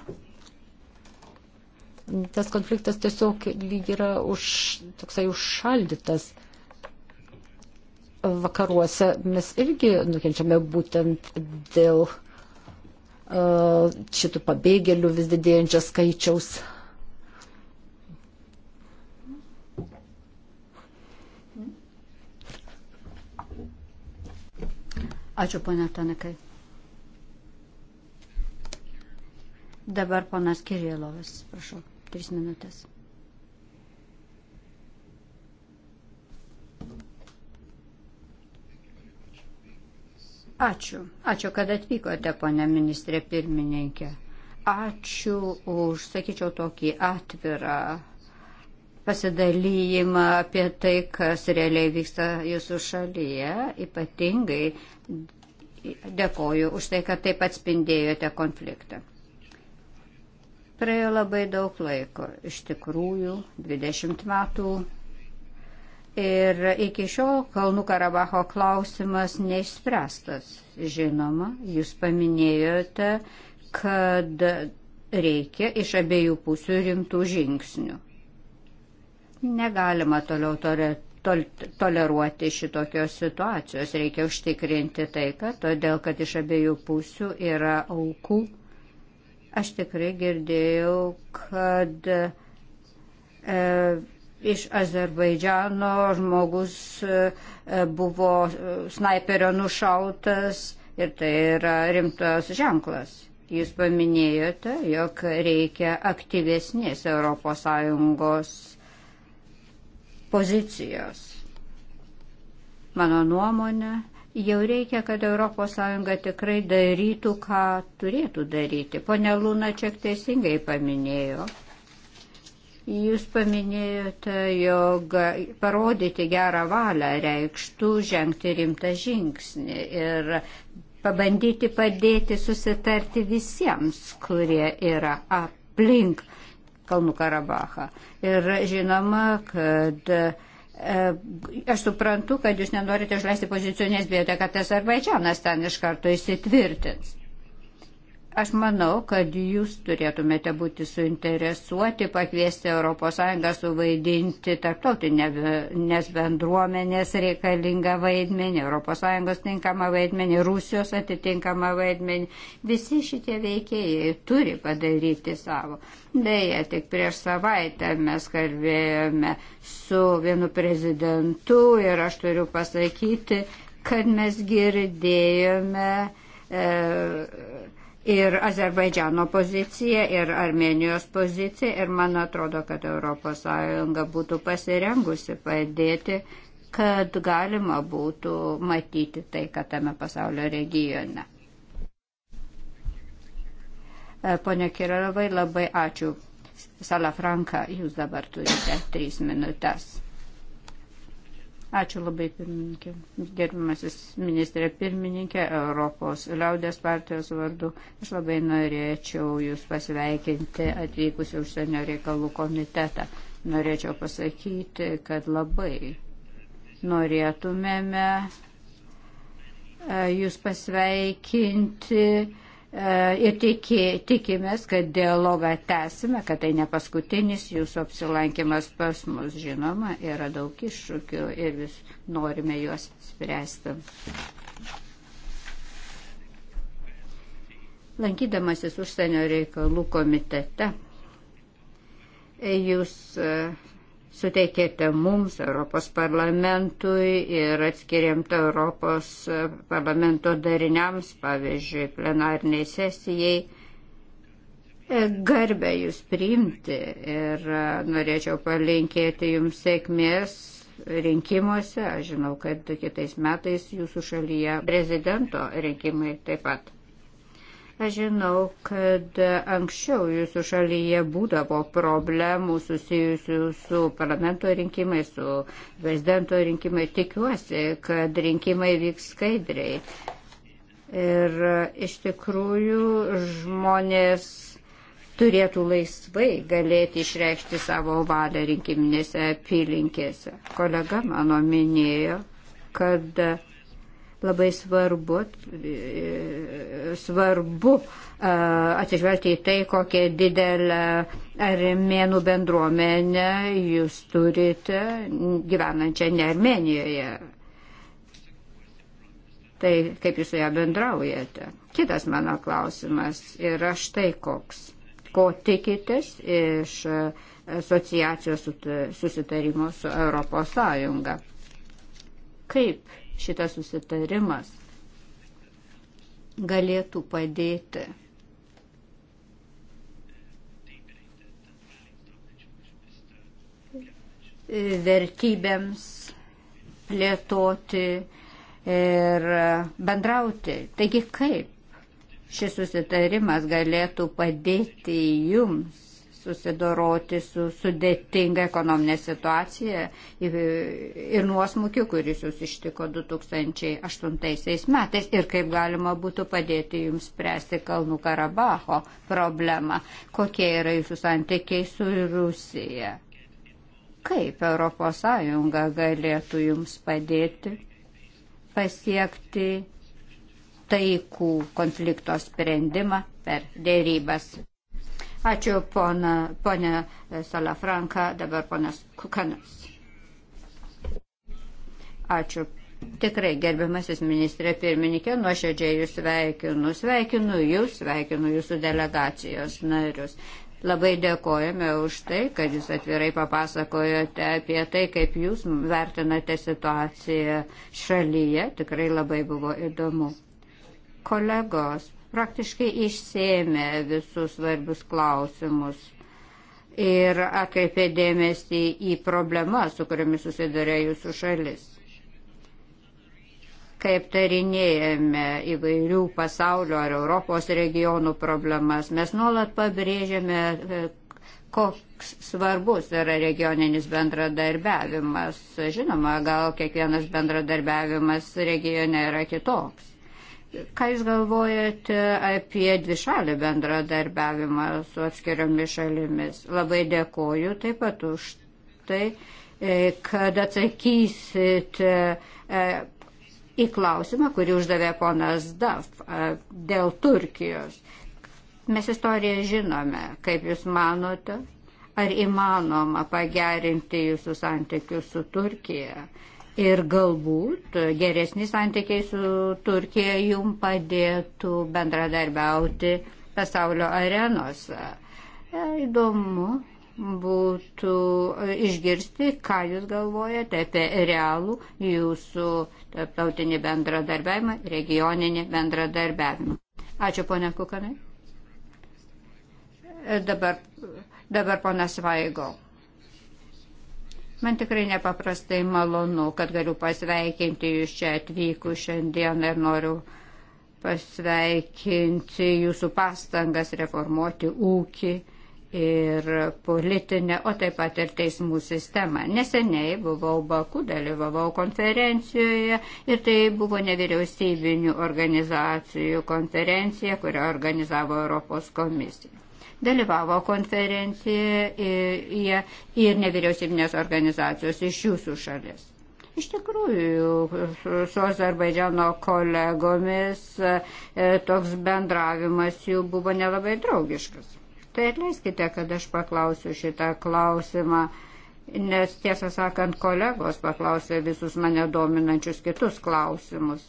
Speaker 3: Tas konfliktas tiesiog lyg yra už, toksai užšaldytas vakaruose mes irgi nukenčiame būtent dėl uh, šitų pabėgėlių vis didėjančio skaičiaus.
Speaker 4: Ačiū, ponia Tanakai. Dabar ponas Kirilovas, prašau, tris minutės. Ačiū. Ačiū, kad atvykote, ponė ministrė pirmininkė. Ačiū už, sakyčiau, tokį atvirą pasidalyjimą apie tai, kas realiai vyksta jūsų šalyje. Ypatingai dėkoju už tai, kad taip atspindėjote konfliktą. Praėjo labai daug laiko, iš tikrųjų 20 metų. Ir iki šiol Kalnų Karabaho klausimas neišspręstas. Žinoma, jūs paminėjote, kad reikia iš abiejų pusių rimtų žingsnių. Negalima toliau tore, tol, toleruoti šitokios situacijos. Reikia užtikrinti taiką, todėl kad iš abiejų pusių yra aukų. Aš tikrai girdėjau, kad e, iš Azerbaidžiano žmogus e, buvo e, snaiperio nušautas ir tai yra rimtas ženklas. Jūs paminėjote, jog reikia aktyvesnės ES pozicijos. Mano nuomonė, jau reikia, kad ES tikrai darytų, ką turėtų daryti. Pone Lūna čia teisingai paminėjo. Jūs paminėjote, jog parodyti gerą valią reikštų žengti rimtą žingsnį ir pabandyti padėti susitarti visiems, kurie yra aplink Kalnų Karabachą. Ir žinoma, kad e, aš suprantu, kad jūs nenorite išleisti pozicijų, nes bijote, kad Azerbaidžianas ten iš karto įsitvirtins. Aš manau, kad jūs turėtumėte būti suinteresuoti pakviesti ES suvaidinti tarptautinės bendruomenės reikalingą vaidmenį, ES tinkamą vaidmenį, Rusijos atitinkamą vaidmenį. Visi šitie veikėjai turi padaryti savo. Beje, tik prieš savaitę mes kalbėjome su vienu prezidentu ir aš turiu pasakyti, kad mes girdėjome. E, ir Azerbaidžiano pozicija, ir Armenijos pozicija, ir man atrodo, kad ES būtų pasirengusi padėti, kad galima būtų matyti tai, kad tame pasaulio regione. E, Pone Kirilovai, labai ačiū. Salafranka, jūs dabar turite trys minutės. Ačiū labai, pirmininkė. Gerbimasis ministrė pirmininkė, Europos liaudės partijos vardu. Aš labai norėčiau Jūs pasveikinti atvykusiu užsienio reikalų komitetą. Norėčiau pasakyti, kad labai norėtumėme e, Jūs pasveikinti E, ir tiki, tikimės, kad dialogą tęsime, kad tai ne paskutinis jūsų apsilankimas pas mus. Žinoma, yra daug iššūkių ir vis norime juos spręsti. Lankydamasis užsienio reikalų komitete, jūs e, suteikėte mums, Europos parlamentui ir atskiriamta Europos parlamento dariniams, pavyzdžiui, plenarniai sesijai. E, garbę jūs priimti ir e, norėčiau palinkėti jums sėkmės rinkimuose. Aš žinau, kad kitais metais jūsų šalyje prezidento rinkimai taip pat. Aš žinau, kad anksčiau jūsų šalyje būdavo problemų susijusių su parlamento rinkimais, su prezidento rinkimais. Tikiuosi, kad rinkimai vyks skaidriai. Ir iš tikrųjų žmonės turėtų laisvai galėti išreikšti savo valią rinkiminėse apylinkėse. Kolega mano minėjo, kad labai svarbu, svarbu e, atsižvelgti į tai, kokią didelę armėnų bendruomenę jūs turite gyvenančią ne Armenijoje. Tai kaip jūs su ją bendraujate? Kitas mano klausimas yra štai koks. Ko tikitės iš asociacijos susitarimo su Europos Sąjunga? Kaip šitas susitarimas galėtų padėti vertybėms plėtoti ir bendrauti. Taigi kaip šis susitarimas galėtų padėti jums susidoroti su sudėtinga ekonominė situacija ir nuosmukiu, kuris jūs ištiko 2008 metais ir kaip galima būtų padėti jums spręsti Kalnų Karabaho problemą. Kokie yra jūsų santykiai su Rusija? Kaip ES galėtų jums padėti pasiekti taikų konflikto sprendimą per dėrybas? Ačiū pona, ponė Salafranka, dabar ponas Kukanas. Ačiū. Tikrai, gerbiamasis ministrė pirmininkė, nuoširdžiai jūs sveikinu, sveikinu jūs, sveikinu jūsų delegacijos narius. Labai dėkojame už tai, kad jūs atvirai papasakojote apie tai, kaip jūs vertinate situaciją šalyje. Tikrai labai buvo įdomu. Kolegos, praktiškai išsėmė visus svarbius klausimus ir atkreipė dėmesį į problemą, su kuriamis susidarė jūsų šalis. Kaip tarinėjame įvairių pasaulio ar Europos regionų problemas, mes nuolat pabrėžėme, e, koks svarbus yra regioninis bendradarbiavimas. Žinoma, gal kiekvienas bendradarbiavimas regione yra kitoks Ką Jūs galvojate apie dvišalį bendradarbiavimą su atskiriomis šalimis? Labai dėkoju taip pat už tai, e, kad atsakysit e, į klausimą, kurį uždavė ponas Daf e, dėl Turkijos. Mes istoriją žinome, kaip Jūs manote, ar įmanoma pagerinti Jūsų santykius su Turkija, Ir galbūt geresni santykiai su Turkija jum padėtų bendradarbiauti pasaulio arenos. E, įdomu būtų išgirsti, ką Jūs galvojate apie realų Jūsų tarptautinį bendradarbiavimą, regioninį bendradarbiavimą. Ačiū, ponė Kukanai. E, dabar, dabar ponas Vaigo. Man tikrai nepaprastai malonu, kad galiu pasveikinti jūs čia atvykus šiandien ir noriu pasveikinti jūsų pastangas reformuoti ūkį ir politinę, o taip pat ir teismų sistemą. Neseniai buvau Baku, dalyvavau konferencijoje ir tai buvo nevyriausybinių organizacijų konferencija, kurią organizavo Europos komisija dalyvavo konferencijoje ir nevyriausybinės organizacijos iš jūsų šalies. Iš tikrųjų, su Azerbaidžiano kolegomis e, toks bendravimas jų buvo nelabai draugiškas. Tai atleiskite, kad aš paklausiu šitą klausimą, nes tiesą sakant, kolegos paklausė visus mane dominančius kitus klausimus.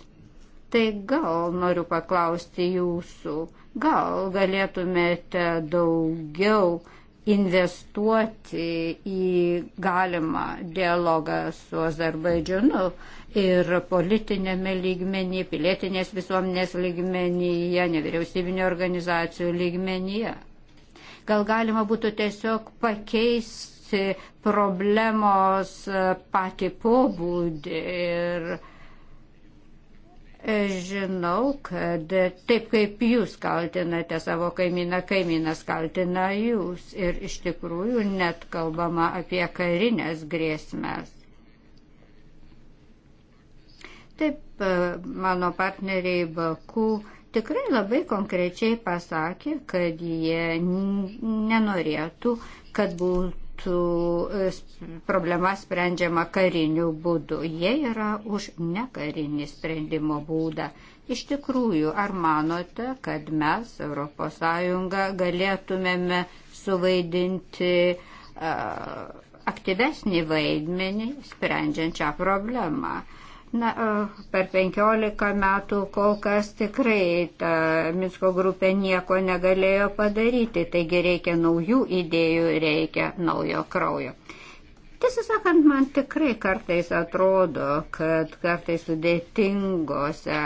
Speaker 4: Tai gal noriu paklausti jūsų Gal galėtumėte daugiau investuoti į galimą dialogą su Azerbaidžianu ir politinėme lygmenyje, pilietinės visuomenės lygmenyje, nevyriausybinio organizacijų lygmenyje. Gal galima būtų tiesiog pakeisti problemos patį pobūdį ir Žinau, kad taip kaip jūs kaltinate savo kaimyną, kaimynas kaltina jūs ir iš tikrųjų net kalbama apie karinės grėsmės. Taip, e, mano partneriai Baku tikrai labai konkrečiai pasakė, kad jie nenorėtų, kad būtų būtų e, problema sprendžiama kariniu būdu. Jie yra už nekarinį sprendimo būdą. Iš tikrųjų, ar manote, kad mes, ES, galėtumėme suvaidinti uh, aktyvesnį vaidmenį sprendžiant šią problemą? Uh, Na, per 15 metų kol kas tikrai ta Minsko grupė nieko negalėjo padaryti, taigi reikia naujų idėjų, reikia naujo kraujo. Tiesą sakant, man tikrai kartais atrodo, kad kartais sudėtingose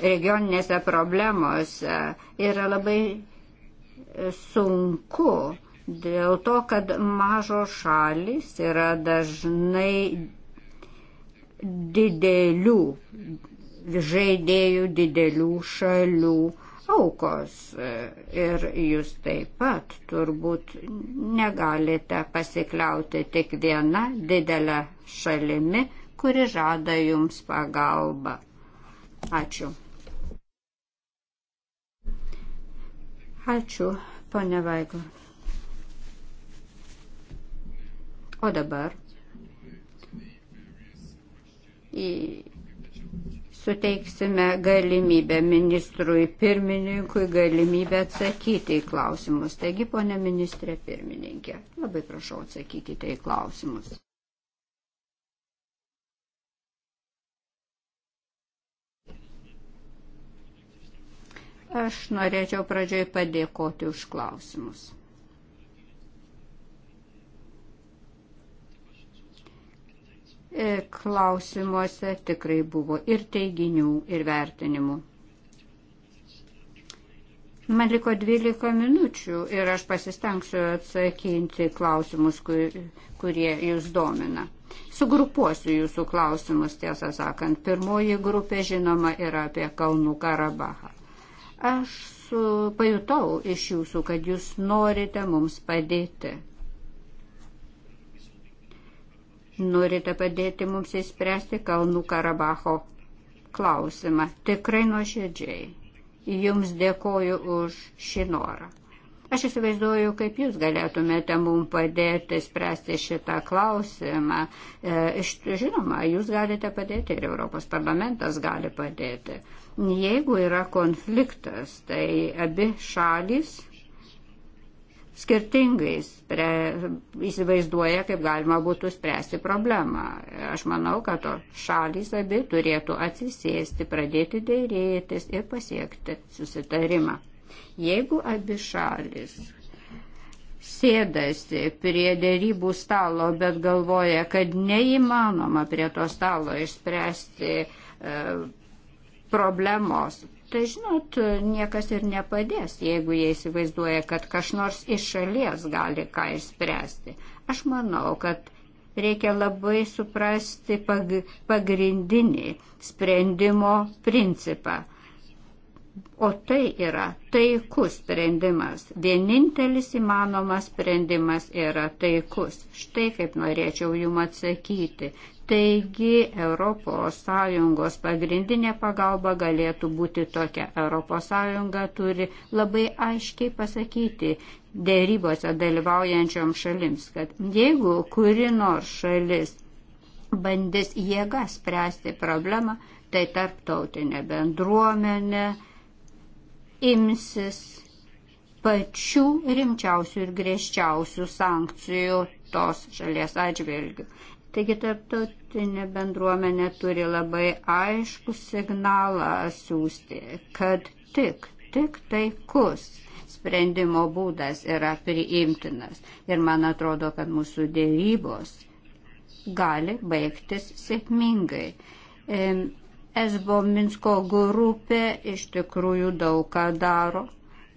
Speaker 4: regioninėse problemose yra labai sunku dėl to, kad mažos šalis yra dažnai didelių žaidėjų, didelių šalių aukos. Ir jūs taip pat turbūt negalite pasikliauti tik viena didelė šalimi, kuri žada jums pagalbą. Ačiū. Ačiū, ponia Vaigo. O dabar suteiksime galimybę ministrui pirmininkui galimybę atsakyti į klausimus. Taigi, ponė ministrė pirmininkė, labai prašau atsakykite tai į klausimus. Aš norėčiau pradžioj padėkoti už klausimus. E, klausimuose tikrai buvo ir teiginių, ir vertinimų. Man liko 12 minučių ir aš pasistengsiu atsakinti klausimus, kurie jūs domina. Sugrupuosiu jūsų klausimus, tiesą sakant. Pirmoji grupė, žinoma, yra apie Kalnų Karabachą. Aš su, pajutau iš jūsų, kad jūs norite mums padėti norite padėti mums įspręsti Kalnų Karabaho klausimą. Tikrai nuoširdžiai. Jums dėkoju už šį norą. Aš įsivaizduoju, kaip jūs galėtumėte mums padėti spręsti šitą klausimą. E, žinoma, jūs galite padėti ir Europos parlamentas gali padėti. Jeigu yra konfliktas, tai abi šalis skirtingai spre, įsivaizduoja, kaip galima būtų spręsti problemą. Aš manau, kad šalys abi turėtų atsisėsti, pradėti dėrėtis ir pasiekti susitarimą. Jeigu abi šalis sėdasi prie dėrybų stalo, bet galvoja, kad neįmanoma prie to stalo išspręsti e, problemos Tai žinot, niekas ir nepadės, jeigu jie įsivaizduoja, kad kas nors iš šalies gali ką išspręsti. Aš manau, kad reikia labai suprasti pag pagrindinį sprendimo principą. O tai yra taikus sprendimas. Vienintelis įmanomas sprendimas yra taikus. Štai kaip norėčiau jum atsakyti. Taigi ES pagrindinė pagalba galėtų būti tokia. ES turi labai aiškiai pasakyti dėrybose dalyvaujančiom šalims, kad jeigu kuri nors šalis bandys jėga spręsti problemą, tai tarptautinė bendruomenė imsis pačių rimčiausių ir griežčiausių sankcijų tos šalies atžvilgių. Taigi tarptautinė bendruomenė turi labai aišku signalą siūsti, kad tik, tik taikus sprendimo būdas yra priimtinas. Ir man atrodo, kad mūsų dėrybos gali baigtis sėkmingai. Esbo Minsko grupė iš tikrųjų daug ką daro,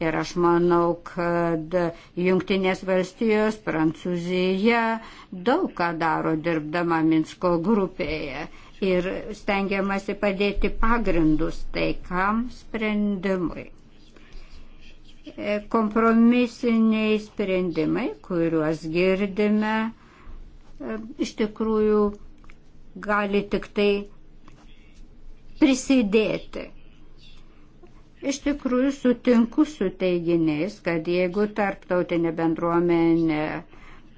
Speaker 4: Ir aš manau, kad Junktinės valstijos, Prancūzija daug ką daro dirbdama Minsko grupėje. Ir stengiamasi padėti pagrindus taikam sprendimui kompromisiniai sprendimai, kuriuos girdime, iš tikrųjų gali tik tai prisidėti Iš tikrųjų sutinku su teiginiais, kad jeigu tarptautinė bendruomenė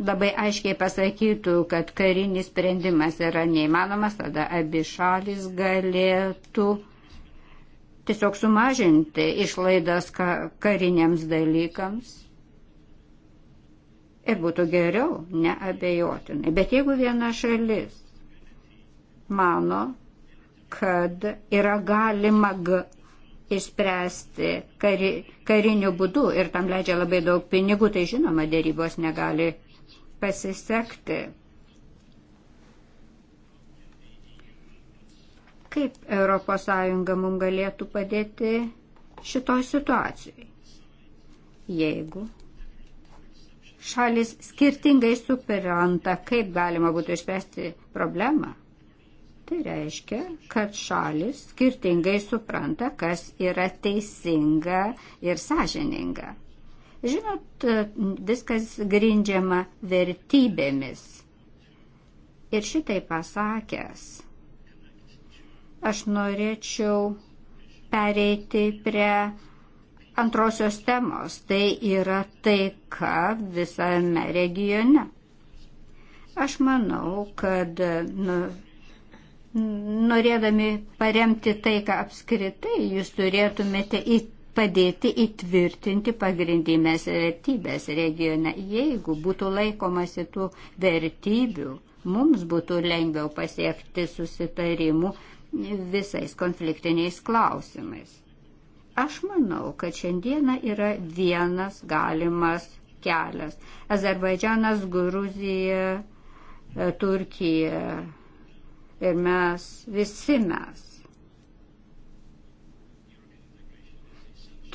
Speaker 4: labai aiškiai pasakytų, kad karinis sprendimas yra neįmanomas, tada abi šalis galėtų tiesiog sumažinti išlaidas kariniams dalykams. Ir būtų geriau, neabejotinai. Bet jeigu viena šalis mano, kad yra galima išspręsti kari, kariniu būdu ir tam leidžia labai daug pinigų, tai žinoma, dėrybos negali pasisekti. Kaip ES mums galėtų padėti šitoj situacijai? Jeigu šalis skirtingai supranta, kaip galima būtų išspręsti problemą, Tai reiškia, kad šalis skirtingai supranta, kas yra teisinga ir sąžininga. Žinot, viskas grindžiama vertybėmis. Ir šitai pasakęs, aš norėčiau pereiti prie antrosios temos. Tai yra taika visame regione. Aš manau, kad nu, norėdami paremti tai, ką apskritai jūs turėtumėte padėti įtvirtinti pagrindinės vertybės regione. Jeigu būtų laikomasi tų vertybių, mums būtų lengviau pasiekti susitarimų visais konfliktiniais klausimais. Aš manau, kad šiandieną yra vienas galimas kelias. Azerbaidžianas, Gruzija, Turkija, Ir mes, visi mes,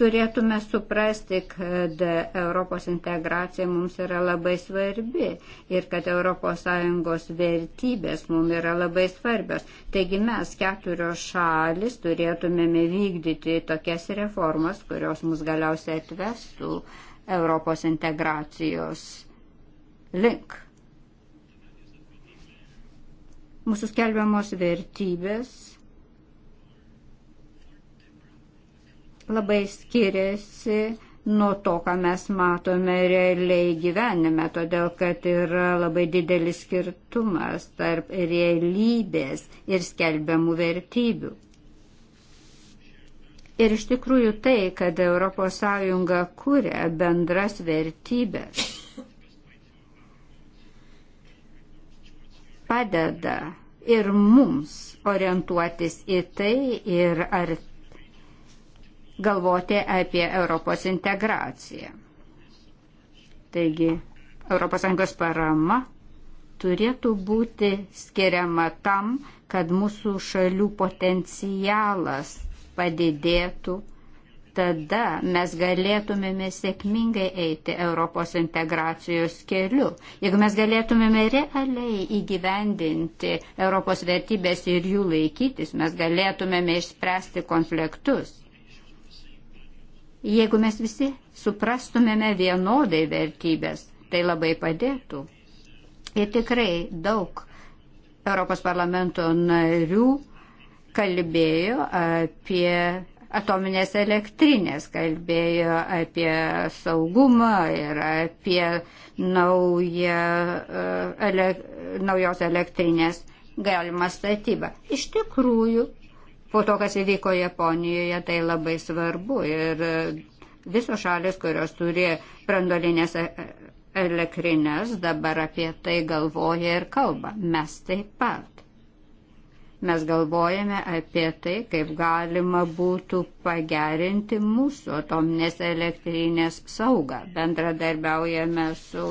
Speaker 4: turėtume suprasti, kad Europos integracija mums yra labai svarbi ir kad ES vertybės mums yra labai svarbios. Taigi mes keturios šalis turėtumėme vykdyti tokias reformas, kurios mus galiausiai atvestų Europos integracijos link mūsų skelbiamos vertybės labai skiriasi nuo to, ką mes matome realiai gyvenime, todėl kad yra labai didelis skirtumas tarp realybės ir skelbiamų vertybių. Ir iš tikrųjų tai, kad ES kuria bendras vertybės padeda ir mums orientuotis į tai ir ar galvoti apie Europos integraciją. Taigi, ES parama turėtų būti skiriama tam, kad mūsų šalių potencialas padidėtų tada mes galėtumėme sėkmingai eiti Europos integracijos keliu. Jeigu mes galėtumėme realiai įgyvendinti Europos vertybės ir jų laikytis, mes galėtumėme išspręsti konfliktus. Jeigu mes visi suprastumėme vienodai vertybės, tai labai padėtų. Ir tikrai daug Europos parlamento narių kalbėjo apie atominės elektrinės, kalbėjo apie saugumą ir apie naują, e, ele, naujos elektrinės galimą statybą. Iš tikrųjų, po to, kas įvyko Japonijoje, tai labai svarbu ir visos šalis, kurios turi brandolinės e, elektrines, dabar apie tai galvoja ir kalba. Mes taip pat mes galvojame apie tai, kaip galima būtų pagerinti mūsų atominės elektrinės saugą. Bendradarbiaujame su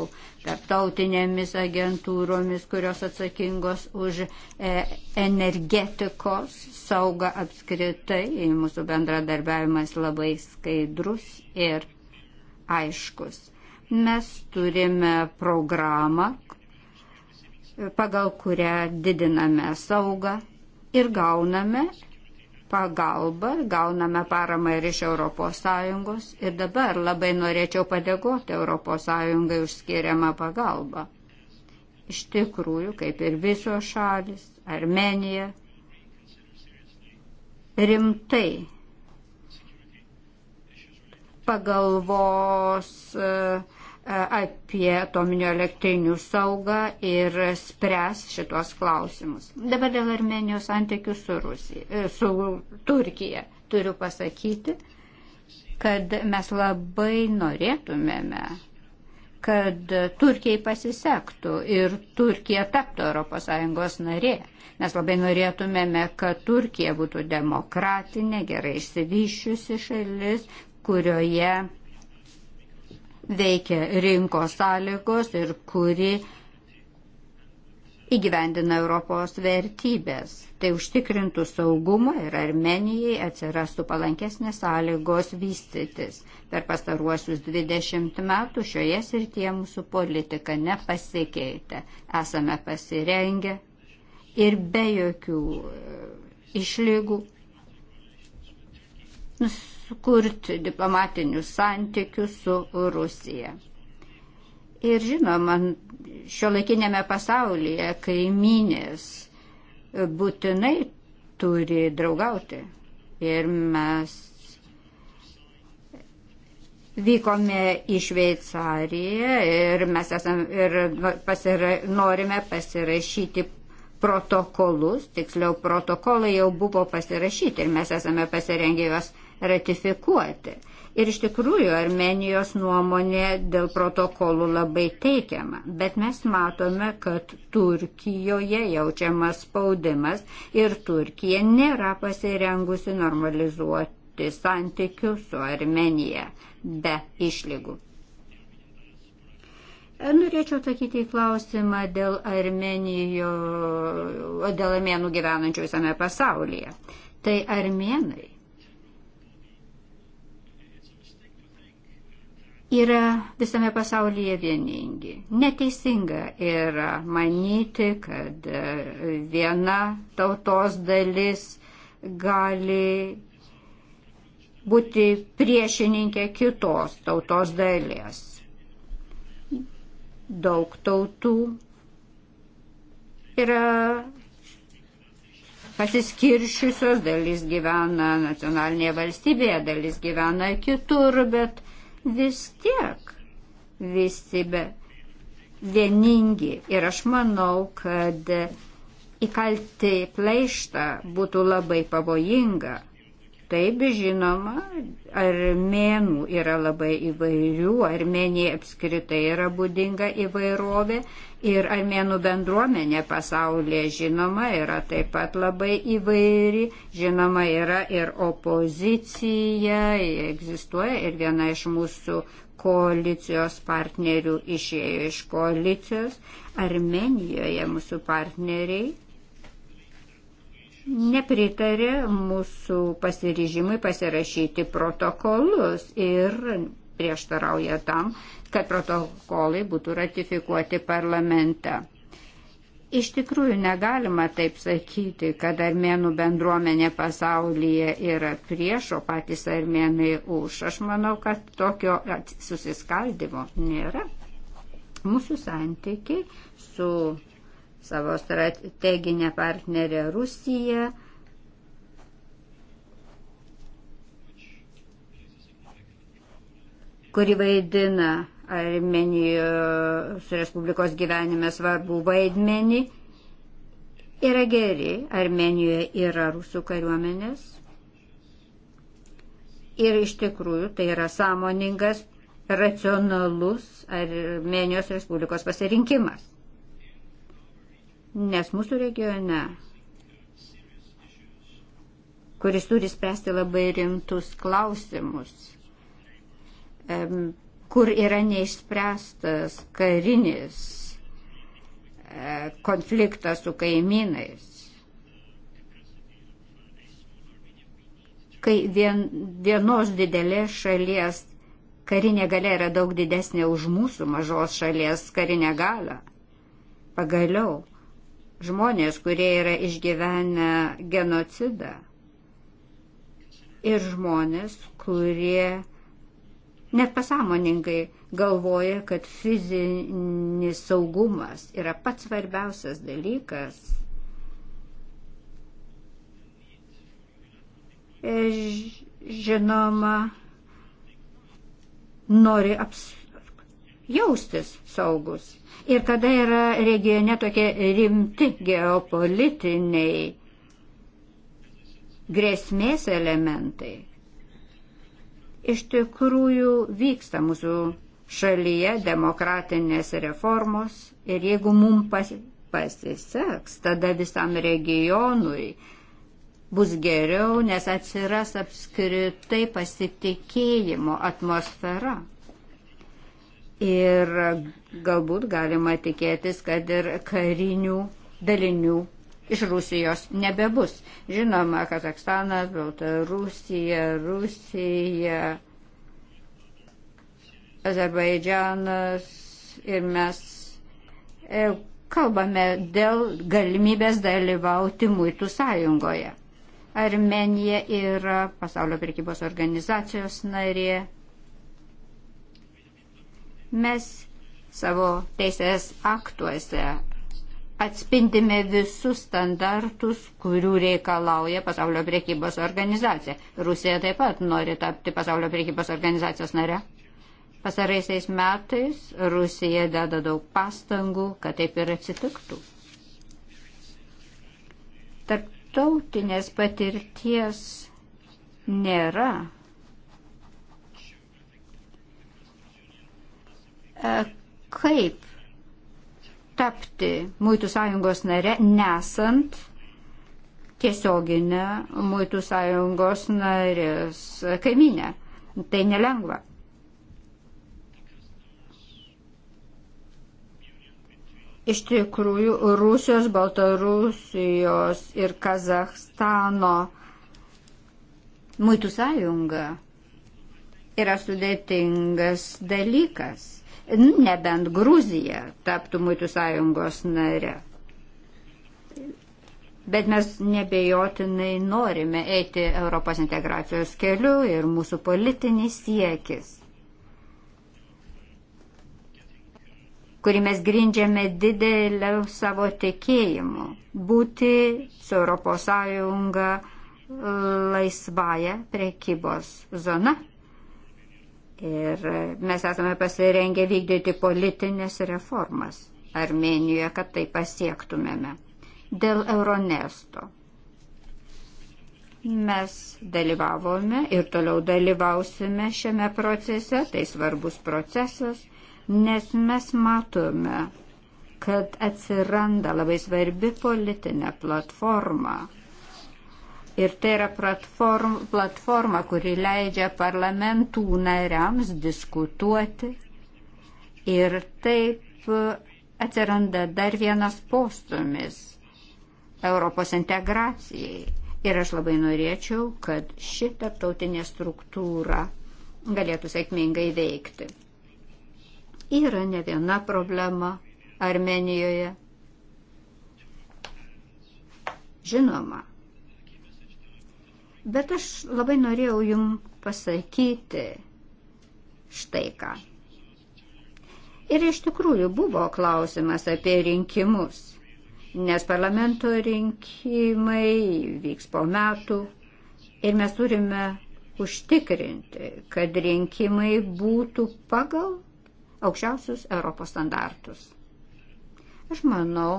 Speaker 4: tarptautinėmis agentūromis, kurios atsakingos už e, energetikos saugą apskritai. Mūsų bendradarbiavimas labai skaidrus ir aiškus. Mes turime programą, pagal kurią didiname saugą, ir gauname pagalbą, gauname paramą ir iš ES. Ir dabar labai norėčiau padėkoti ES už skiriamą pagalbą. Iš tikrųjų, kaip ir visos šalis, Armenija, rimtai pagalvos uh, apie atominio elektrinių saugą ir spręs šitos klausimus. Dabar dėl Armenijos santykių su, Rusija, e, su Turkija turiu pasakyti, kad mes labai norėtumėme, kad Turkijai pasisektų ir Turkija taptų ES narė. Mes labai norėtumėme, kad Turkija būtų demokratinė, gerai išsivyščiusi šalis, kurioje veikia rinkos sąlygos ir kuri įgyvendina Europos vertybės. Tai užtikrintų saugumą ir Armenijai atsirastų palankesnės sąlygos vystytis. Per pastaruosius 20 metų šioje srityje mūsų politika nepasikeitė. Esame pasirengę ir be jokių e, išlygų sukurti diplomatinius santykius su Rusija. Ir žinoma, šio laikinėme pasaulyje kaiminės būtinai turi draugauti. Ir mes vykome į Šveicariją ir mes esam, ir pasira, norime pasirašyti protokolus, tiksliau protokolai jau buvo pasirašyti ir mes esame pasirengę juos ratifikuoti. Ir iš tikrųjų Armenijos nuomonė dėl protokolų labai teikiama, bet mes matome, kad Turkijoje jaučiamas spaudimas ir Turkija nėra pasirengusi normalizuoti santykių su Armenija be išlygų. Norėčiau atsakyti į klausimą dėl, Armenijo, dėl armenų gyvenančių visame pasaulyje. Tai armenai yra visame pasaulyje vieningi. Neteisinga yra manyti, kad e, viena tautos dalis gali būti priešininkė kitos tautos dalies. Daug tautų yra pasiskiršiusios, dalis gyvena nacionalinėje valstybėje, dalis gyvena kitur, bet uh, vis tiek visi be vieningi. Ir aš manau, kad įkalti pleištą būtų labai pavojinga. Taip, žinoma, armėnų yra labai įvairių, Armenija apskritai yra būdinga įvairovė ir armėnų bendruomenė pasaulyje, žinoma, yra taip pat labai įvairi, žinoma, yra ir opozicija, egzistuoja ir viena iš mūsų koalicijos partnerių išėjo iš koalicijos. Armenijoje mūsų partneriai nepritarė mūsų pasiryžimui pasirašyti protokolus ir prieštarauja tam, kad protokolai būtų ratifikuoti parlamente. Iš tikrųjų negalima taip sakyti, kad armėnų bendruomenė pasaulyje yra prieš, o patys armėnai už. Aš manau, kad tokio susiskaldimo nėra. Mūsų santykiai su savo strateginę partnerę Rusiją. kuri vaidina Armenijos Respublikos gyvenime svarbų vaidmenį, yra geri. Armenijoje yra rusų kariuomenės. Ir iš tikrųjų tai yra sąmoningas, racionalus Armenijos Respublikos pasirinkimas nes mūsų regione, kuris turi spręsti labai rimtus klausimus, kur yra neišspręstas karinis e, konfliktas su kaimynais. Kai vien, vienos didelės šalies karinė galia yra daug didesnė už mūsų mažos šalies karinę galą. Pagaliau, žmonės, kurie yra išgyvenę genocidą ir žmonės, kurie net pasąmoningai galvoja, kad fizinis saugumas yra pats svarbiausias dalykas. Žinoma, nori apsirūpinti jaustis saugus. Ir kada yra regione tokie rimti geopolitiniai grėsmės elementai, iš tikrųjų vyksta mūsų šalyje demokratinės reformos ir jeigu mums pasi, pasiseks, tada visam regionui bus geriau, nes atsiras apskritai pasitikėjimo atmosfera. Ir galbūt galima tikėtis, kad ir karinių dalinių iš Rusijos nebebus. Žinoma, Kazakstanas, Baltarusija, Rusija, Azerbaidžianas ir mes e, kalbame dėl galimybės dalyvauti muitų sąjungoje. Armenija yra pasaulio prekybos organizacijos narė. Mes savo teisės aktuose atspindime visus standartus, kurių reikalauja pasaulio priekybos organizacija. Rusija taip pat nori tapti pasaulio priekybos organizacijos nare. Pasaraisiais metais Rusija deda daug pastangų, kad taip ir atsitiktų. Tarptautinės patirties nėra E, kaip tapti Muitų sąjungos nare, nesant tiesioginę Muitų sąjungos narės kaiminę. Tai nelengva. Iš tikrųjų, Rusijos, Baltarusijos ir Kazahstano muitų sąjunga yra sudėtingas dalykas. Nu, nebent Gruzija taptų Muitų sąjungos nare. Bet mes nebejotinai norime eiti Europos integracijos keliu ir mūsų politinis siekis, kurį mes grindžiame dideliu savo tikėjimu - būti su Europos Sąjunga laisvąją prekybos zoną Ir mes esame pasirengę vykdyti politinės reformas Armenijoje, kad tai pasiektumėme. Dėl Euronesto. Mes dalyvavome ir toliau dalyvausime šiame procese, tai svarbus procesas, nes mes matome, kad atsiranda labai svarbi politinė platforma Ir tai yra platform, platforma, kuri leidžia parlamentų nariams diskutuoti. Ir taip atsiranda dar vienas postumis Europos integracijai. Ir aš labai norėčiau, kad ši tarptautinė struktūra galėtų sėkmingai veikti. Yra ne viena problema Armenijoje. Žinoma, Bet aš labai norėjau jum pasakyti štai ką. Ir iš tikrųjų buvo klausimas apie rinkimus, nes parlamento rinkimai vyks po metų ir mes turime užtikrinti, kad rinkimai būtų pagal aukščiausius Europos standartus. Aš manau,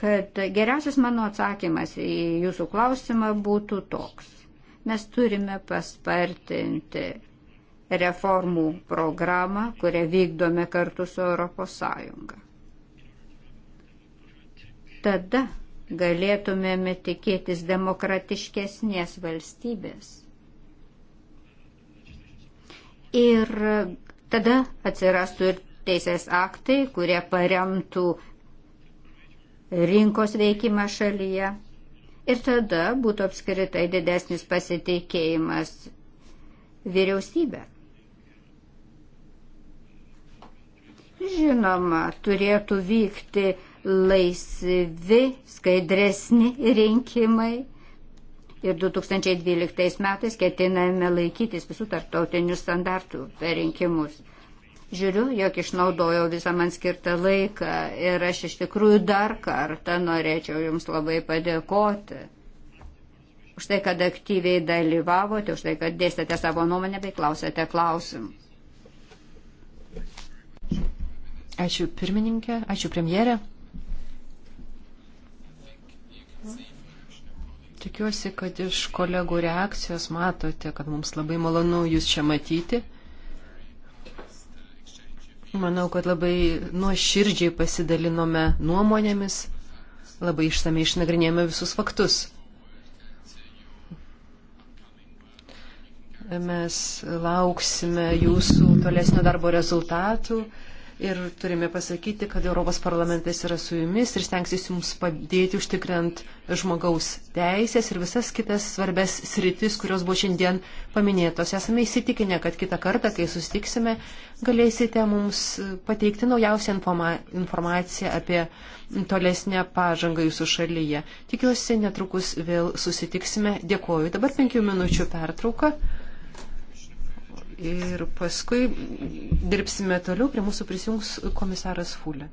Speaker 4: kad geriausias mano atsakymas į jūsų klausimą būtų toks. Mes turime paspartinti reformų programą, kurią vykdome kartu su ES. Tada galėtumėme tikėtis demokratiškesnės valstybės. Ir tada atsirastų ir teisės aktai, kurie paremtų rinkos veikimą šalyje. Ir tada būtų apskritai didesnis pasiteikėjimas vyriausybė. Žinoma, turėtų vykti laisvi, skaidresni rinkimai. Ir 2012 metais ketiname laikytis visų tarptautinių standartų per rinkimus. Žiūriu, jog išnaudojau visą man skirtą laiką ir aš iš tikrųjų dar kartą norėčiau Jums labai padėkoti už tai, kad aktyviai dalyvavote, už tai, kad dėstėte savo nuomonę bei klausėte klausimų.
Speaker 2: Ačiū pirmininkė, ačiū premjerė. Tikiuosi, kad iš kolegų reakcijos matote, kad mums labai malonu jūs čia matyti. Manau, kad labai nuoširdžiai pasidalinome nuomonėmis, labai išsamei išnagrinėjome visus faktus. Mes lauksime jūsų tolesnio darbo rezultatų ir turime pasakyti, kad Europos parlamentas yra su jumis ir stengsis jums padėti užtikrint žmogaus teisės ir visas kitas svarbes sritis, kurios buvo šiandien paminėtos. Esame įsitikinę, kad kitą kartą, kai susitiksime, galėsite mums pateikti naujausią informaciją apie tolesnę pažangą jūsų šalyje. Tikiuosi, netrukus vėl susitiksime. Dėkuoju. Dabar penkių minučių pertrauka. Ir paskui dirbsime toliau, prie mūsų prisijungs komisaras Fulė.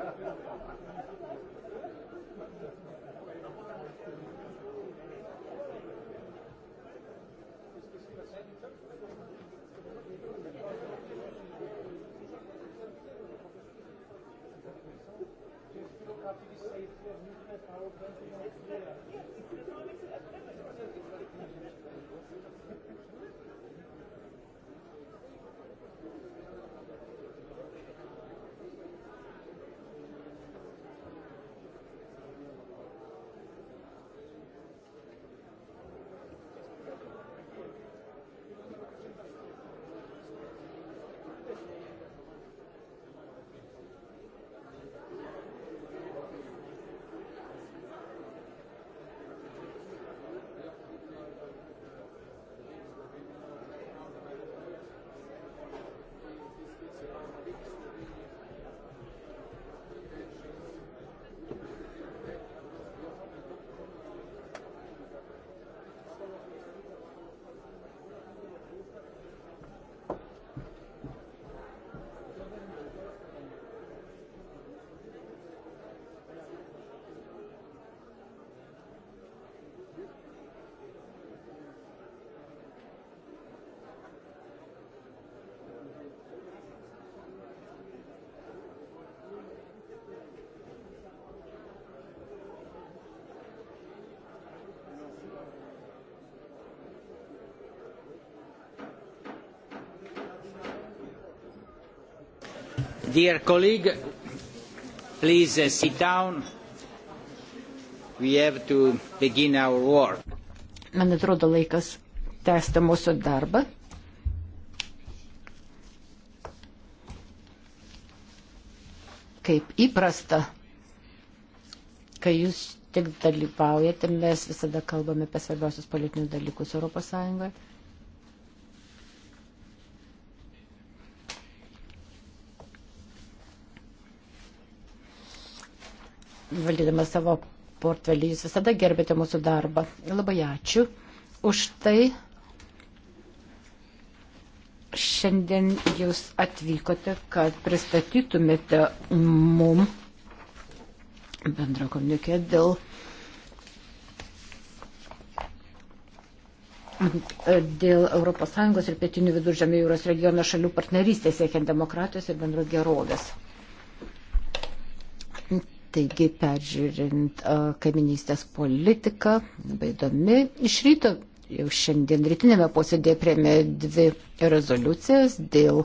Speaker 1: Dear colleague, please uh, sit down. We have to begin our work.
Speaker 3: Man atrodo laikas tęsti mūsų darbą. Kaip įprasta, kai jūs tik dalyvaujate, mes visada kalbame apie svarbiausius politinius dalykus Europos Sąjungoje. valdydamas savo portfelį. Jūs visada gerbėte mūsų darbą. Labai ačiū už tai. Šiandien jūs atvykote, kad pristatytumėte mum bendrą komunikę dėl, dėl ES ir Pietinių viduržėmio jūros regiono šalių partnerystės siekiant demokratijos ir bendros gerovės. Taigi, peržiūrint kaiminystės politiką, labai įdomi, iš ryto jau šiandien rytinėme posėdėje priemė dvi rezoliucijas dėl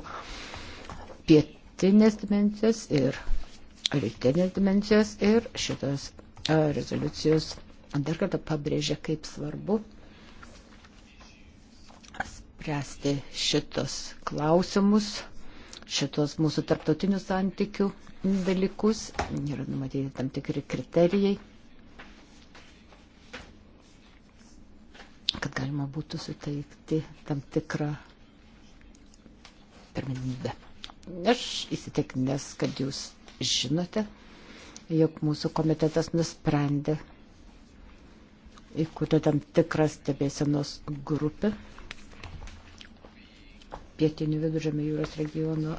Speaker 3: pietinės dimensijos ir rytinės dimensijos ir šitos rezoliucijos dar kartą pabrėžia, kaip svarbu spręsti šitos klausimus, šitos mūsų tarptautinių santykių dalykus, yra numatyti tam tikri kriterijai, kad galima būtų suteikti tam tikrą pirmenybę. Aš įsitikinęs, kad jūs žinote, jog mūsų komitetas nusprendė įkurti tam tikrą stebėsenos grupę pietinių viduržėmio jūros regiono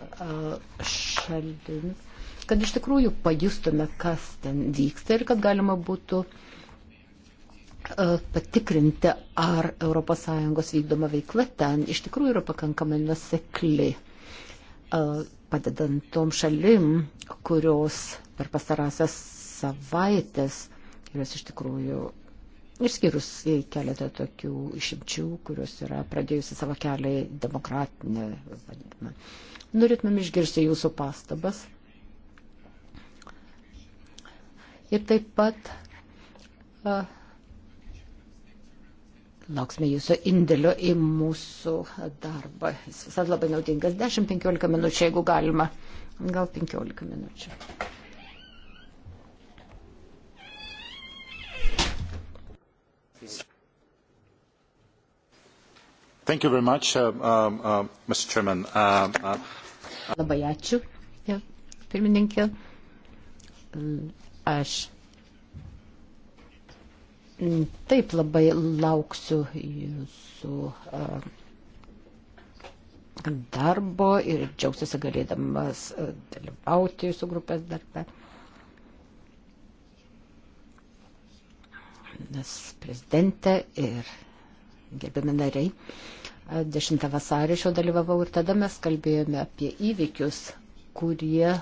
Speaker 3: šalims kad iš tikrųjų pajustume, kas ten vyksta ir kad galima būtų e, patikrinti, ar ES vykdoma veikla ten iš tikrųjų yra pakankamai nusekli, e, padedant tom šalim, kurios per pastarąsias savaitės, kurios iš tikrųjų, išskyrus keletą tokių išimčių, kurios yra pradėjusi savo kelią į demokratinę, vadinamą. Norėtumėm išgirsti jūsų pastabas ir taip pat uh, lauksime jūsų indėlio į mūsų darbą. Jis visada labai naudingas. 10-15 minučių, jeigu galima. Gal 15 minučių.
Speaker 1: Thank you very much, uh, uh, uh Mr. Chairman. Uh, uh.
Speaker 3: Labai ačiū, ja, pirmininkė aš taip labai lauksiu jūsų e, darbo ir džiaugsiuosi galėdamas e, dalyvauti jūsų grupės darbe. Nes prezidentė ir gerbiami nariai, 10 e, vasarį šio dalyvavau ir tada mes kalbėjome apie įvykius, kurie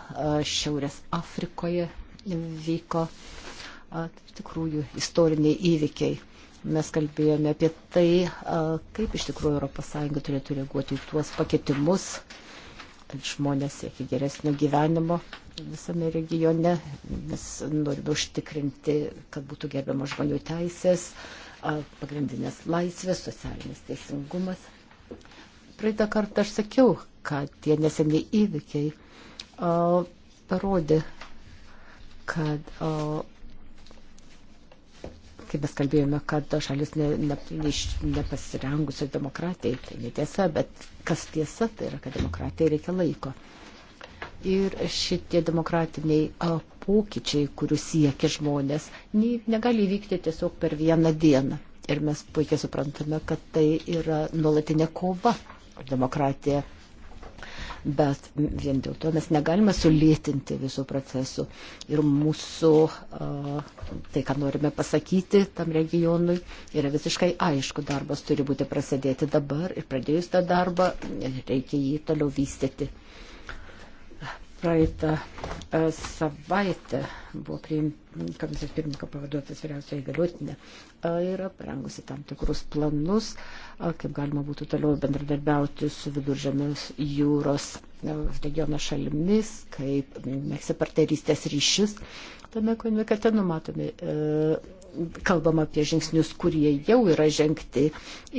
Speaker 3: Šiaurės Afrikoje vyko iš tikrųjų istoriniai įvykiai. Mes kalbėjome apie tai, kaip iš tikrųjų ES turėtų reaguoti į tuos paketimus, kad žmonės siekia geresnio gyvenimo visame regione. Mes norime užtikrinti, kad būtų gerbiamas žmonių teisės, pagrindinės laisvės, socialinis teisingumas. Praeitą kartą aš sakiau, kad tie neseniai įvykiai parodė, kad, o, kaip mes kalbėjome, kad šalis ne, ne, ne, nepasirengusios demokratijai, tai netiesa, bet kas tiesa, tai yra, kad demokratijai reikia laiko. Ir šitie demokratiniai o, pokyčiai, kurių siekia žmonės, ne, negali vykti tiesiog per vieną dieną. Ir mes puikiai suprantame, kad tai yra nuolatinė kova. Demokratija bet vien dėl to mes negalime sulėtinti visų procesų. Ir mūsų, tai ką norime pasakyti tam regionui, yra visiškai aišku, darbas turi būti prasidėti dabar ir pradėjus tą darbą reikia jį toliau vystyti praeitą e, savaitę buvo komisijos pirmininko pavaduotas vyriausioje įgaliotinė yra e, parengusi tam tikrus planus, e, kaip galima būtų toliau bendradarbiauti su viduržėmės jūros regiono šalimis, kaip mėgsi partnerystės ryšis. Tame komunikate numatomi, kalbam apie žingsnius, kurie jau yra žengti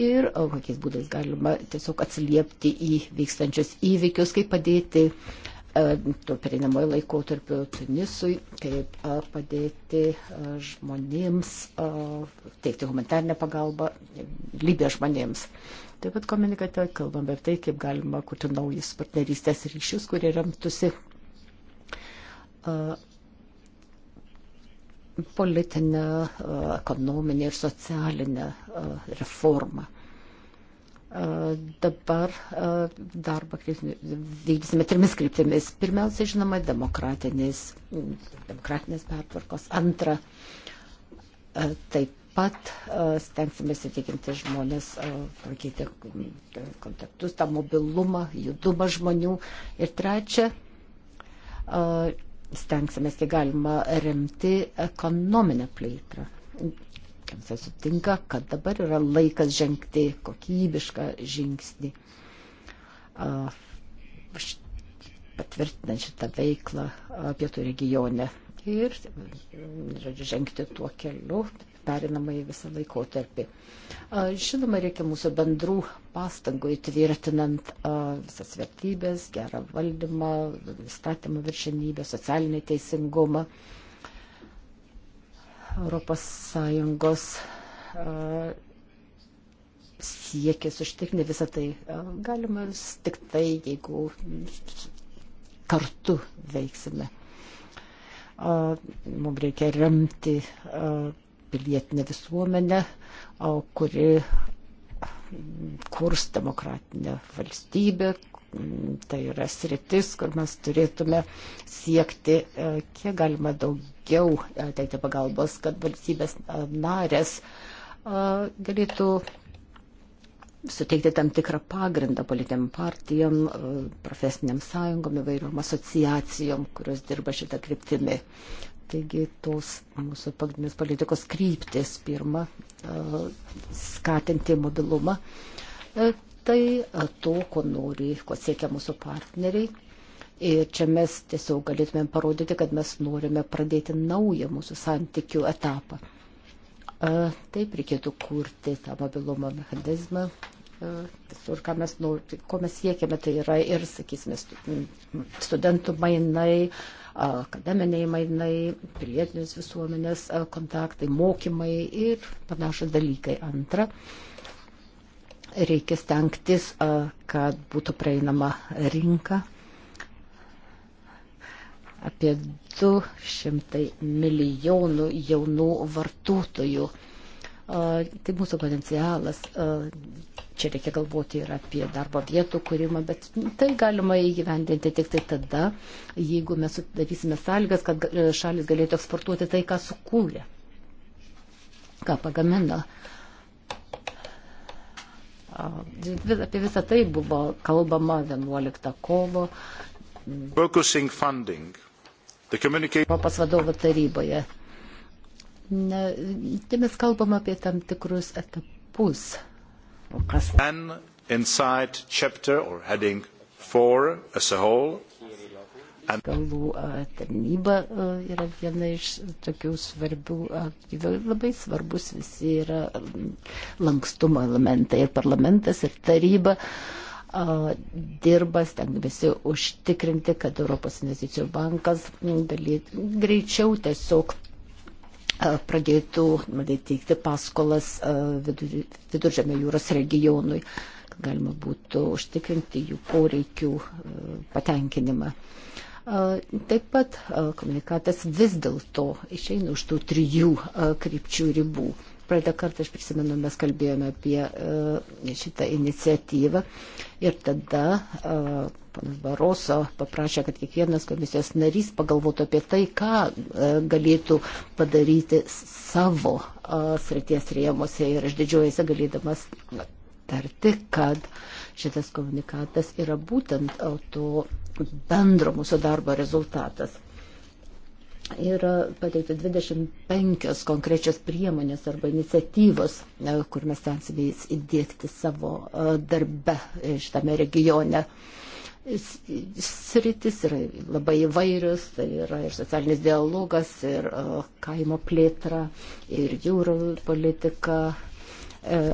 Speaker 3: ir kokiais būdais galima tiesiog atsiliepti į vykstančius įvykius, kaip padėti uh, E, tuo perinamojo laikotarpiu Tunisui, kaip e, padėti e, žmonėms, teikti humanitarnę pagalbą Libijos žmonėms. Taip pat komunikate kalbame apie tai, kaip galima kurti naujus partnerystės ryšius, kurie remtusi uh, politinę, uh, ekonominę ir socialinę uh, reformą. Dabar darbą vykdysime trimis kryptimis. Pirmiausia, žinoma, demokratinės, demokratinės pertvarkos. Antra, taip pat stengsime įtikinti žmonės palaikyti kontaktus, tą mobilumą, judumą žmonių. Ir trečia, stengsime, kiek galima, remti ekonominę plėtrą Konferencija sutinka, kad dabar yra laikas žengti kokybišką žingsnį, patvirtinant šitą veiklą pietų regione ir žodžiu, žengti tuo keliu perinamai visą laikotarpį. Žinoma, reikia mūsų bendrų pastangų įtvirtinant visas vertybės, gerą valdymą, įstatymų viršenybę, socialinį teisingumą. ES siekis užtikrinti visą tai galima tik tai, jeigu kartu veiksime. Mums reikia remti pilietinę visuomenę, kuri kurs demokratinę valstybę. Tai yra sritis, kur mes turėtume siekti kiek galima daugiau veikiau e, teikti pagalbos, kad valstybės e, narės e, galėtų suteikti tam tikrą pagrindą politiniam partijom, profesiniam sąjungom, įvairiom asociacijom, kurios dirba šitą kryptimį. Taigi tos mūsų pagrindinės politikos kryptis pirma skatinti mobilumą. Tai to, ko nori, ko siekia mūsų partneriai Ir čia mes tiesiog galėtumėm parodyti, kad mes norime pradėti naują mūsų santykių etapą. A, taip reikėtų kurti tą mobilumo mechanizmą. Visur, ką mes, nu, ko mes siekiame, tai yra ir, sakysime, studentų mainai, akademiniai mainai, pilietinės visuomenės kontaktai, mokymai ir panašus dalykai. Antra, reikia stengtis, kad būtų prieinama rinka apie 200 milijonų jaunų vartotojų. Tai mūsų potencialas. Čia reikia galvoti ir apie darbo vietų kūrimą, bet tai galima įgyvendinti tik tai tada, jeigu mes sudarysime sąlygas, kad šalis galėtų eksportuoti tai, ką sukūrė, ką pagamino. Apie visą tai buvo kalbama 11 kovo. Focusing funding Europos vadovų taryboje. Na, tai mes kalbam apie tam tikrus etapus.
Speaker 1: O kas? Inside chapter or heading 4 as a whole.
Speaker 3: And... Galų tarnyba yra viena iš tokių svarbių, labai svarbus visi yra lankstumo elementai ir parlamentas ir taryba. Uh, dirba, stengdamėsi užtikrinti, kad Europos investicijų bankas dalyt, greičiau tiesiog pradėtų tai teikti paskolas vidur, viduržėmio jūros regionui, kad galima būtų užtikrinti jų poreikių patenkinimą. Taip pat komunikatas vis dėlto išeina už tų trijų krypčių ribų. Praeitą kartą, aš prisimenu, mes kalbėjome apie e, šitą iniciatyvą ir tada e, panas Baroso paprašė, kad kiekvienas komisijos narys pagalvotų apie tai, ką e, galėtų padaryti savo srities rėmose ir aš didžiuojasi galėdamas tarti, kad šitas komunikatas yra būtent to bendro mūsų darbo rezultatas yra pateikta 25 konkrečios priemonės arba iniciatyvos, e, kur mes tensime įdėkti savo e, darbę e, šitame regione. Sritis yra labai įvairius, tai yra ir socialinis dialogas, ir kaimo plėtra, ir jūrų politika,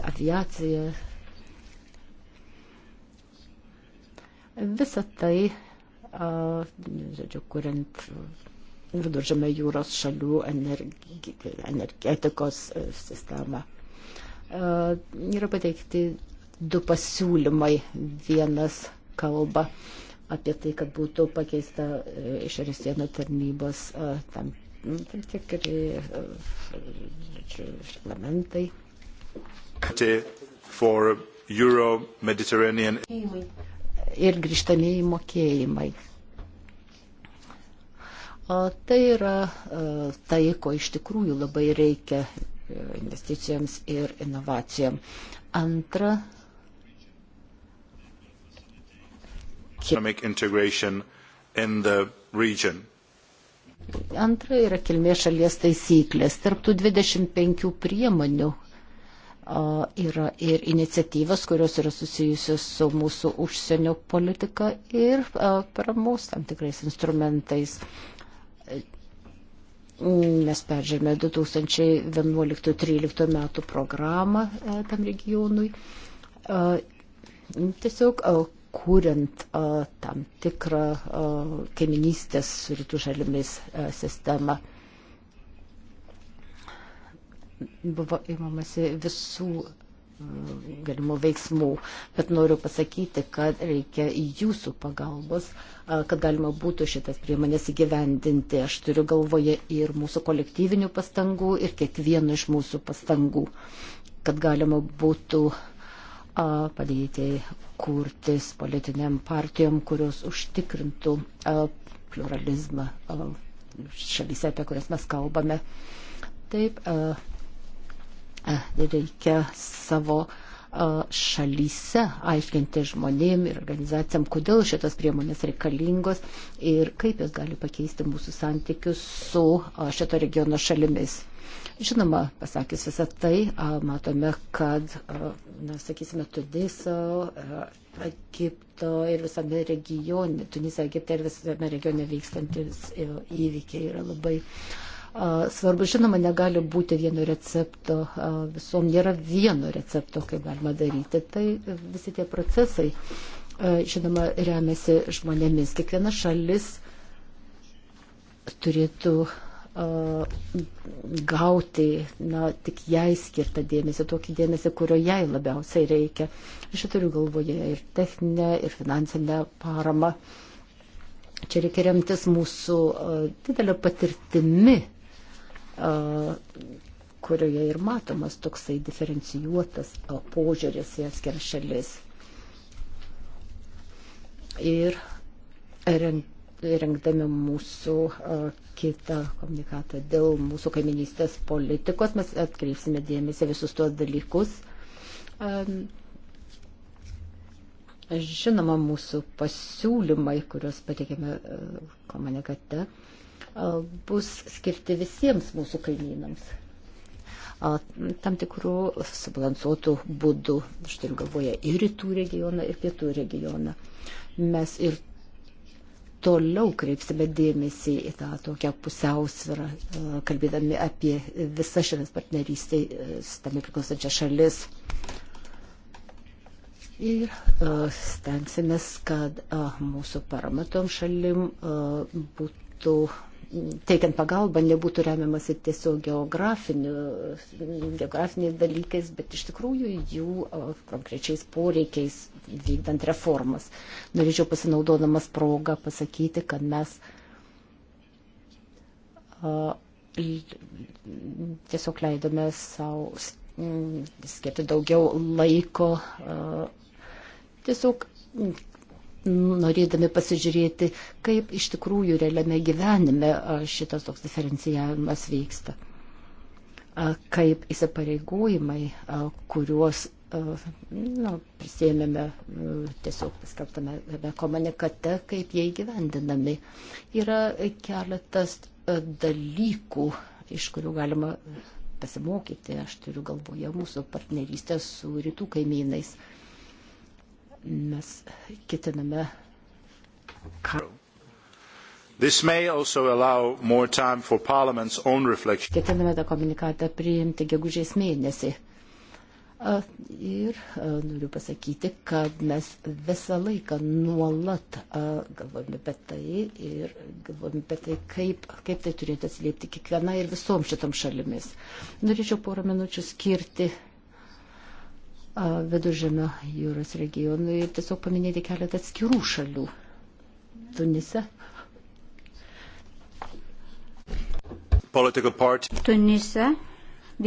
Speaker 3: aviacija. Visą tai, žodžiu, kuriant viduržame jūros šalių energi, energetikos e, sistemą. E, yra pateikti du pasiūlymai. Vienas kalba apie tai, kad būtų pakeista e, išorės sienų tarnybos tam, nu, tam tikri reglamentai. Ir grįžtamieji mokėjimai Tai yra tai, ko iš tikrųjų labai reikia e, investicijoms ir inovacijom. Antra. Antra yra kilmės šalies taisyklės. Tarptų 25 priemonių yra ir iniciatyvas, kurios yra susijusios su mūsų užsienio politika ir paramos tam tikrais instrumentais. Mes peržiūrėjome 2011-2013 metų programą e, tam regionui. E, tiesiog e, kuriant tam tikrą kaiminystės su rytų šalimis sistemą buvo įmamasi visų galimų veiksmų, bet noriu pasakyti, kad reikia jūsų pagalbos, kad galima būtų šitas priemonės įgyvendinti. Aš turiu galvoje ir mūsų kolektyvinių pastangų, ir kiekvieno iš mūsų pastangų, kad galima būtų padėti kurtis politiniam partijom, kurios užtikrintų pluralizmą šalyse, apie kurias mes kalbame. Taip, reikia savo šalyse aiškinti žmonėm ir organizacijam, kodėl šitos priemonės reikalingos ir kaip jos gali pakeisti mūsų santykius su šito regiono šalimis. Žinoma, pasakius visą tai, matome, kad, na, sakysime, Tuniso, Egipto ir visame regione, Tuniso, Egipte ir visame regione vykstantis įvykiai yra labai uh, Svarbu, žinoma, negali būti vieno recepto, visom nėra vieno recepto, kaip galima daryti. Tai visi tie procesai, žinoma, remiasi žmonėmis. Kiekviena šalis turėtų gauti, na, tik jai skirtą dėmesį, tokį dėmesį, kurio jai labiausiai reikia. Aš turiu galvoje ir techninę, ir finansinę paramą. Čia reikia remtis mūsų didelio patirtimi kurioje ir matomas toksai diferencijuotas požiūris į atskiras šalis. Ir rengdami mūsų kitą komunikatą dėl mūsų kaiminystės politikos, mes atkreipsime dėmesį visus tuos dalykus. Žinoma, mūsų pasiūlymai, kuriuos pateikėme komunikate, bus skirti visiems mūsų kaimynams tam tikrų subalansuotų būdų. Aš turiu galvoje ir rytų regioną, ir pietų regioną. Mes ir toliau kreipsime dėmesį į tą tokią pusiausvyrą, kalbėdami apie visas šitas partnerystės, tame priklausančias šalis. Ir stengsimės, kad mūsų paramatom šalim būtų teikiant pagalbą nebūtų remiamasi tiesiog geografiniais dalykais, bet iš tikrųjų jų konkrečiais poreikiais vykdant reformas. Norėčiau pasinaudodamas progą pasakyti, kad mes tiesiog leidome savo skirti daugiau laiko tiesiog norėdami pasižiūrėti, kaip iš tikrųjų realiame gyvenime šitas toks diferencijavimas vyksta. Kaip įsipareigojimai, kuriuos nu, prisėmėme tiesiog paskelbtame komunikate, kaip jie įgyvendinami. Yra keletas dalykų, iš kurių galima pasimokyti, aš turiu galvoje mūsų partnerystę su rytų kaimynais. Uh, mes ketiname. Ką...
Speaker 1: This may also allow more time for Parliament's own reflection.
Speaker 3: Ketiname tą komunikatą priimti gegužės mėnesį. Ir noriu pasakyti, kad mes visą laiką nuolat galvojame apie tai ir galvojame apie tai, kaip, kaip tai turėtų atsiliepti kiekviena ir visom šitom šalimis. Norėčiau porą minučių skirti Viduržėmio jūros regionui ir tiesiog paminėti keletą atskirų šalių.
Speaker 4: Tunise. Tunise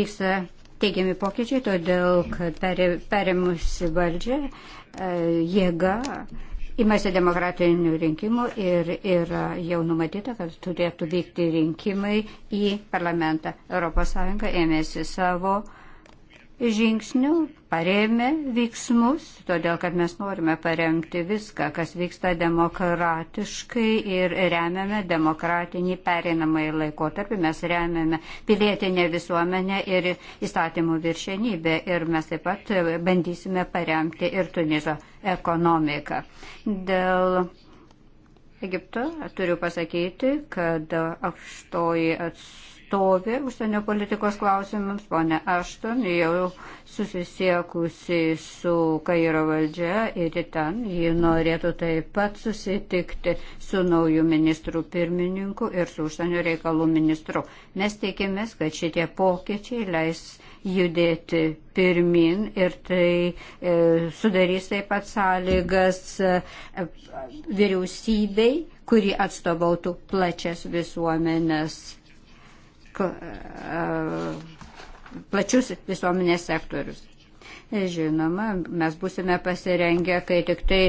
Speaker 4: vyksta teigiami pokyčiai, todėl, kad perėmusi valdžią, jėga imasi demokratinių rinkimų ir yra jau numatyta, kad turėtų vykti rinkimai į parlamentą. ES ėmėsi savo uh, žingsnių, paremė veiksmus, todėl kad mes norime paremti viską, kas vyksta demokratiškai ir remiame demokratinį pereinamąjį laikotarpį, mes remiame pilietinę visuomenę ir įstatymų viršenybę ir mes taip pat bandysime paremti ir Tuniso ekonomiką. Dėl Egipto turiu pasakyti, kad aukštoji atstovė atstovė užsienio politikos klausimams, ponė Ašton, jau susisiekusi su Kairo valdžia ir ten ji norėtų taip pat susitikti su nauju ministru pirmininku ir su užsienio reikalų ministru. Mes tikimės, kad šitie pokyčiai leis judėti pirmin ir tai e, sudarys taip pat sąlygas e, vyriausybei, kuri atstovautų plačias visuomenės E, plačius visuomenės sektorius. E, žinoma, mes būsime pasirengę, kai tik tai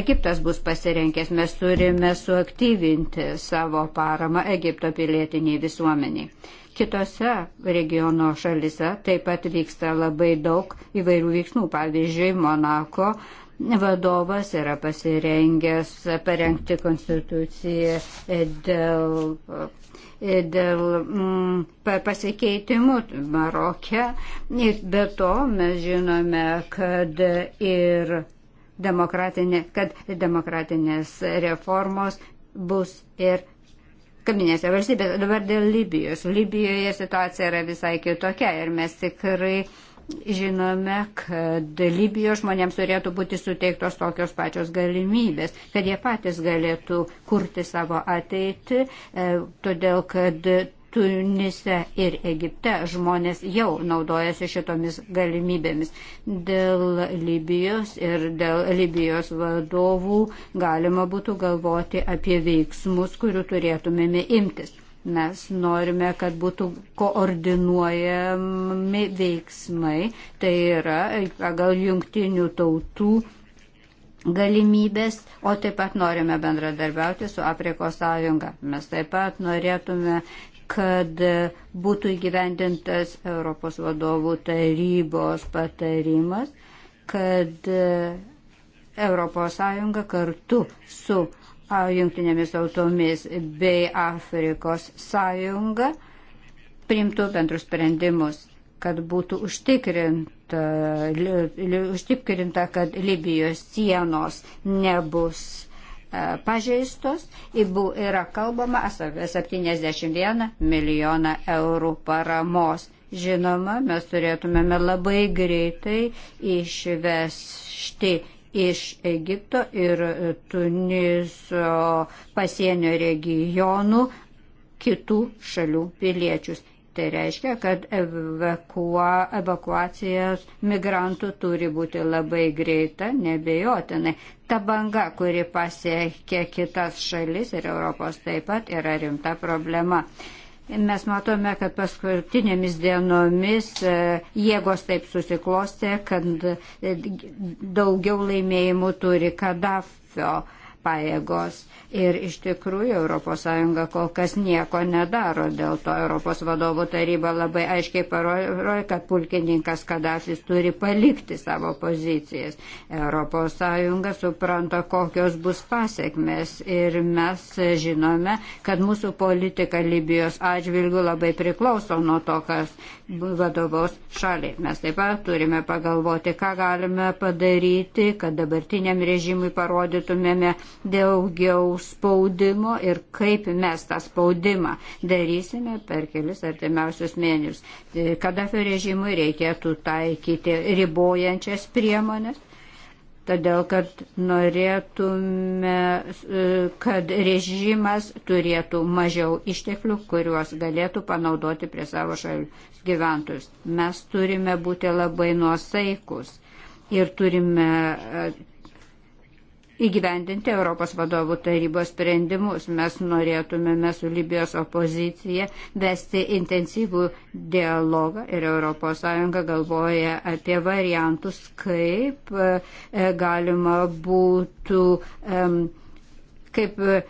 Speaker 4: Egiptas bus pasirengęs, mes turime suaktyvinti savo paramą Egipto pilietiniai visuomeniai. Kitose regiono šalise taip pat vyksta labai daug įvairių veiksmų. Pavyzdžiui, Monako vadovas yra pasirengęs parengti konstituciją dėl dėl mm, pasikeitimų Marokė. Ir be to mes žinome, kad ir demokratinė, kad demokratinės reformos bus ir kaminėse valstybėse. Dabar dėl Libijos. Libijoje situacija yra visai kitokia ir mes tikrai Žinome, kad Libijos žmonėms turėtų būti suteiktos tokios pačios galimybės, kad jie patys galėtų kurti savo ateitį, e, todėl kad Tunise ir Egipte žmonės jau naudojasi šitomis galimybėmis. Dėl Libijos ir dėl Libijos vadovų galima būtų galvoti apie veiksmus, kurių turėtumėme imtis. Mes norime, kad būtų koordinuojami veiksmai, tai yra pagal jungtinių tautų galimybės, o taip pat norime bendradarbiauti su Afrikos sąjunga. Mes taip pat norėtume, kad būtų įgyvendintas Europos vadovų tarybos patarimas, kad Europos sąjunga kartu su jungtinėmis tautomis bei Afrikos sąjunga priimtų bendrus sprendimus, kad būtų užtikrinta, li, li, užtikrinta kad Libijos sienos nebus e, pažeistos, įbū yra kalbama apie 71 milijoną eurų paramos. Žinoma, mes turėtumėme labai greitai išvežti iš Egipto ir Tuniso pasienio regionų kitų šalių piliečius. Tai reiškia, kad evakua, evakuacijas migrantų turi būti labai greita, nebejotinai. Ta banga, kuri pasiekia kitas šalis ir Europos taip pat, yra rimta problema. Mes matome, kad paskutinėmis dienomis e, jėgos taip susiklostė, kad e, daugiau laimėjimų turi Kadafio pajėgos. Ir iš tikrųjų ES kol kas nieko nedaro. Dėl to ES vadovų taryba labai aiškiai parodė, kad pulkininkas Kadafis turi palikti savo pozicijas. ES supranta, kokios bus pasiekmes. Ir mes žinome, kad mūsų politika Libijos atžvilgių labai priklauso nuo to, kas vadovos šaliai. Mes taip pat turime pagalvoti, ką galime padaryti, kad dabartiniam režimui parodytumėme daugiau spaudimo ir kaip mes tą spaudimą darysime per kelis artimiausius mėnesius. Kadafio režimui reikėtų taikyti ribojančias priemonės todėl kad norėtume, e, kad režimas turėtų mažiau išteklių, kuriuos galėtų panaudoti prie savo šalių gyventojus. Mes turime būti labai nuosaikus ir turime e, įgyvendinti Europos vadovų tarybos sprendimus. Mes norėtumėme su Libijos opozicija vesti intensyvų dialogą ir ES galvoja apie variantus, kaip e, galima būtų kaip ES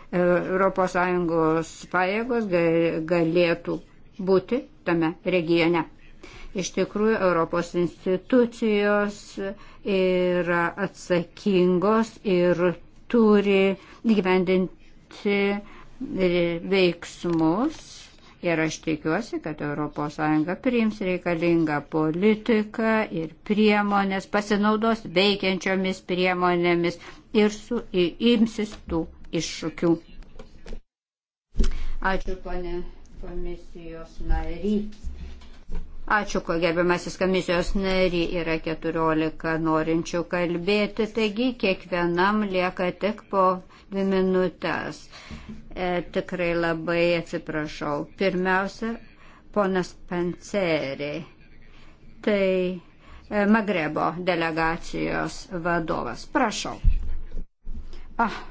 Speaker 4: pajėgos galėtų būti tame regione. Iš tikrųjų, Europos institucijos yra atsakingos ir turi gyvendinti e, veiksmus. Ir aš tikiuosi, kad ES priims reikalingą politiką ir priemonės, pasinaudos veikiančiomis priemonėmis ir su, ir, imsis tų iššūkių. Ačiū, ponė komisijos nary. Ačiū, ko gerbiamasis komisijos nary yra 14 norinčių kalbėti, taigi kiekvienam lieka tik po dvi minutės. E, tikrai labai atsiprašau. Pirmiausia, ponas Panceri, tai e, Magrebo delegacijos vadovas. Prašau. Ah,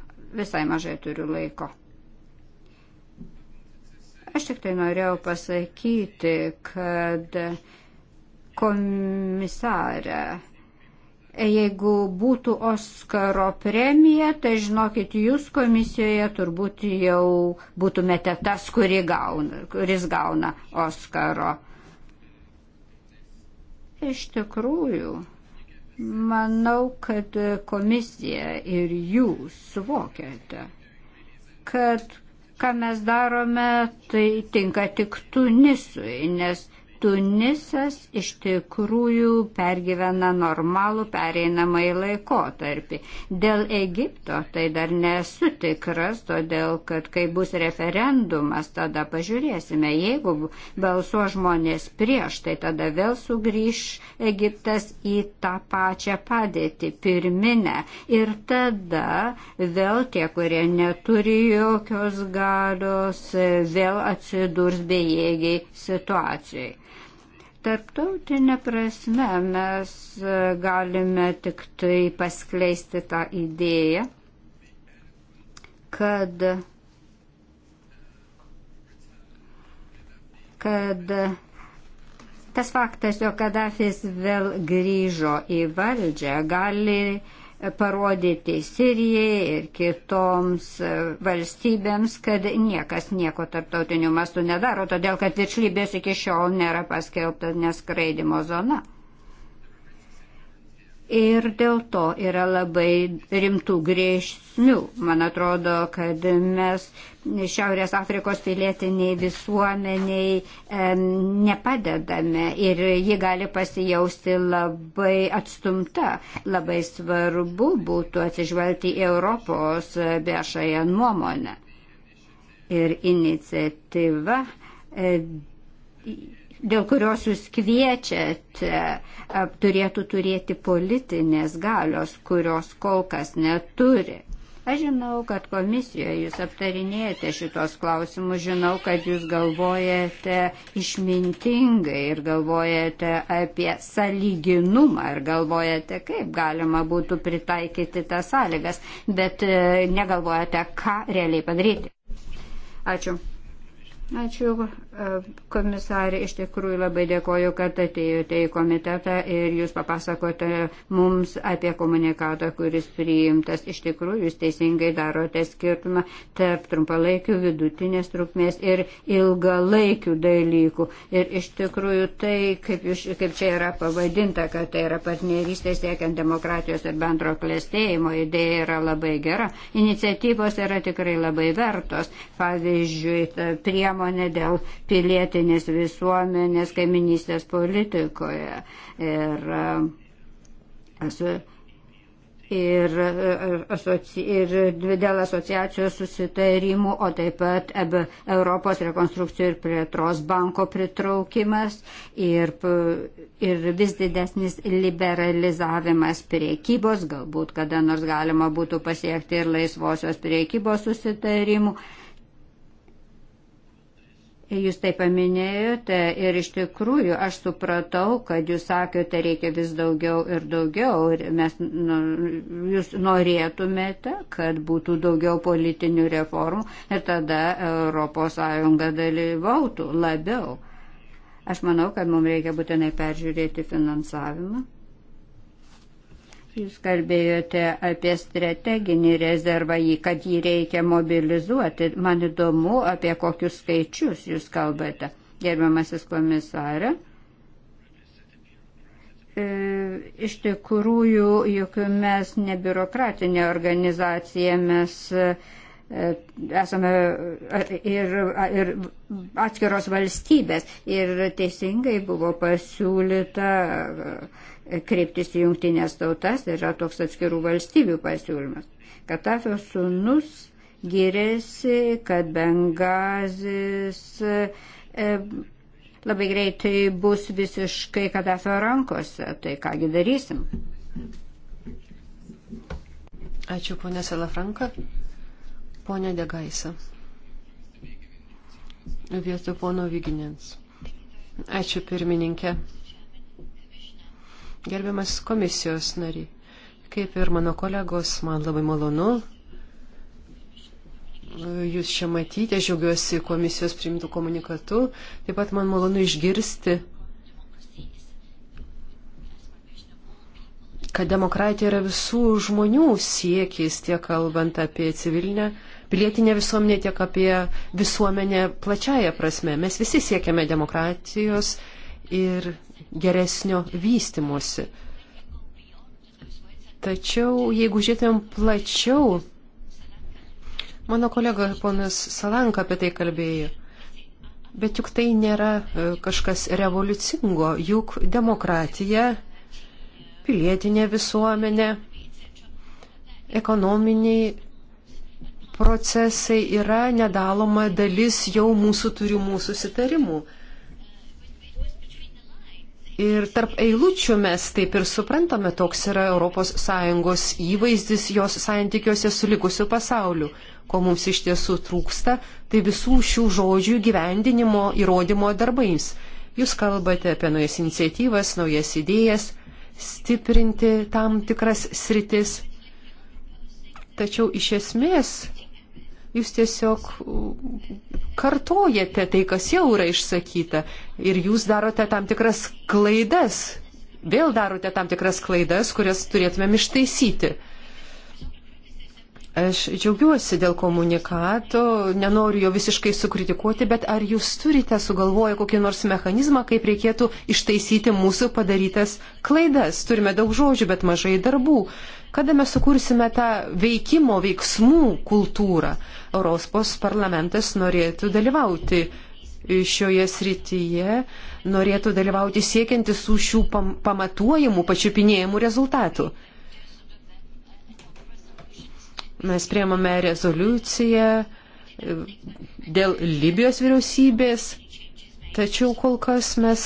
Speaker 4: visai mažai turiu laiko. Aš tik tai norėjau pasakyti, kad komisarė, jeigu būtų Oskaro premija, tai žinokit, jūs komisijoje turbūt jau būtumėte tas, kuri gauna, kuris gauna Oskaro. Iš tikrųjų, manau, kad komisija ir jūs suvokiate, kad ką mes darome, tai tinka tik Tunisui, nes Tunisas iš tikrųjų pergyvena normalų pereinamąjį laikotarpį. Dėl Egipto tai dar nesu tikras, todėl kad kai bus referendumas, tada pažiūrėsime. Jeigu balsuo žmonės prieš, tai tada vėl sugrįž Egiptas į tą pačią padėtį, pirminę. Ir tada vėl tie, kurie neturi jokios galios, vėl atsidurs bejėgiai situacijai. Tarptautinė prasme mes galime tik tai paskleisti tą idėją, kad kad tas faktas, jog Kadafis vėl grįžo į valdžią, gali uh, parodyti Sirijai ir kitoms e, valstybėms, kad niekas nieko tarptautiniu mastu nedaro, todėl kad viršlybės iki šiol nėra paskelbta neskraidimo zona ir dėl to yra labai rimtų grėsmių. Man atrodo, kad mes Šiaurės Afrikos pilietiniai visuomeniai e, nepadedame ir ji gali pasijausti labai atstumta. Labai svarbu būtų atsižvelgti į Europos viešąją nuomonę. Ir iniciatyva. E, dėl kurios jūs kviečiate, turėtų turėti politinės galios, kurios kol kas neturi. Aš žinau, kad komisijoje jūs aptarinėjate šitos klausimus, žinau, kad jūs galvojate išmintingai ir galvojate apie saliginumą ir galvojate, kaip galima būtų pritaikyti tas sąlygas, bet e, negalvojate, ką realiai padaryti. Ačiū. Ačiū Komisarė, iš tikrųjų labai dėkoju, kad atėjote į komitetą ir jūs papasakote mums apie komunikatą, kuris priimtas. Iš tikrųjų, jūs teisingai darote skirtumą tarp trumpalaikių, vidutinės trukmės ir ilgalaikių dalykų. Ir iš tikrųjų tai, kaip, jūs, kaip čia yra pavadinta, kad tai yra partnerystė siekiant demokratijos ir bendro klėstėjimo, idėja yra labai gera. Iniciatyvos yra tikrai labai vertos. Pavyzdžiui, priemonė dėl pilietinės visuomenės kaiminystės politikoje. Ir, esu, ir, e, asoci, ir dėl asociacijos susitarimų, o taip pat EB, Europos rekonstrukcijų ir plėtros banko pritraukimas ir, ir vis didesnis liberalizavimas priekybos, galbūt kada nors galima būtų pasiekti ir laisvosios priekybos susitarimų. Jūs tai paminėjote ir iš tikrųjų aš supratau, kad jūs sakėte, reikia vis daugiau ir daugiau. Ir mes, nu, jūs norėtumėte, kad būtų daugiau politinių reformų ir tada ES dalyvautų labiau. Aš manau, kad mums reikia būtinai peržiūrėti finansavimą. Jūs kalbėjote apie strateginį rezervą, kad jį reikia mobilizuoti. Man įdomu, apie kokius skaičius jūs kalbate, gerbiamasis komisarė. E, iš tikrųjų, juk mes ne biurokratinė organizacija, mes e, esame e, ir, ir atskiros valstybės. Ir teisingai buvo pasiūlyta kreiptis į jungtinės tautas, tai yra toks atskirų valstybių pasiūlymas. Katafio sunus gyrėsi, kad Bengazis e, labai greitai bus visiškai Kadafio rankose. Tai kągi darysim? Ačiū, ponė Salafranka. Pone Degaisa.
Speaker 2: Vietų pono Vyginins. Ačiū, pirmininkė. Gerbiamas komisijos nari, kaip ir mano kolegos, man labai malonu e, Jūs čia matyti, aš džiaugiuosi komisijos priimtų komunikatu. Taip pat man malonu išgirsti, kad demokratija yra visų žmonių siekis, tiek kalbant apie civilinę, pilietinę visuomenę, tiek apie visuomenę plačiają prasme. Mes visi siekiame demokratijos ir geresnio vystimosi. Tačiau, jeigu žiūrėtumėm plačiau, mano kolega ponas Salanka apie tai kalbėjo, bet juk tai nėra e, kažkas revoliucingo, juk demokratija, pilietinė visuomenė, ekonominiai procesai yra nedaloma dalis jau mūsų turimų susitarimų. Ir tarp eilučių mes taip ir suprantame, toks yra ES įvaizdis jos santykiuose su likusiu pasauliu. Ko mums iš tiesų trūksta, tai visų šių žodžių gyvendinimo įrodymo darbais. Jūs kalbate apie naujas iniciatyvas, naujas idėjas, stiprinti tam tikras sritis. Tačiau iš esmės jūs tiesiog kartojate tai, kas jau yra išsakyta ir jūs darote tam tikras klaidas, vėl darote tam tikras klaidas, kurias turėtumėm ištaisyti. Aš džiaugiuosi dėl komunikato, nenoriu jo visiškai sukritikuoti, bet ar jūs turite sugalvoję kokį nors mechanizmą, kaip reikėtų ištaisyti mūsų padarytas klaidas? Turime daug žodžių, bet mažai darbų. Kada mes sukursime tą veikimo veiksmų kultūrą? Europos parlamentas norėtų dalyvauti šioje srityje, norėtų dalyvauti siekiantis su šių pam pamatuojimų, pačiupinėjimų rezultatų. Mes priemame rezoliuciją e, dėl Libijos vyriausybės, tačiau kol kas mes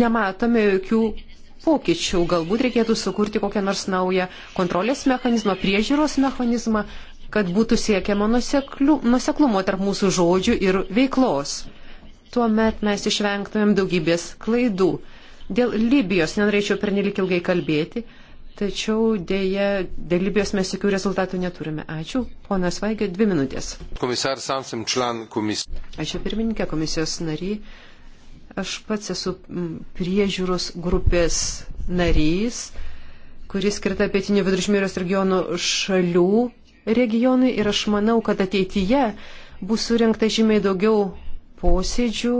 Speaker 2: nematome jokių pokyčių. Galbūt reikėtų sukurti kokią nors naują kontrolės mechanizmą, priežiūros mechanizmą, kad būtų siekiama nuseklumo tarp mūsų žodžių ir veiklos. Tuomet mes išvengtumėm daugybės klaidų. Dėl Libijos nenorėčiau pernelik ilgai kalbėti, tačiau dėja dėl Libijos mes jokių rezultatų neturime. Ačiū. Ponas Vaigė, dvi minutės.
Speaker 1: Komisar Samsim Član komisija.
Speaker 2: Ačiū pirmininkė, komisijos nary. Aš pats esu priežiūros grupės narys, kuris skirta pietinių viduržmėros regionų šalių regionui ir aš manau, kad ateityje bus surinkta žymiai daugiau posėdžių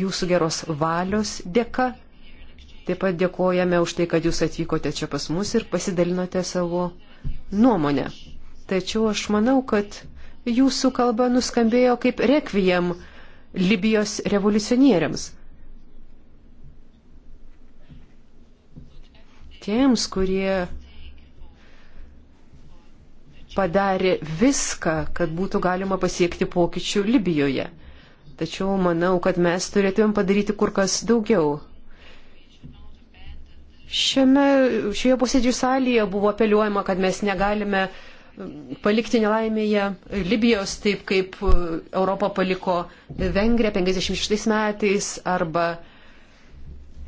Speaker 2: jūsų geros valios dėka. Taip pat dėkojame už tai, kad jūs atvykote čia pas mus ir pasidalinote savo nuomonę. Tačiau aš manau, kad jūsų kalba nuskambėjo kaip rekvijam Libijos revoliucionieriams. Tiems, kurie padarė viską, kad būtų galima pasiekti pokyčių Libijoje. Tačiau manau, kad mes turėtumėm padaryti kur kas daugiau. Šiame, šioje posėdžių salėje buvo apeliuojama, kad mes negalime palikti nelaimėje Libijos taip, kaip Europą paliko Vengrija 56 metais arba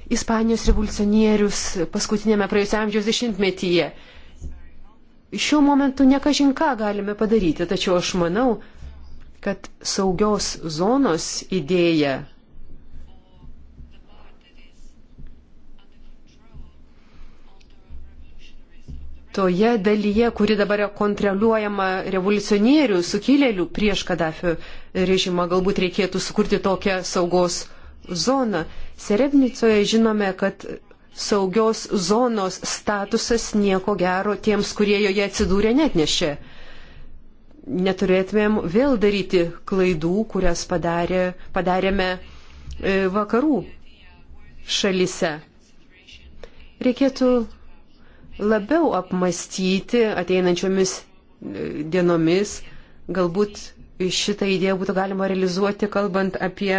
Speaker 2: Ispanijos revoliucionierius paskutinėme praėjusio amžiaus dešimtmetyje šiuo momentu nekažin ką galime padaryti, tačiau aš manau, kad saugios zonos idėja toje dalyje, kuri dabar yra kontroliuojama revoliucionierių, sukilėlių prieš Kadafio režimą, galbūt reikėtų sukurti tokią saugos zoną. Serebnicoje žinome, kad saugios zonos statusas nieko gero tiems, kurie joje atsidūrė net nešė. Neturėtumėm vėl daryti klaidų, kurias padarė, padarėme e, vakarų šalise. Reikėtų labiau apmastyti ateinančiomis e, dienomis, galbūt šitą idėją būtų galima realizuoti, kalbant apie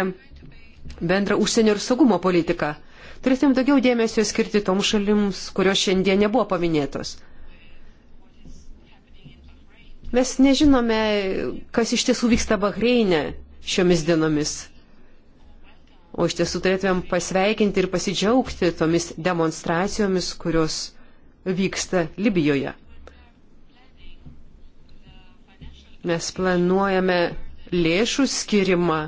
Speaker 2: bendrą užsienio ir saugumo politiką. Turėsim daugiau dėmesio skirti toms šalims, kurios šiandien nebuvo paminėtos. Mes nežinome, kas iš tiesų vyksta Bahreinė šiomis dienomis. O iš tiesų turėtumėm pasveikinti ir pasidžiaugti tomis demonstracijomis, kurios vyksta Libijoje. Mes planuojame lėšų skirimą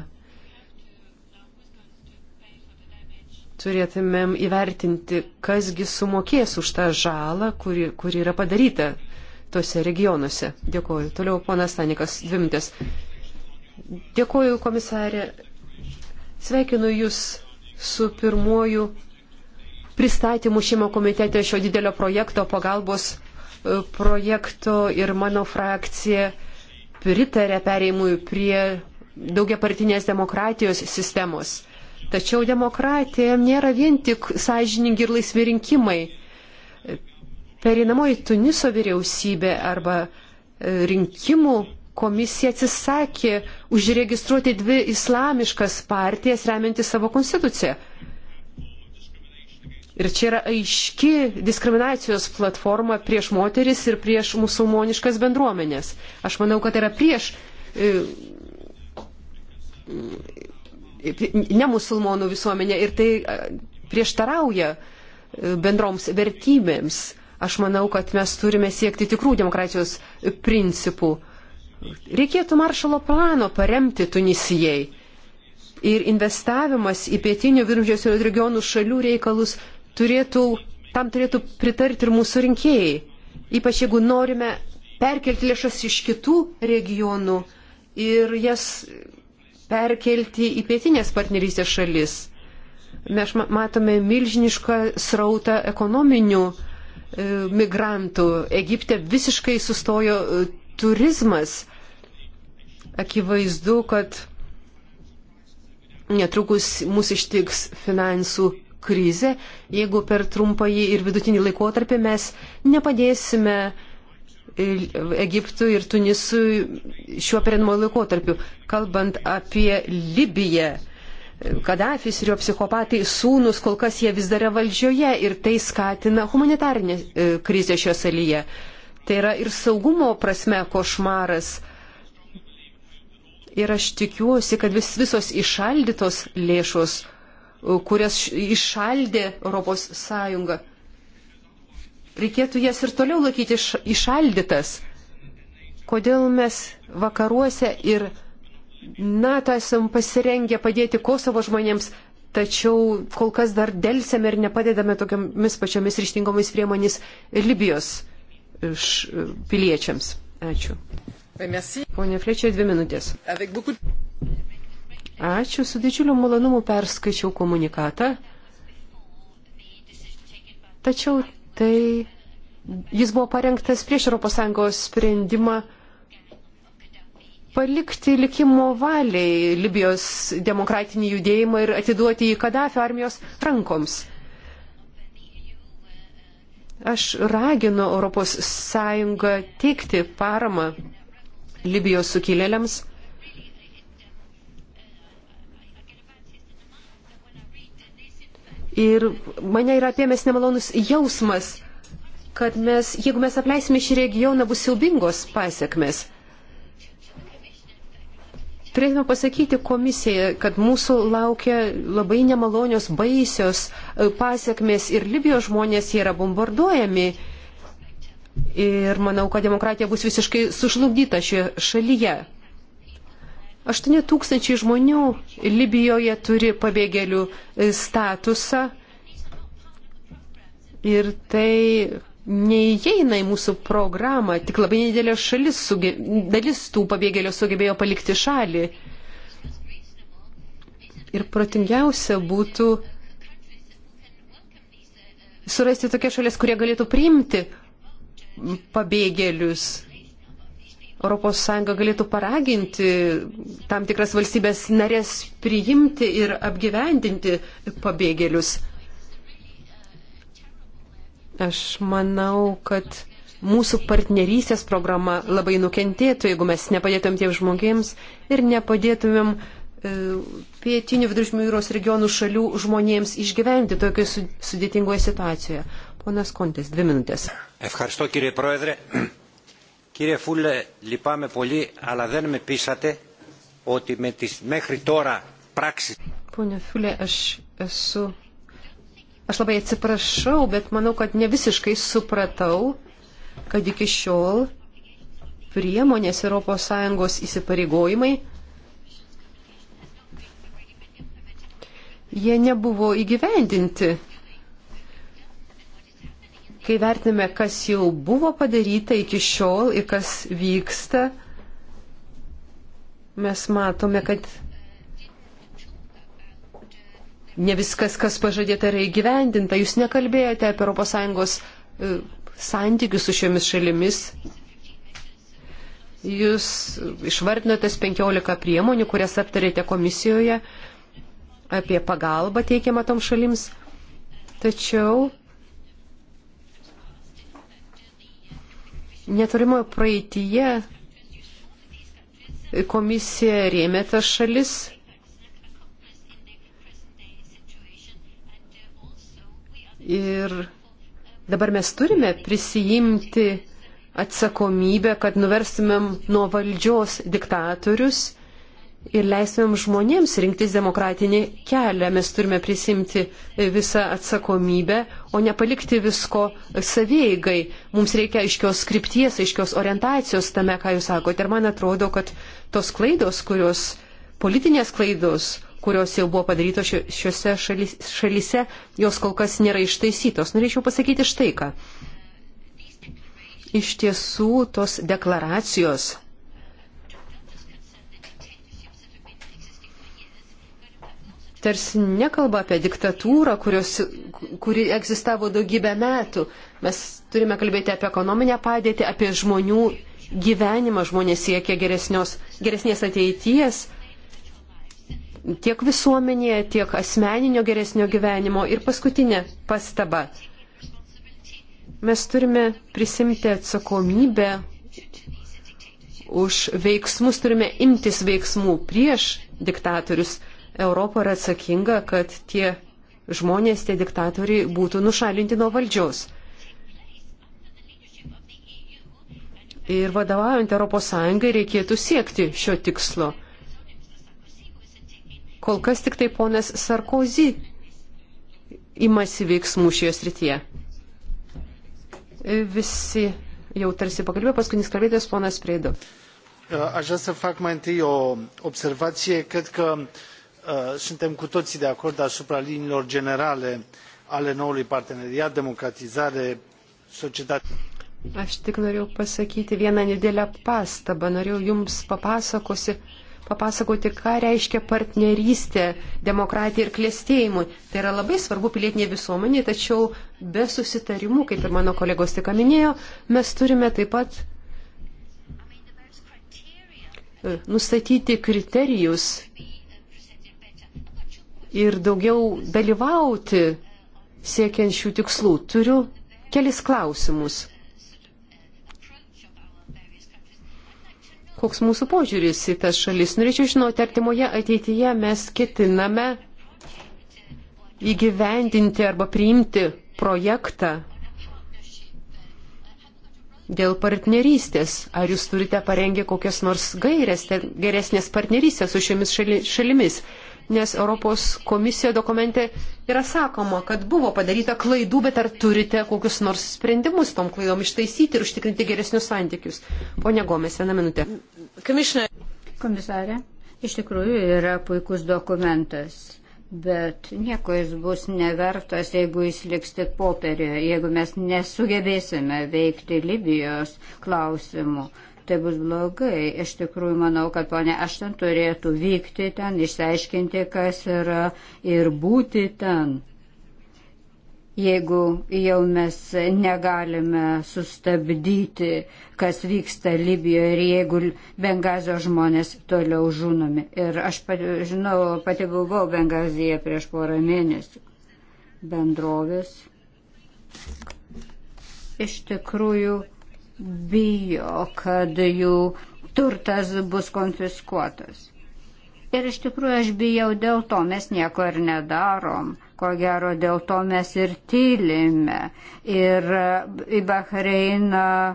Speaker 2: turėtumėm įvertinti, kasgi sumokės už tą žalą, kuri, kuri yra padaryta tose regionuose. Dėkuoju. Toliau ponas Stanikas, dvi minutės. Dėkuoju, komisarė. Sveikinu Jūs su pirmoju pristatymu šiame komitete šio didelio projekto, pagalbos e, projekto ir mano frakcija pritarė pereimui prie daugiapartinės demokratijos sistemos. Tačiau demokratija nėra vien tik sąžiningi ir laisvi rinkimai. Perinamoji Tuniso vyriausybė arba e, rinkimų komisija atsisakė užregistruoti dvi islamiškas partijas remianti savo konstituciją. Ir čia yra aiški diskriminacijos platforma prieš moteris ir prieš musulmoniškas bendruomenės. Aš manau, kad tai yra prieš e, ne musulmonų visuomenė ir tai prieštarauja e, bendroms vertybėms. Aš manau, kad mes turime siekti tikrų demokratijos principų. Reikėtų maršalo plano paremti Tunisijai. Ir investavimas į pietinių viduržės regionų šalių reikalus turėtų, tam turėtų pritarti ir mūsų rinkėjai. Ypač jeigu norime perkelti lėšas iš kitų regionų ir jas perkelti į pietinės partnerystės šalis. Mes matome milžinišką srautą ekonominių e, migrantų. Egipte visiškai sustojo e, turizmas. Akivaizdu, kad netrukus mūsų ištiks finansų krizė, jeigu per trumpąjį ir vidutinį laikotarpį mes nepadėsime uh, Egiptui ir Tunisui šiuo perinamo laikotarpiu. Kalbant apie Libiją, Kadafis ir jo psichopatai sūnus, kol kas jie vis dar yra valdžioje ir tai skatina humanitarinę e, krizę šioje salyje. Tai yra ir saugumo prasme košmaras. Ir aš tikiuosi, kad vis, visos išaldytos lėšos, e, kurias išaldė ES, reikėtų jas ir toliau laikyti išaldytas. Kodėl mes vakaruose ir NATO esam pasirengę padėti Kosovo žmonėms, tačiau kol kas dar dėlsime ir nepadedame tokiamis pačiomis ryštingomis priemonės Libijos e, e, piliečiams. Ačiū. Pone Flečia, dvi minutės. Ačiū, su didžiuliu malonumu perskaičiau komunikatą. Tačiau tai jis buvo parengtas prieš ES sprendimą palikti likimo valiai Libijos demokratinį judėjimą ir atiduoti į Kadafio armijos rankoms. Aš raginu ES teikti paramą Libijos sukilėliams Ir mane yra apėmęs nemalonus jausmas, kad mes, jeigu mes apleisime šį regioną, bus siaubingos pasiekmes. Turėtume pasakyti komisijai, kad mūsų laukia labai nemalonios, baisios e, pasiekmes ir Libijos žmonės yra bombarduojami. Ir manau, kad demokratija bus visiškai sužlugdyta šioje šalyje. 8 tūkstančiai žmonių Libijoje turi pabėgėlių e, statusą ir tai neįeina į mūsų programą, tik labai nedėlė šalis, suge... dalis tų pabėgėlių sugebėjo palikti šalį. Ir protingiausia būtų surasti tokias šalis, kurie galėtų priimti pabėgėlius. ES galėtų paraginti tam tikras valstybės narės priimti ir apgyvendinti pabėgėlius. Aš manau, kad mūsų partnerystės programa labai nukentėtų, jeigu mes nepadėtumėm tiem žmonėms ir nepadėtumėm e, pietinių viduržmių jūros regionų šalių žmonėms išgyventi tokioje sudėtingoje situacijoje. Ponas Kontis, dvi minutės.
Speaker 1: Efkarsto, kirie proedrė. Κύριε Φούλε, λυπάμαι πολύ, αλλά δεν με πείσατε ότι με τις μέχρι τώρα πράξεις...
Speaker 2: Pone Fiulė, aš esu, aš labai atsiprašau, bet manau, kad ne visiškai supratau, kad iki šiol priemonės ES įsipareigojimai, jie nebuvo įgyvendinti kai vertiname, kas jau buvo padaryta iki šiol ir kas vyksta, mes matome, kad ne viskas, kas pažadėta, yra įgyvendinta. Jūs nekalbėjote apie ES e, santykius su šiomis šalimis. Jūs išvardinote 15 priemonių, kurias aptarėte komisijoje apie pagalbą teikiamą tom šalims. Tačiau Neturimoje praeitįje komisija rėmė tas šalis. Ir dabar mes turime prisijimti atsakomybę, kad nuverstumėm nuo valdžios diktatorius ir leisimėm žmonėms rinktis demokratinį kelią. Mes turime prisimti visą atsakomybę, o nepalikti visko savieigai. Mums reikia aiškios skripties, aiškios orientacijos tame, ką jūs sakote. Ir man atrodo, kad tos klaidos, kurios, politinės klaidos, kurios jau buvo padarytos šiuose šalis, šalise, jos kol kas nėra ištaisytos. Norėčiau pasakyti štai ką. Iš tiesų, tos deklaracijos tarsi nekalba apie diktatūrą, kurios, kuri egzistavo daugybę metų. Mes turime kalbėti apie ekonominę padėtį, apie žmonių gyvenimą, žmonės siekia geresnios, geresnės ateities tiek visuomenėje, tiek asmeninio geresnio gyvenimo. Ir paskutinė pastaba. Mes turime prisimti atsakomybę už veiksmus, turime imtis veiksmų prieš diktatorius Europa yra atsakinga, kad tie žmonės, tie diktatoriai būtų nušalinti nuo valdžios. Ir vadovaujant ES reikėtų siekti šio tikslo. Kol kas tik tai ponas Sarkozy imasi veiksmų šioje srityje. Visi jau tarsi pakalbėjo, paskutinis kalbėtojas ponas Preido.
Speaker 1: Aș vrea să fac mai întâi o observație. Cred că uh, Uh, suntem cu toții de acord asupra liniilor generale ale noului parteneriat, democratizare, societate.
Speaker 2: Aš tik norėjau pasakyti vieną nedėlę pastabą, norėjau Jums papasakosi, papasakoti, ką reiškia partnerystė demokratijai ir klėstėjimui. Tai yra labai svarbu pilietinė visuomenė, tačiau be susitarimų, kaip ir mano kolegos tik minėjo, mes turime taip pat e, nustatyti kriterijus ir daugiau dalyvauti siekiant šių tikslų. Turiu kelis klausimus. Koks mūsų požiūris į tas šalis? Norėčiau žinoti, artimoje ateityje mes ketiname įgyvendinti arba priimti projektą dėl partnerystės. Ar jūs turite parengę kokias nors gairės, geresnės partnerystės su šiomis šali, šalimis? nes Europos komisija dokumente yra sakoma, kad buvo padaryta klaidų, bet ar turite kokius nors sprendimus tom klaidom
Speaker 4: ištaisyti ir užtikrinti geresnius santykius? Pone Gomes, vieną minutę. Komisarė, iš tikrųjų yra puikus dokumentas. Bet nieko jis bus nevertas, jeigu jis liks tik popierioje, jeigu mes nesugebėsime veikti Libijos klausimu tai bus blogai. Iš tikrųjų, manau, kad ponė Ašten turėtų vykti ten, išsiaiškinti, kas yra ir būti ten. Jeigu jau mes negalime sustabdyti, kas vyksta Libijoje ir jeigu Bengazio žmonės toliau žūnami. Ir aš pati, žinau, pati buvau Bengazija prieš porą mėnesių bendrovės. Iš tikrųjų, bijo, kad jų turtas bus konfiskuotas. Ir iš tikrųjų aš bijau dėl to, mes nieko ir nedarom, ko gero dėl to mes ir tylime. Ir e, į Bahreiną, e,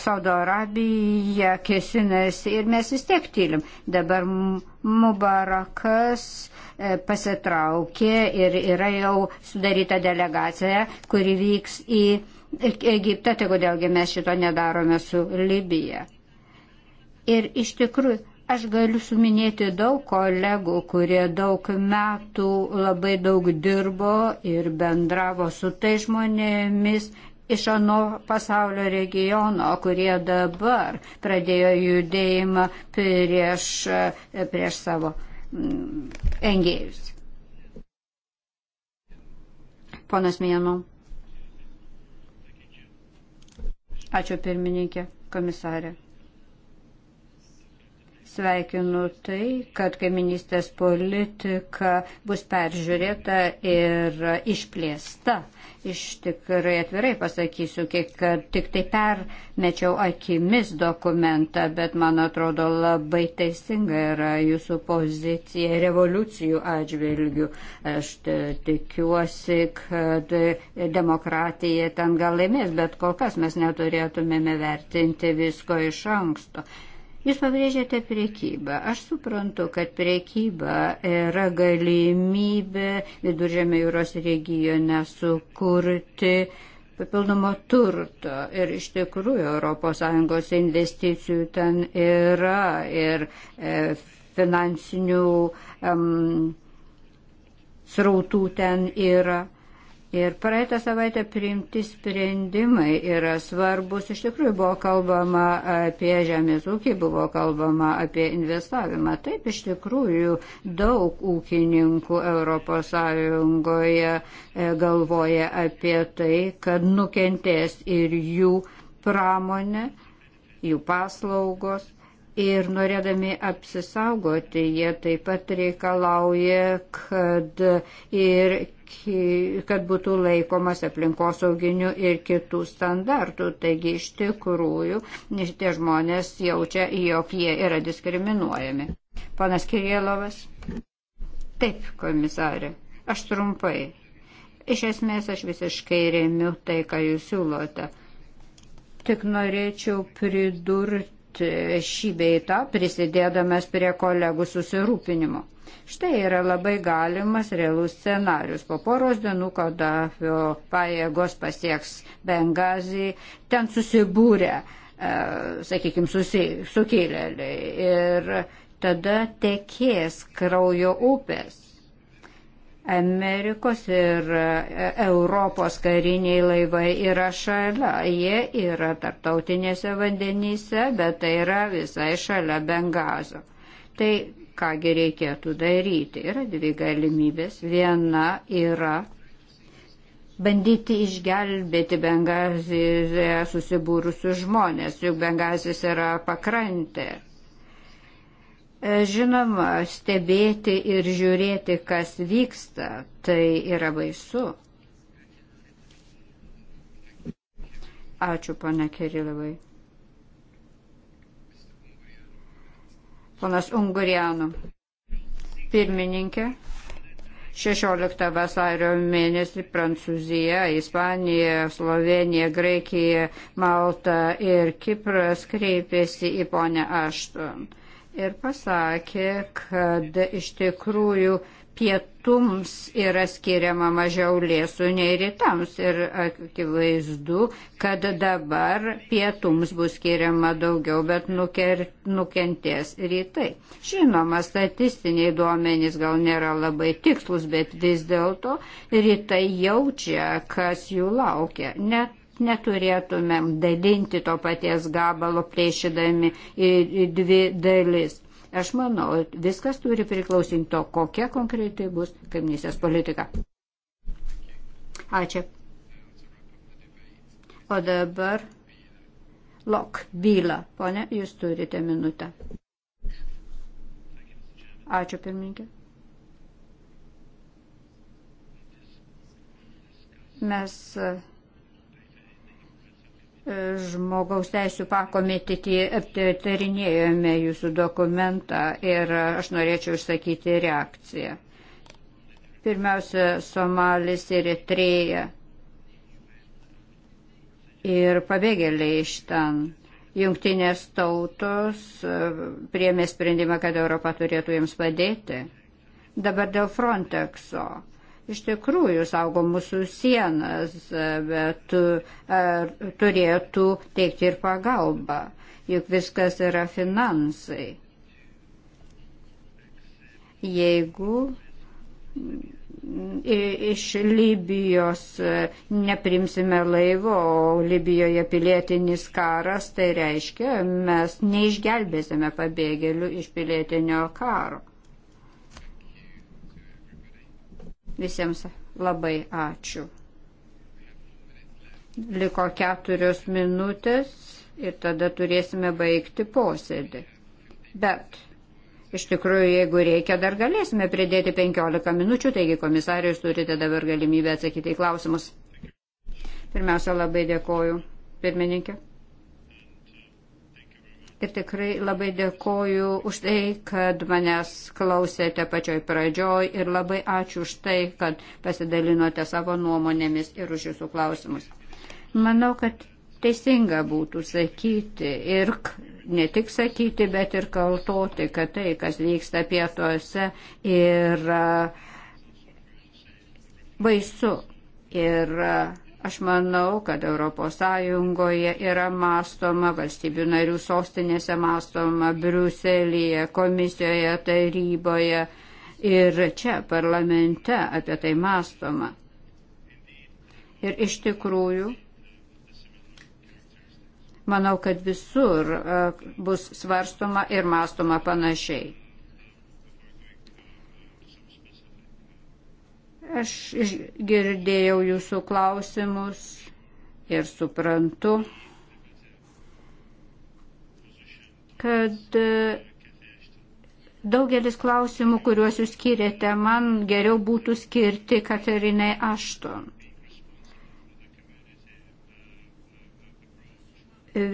Speaker 4: Saudo Arabiją kėsinasi ir mes vis tiek tylim. Dabar Mubarakas e, pasitraukė ir yra jau sudaryta delegacija, kuri vyks į Egiptą, tai kodėlgi mes šito nedarome su Libija. Ir iš tikrųjų, aš galiu suminėti daug kolegų, kurie daug metų labai daug dirbo ir bendravo su tai žmonėmis iš ano pasaulio regiono, kurie dabar pradėjo judėjimą prieš, prieš savo mm, engėjus. Ponas Mėnau. Ačiū pirmininkė, komisarė. Sveikinu tai, kad kaiminystės politika bus peržiūrėta ir išplėsta. Iš tikrai atvirai pasakysiu, kiek, kad tik tai permečiau akimis dokumentą, bet man atrodo labai teisinga yra jūsų pozicija revoliucijų atžvilgių. Aš tikiuosi, kad demokratija ten gal laimės, bet kol kas mes neturėtumėme vertinti visko iš anksto. Jūs pabrėžėte priekybą. Aš suprantu, kad priekyba yra galimybė viduržėmė jūros regione sukurti papildomo turto. Ir iš tikrųjų ES investicijų ten yra ir e, finansinių um, srautų ten yra. Ir praeitą savaitę priimti sprendimai yra svarbus. Iš tikrųjų buvo kalbama apie žemės ūkį, buvo kalbama apie investavimą. Taip, iš tikrųjų daug ūkininkų ES e, galvoja apie tai, kad nukentės ir jų pramonė, jų paslaugos. Ir norėdami apsisaugoti, jie taip pat reikalauja, kad, ir, kad būtų laikomas aplinkosauginių ir kitų standartų. Taigi iš tikrųjų šitie žmonės jaučia, jog jie yra diskriminuojami. Panas Kirielovas. Taip, komisarė. Aš trumpai. Iš esmės aš visiškai remiu tai, ką jūs siūlote. Tik norėčiau pridurti šį beitą, prisidėdamas prie kolegų susirūpinimo. Štai yra labai galimas realus scenarius. Po poros dienų Kadafio pajėgos pasieks Bengazį, ten susibūrė, e, sakykime, sukėlėliai ir tada tekės kraujo upės Amerikos ir e, Europos kariniai laivai yra šalia. Jie yra tarptautinėse vandenyse, bet tai yra visai šalia Bengazo. Tai kągi reikėtų daryti? Yra dvi galimybės. Viena yra bandyti išgelbėti Bengazijoje susibūrusius žmonės, juk Bengazijas yra pakrantė. E, žinoma, stebėti ir žiūrėti, kas vyksta, tai yra baisu. Ačiū, pana Kirilovai. Ponas Ungurianų. Pirmininkė. 16 vasario mėnesį Prancūzija, Ispanija, Slovenija, Graikija, Malta ir Kipras kreipėsi į ponę Ašton ir pasakė, kad iš tikrųjų pietums yra skiriama mažiau lėsų nei rytams. Ir akivaizdu, kad dabar pietums bus skiriama daugiau, bet nuker, nukentės rytai. Žinoma, statistiniai duomenys gal nėra labai tikslus, bet vis dėlto rytai jaučia, kas jų laukia. Net neturėtumėm dalinti to paties gabalo priešydami į, į dvi dalis. Aš manau, viskas turi priklausyti to, kokia konkretai bus kaimynysės politika. Ačiū. O dabar Lok bylą. Pone, jūs turite minutę. Ačiū pirmininkė. Mes Žmogaus teisų pakomitėti aptarinėjome jūsų dokumentą ir aš norėčiau išsakyti reakciją. Pirmiausia, Somalis ir Etrėja ir pabėgėliai iš ten. Jungtinės tautos e, priemė sprendimą, kad Europa turėtų jiems padėti. Dabar dėl Frontexo iš tikrųjų saugo mūsų sienas, bet e, turėtų teikti ir pagalbą, juk viskas yra finansai. Jeigu mm, iš Libijos e, neprimsime laivo, o Libijoje pilietinis karas, tai reiškia, mes neišgelbėsime pabėgėlių iš pilietinio karo. Visiems labai ačiū. Liko keturios minutės ir tada turėsime baigti posėdį. Bet iš tikrųjų, jeigu reikia, dar galėsime pridėti 15 minučių, taigi komisarijus turite dabar galimybę atsakyti į klausimus. Pirmiausia, labai dėkoju. Pirmininkė. Ir tikrai labai dėkoju už tai, kad manęs klausėte pačioj pradžioj ir labai ačiū už tai, kad pasidalinote savo nuomonėmis ir už jūsų klausimus. Manau, kad teisinga būtų sakyti ir ne tik sakyti, bet ir kaltoti, kad tai, kas vyksta pietuose, yra baisu. Ir uh, Aš manau, kad ES yra mastoma, valstybių narių sostinėse mastoma, Briuselėje, komisijoje, taryboje ir čia parlamente apie tai mastoma. Ir iš tikrųjų, manau, kad visur e, bus svarstoma ir mastoma panašiai. Aš girdėjau jūsų klausimus ir suprantu, kad e, daugelis klausimų, kuriuos jūs skiriate, man geriau būtų skirti Katerinai Ašton.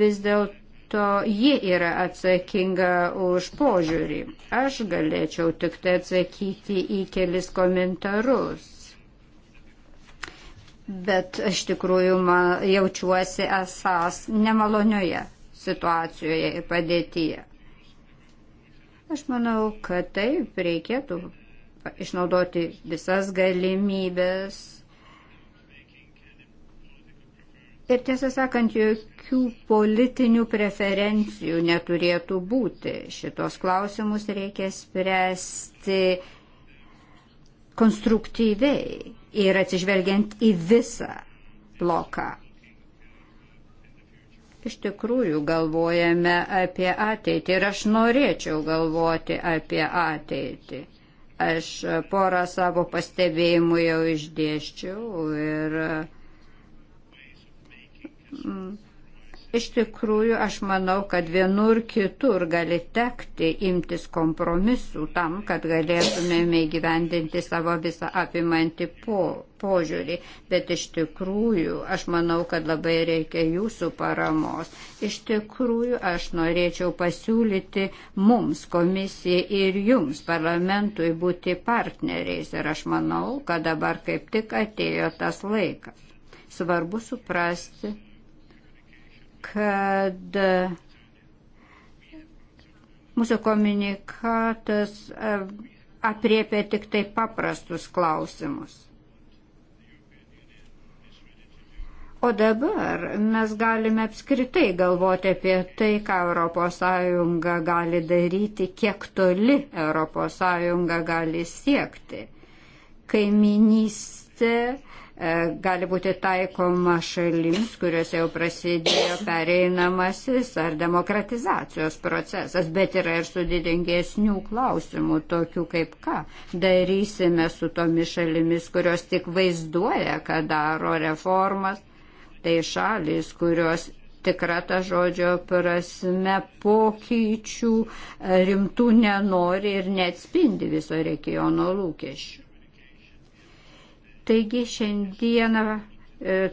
Speaker 4: Vis dėlto to ji yra atsakinga už požiūrį. Aš galėčiau tik tai atsakyti į kelis komentarus. Bet aš tikrųjų man, jaučiuosi esas nemalonioje situacijoje ir padėtyje. Aš manau, kad taip reikėtų išnaudoti visas galimybės Ir tiesą sakant, jokių politinių preferencijų neturėtų būti. Šitos klausimus reikia spręsti konstruktyviai ir atsižvelgiant į visą bloką. Iš tikrųjų galvojame apie ateitį ir aš norėčiau galvoti apie ateitį. Aš porą savo pastebėjimų jau išdėščiau ir uh, Mm. Iš tikrųjų, aš manau, kad vienur kitur gali tekti imtis kompromisų tam, kad galėtumėme įgyvendinti savo visą apimantį po, požiūrį. Bet iš tikrųjų, aš manau, kad labai reikia jūsų paramos. Iš tikrųjų, aš norėčiau pasiūlyti mums, komisijai ir jums, parlamentui, būti partneriais. Ir aš manau, kad dabar kaip tik atėjo tas laikas. Svarbu suprasti kad mūsų komunikatas e, apriepia tik tai paprastus klausimus. O dabar mes galime apskritai galvoti apie tai, ką ES gali daryti, kiek toli ES gali siekti. Kaiminystė E, gali būti taikoma šalims, kuriuose jau prasidėjo pereinamasis ar demokratizacijos procesas, bet yra ir sudėtingesnių klausimų, tokių kaip ką darysime su tomis šalimis, kurios tik vaizduoja, kad daro reformas, tai šalis, kurios tikra ta žodžio prasme pokyčių e, rimtų nenori ir neatspindi viso regiono lūkesčių. Taigi šiandieną e,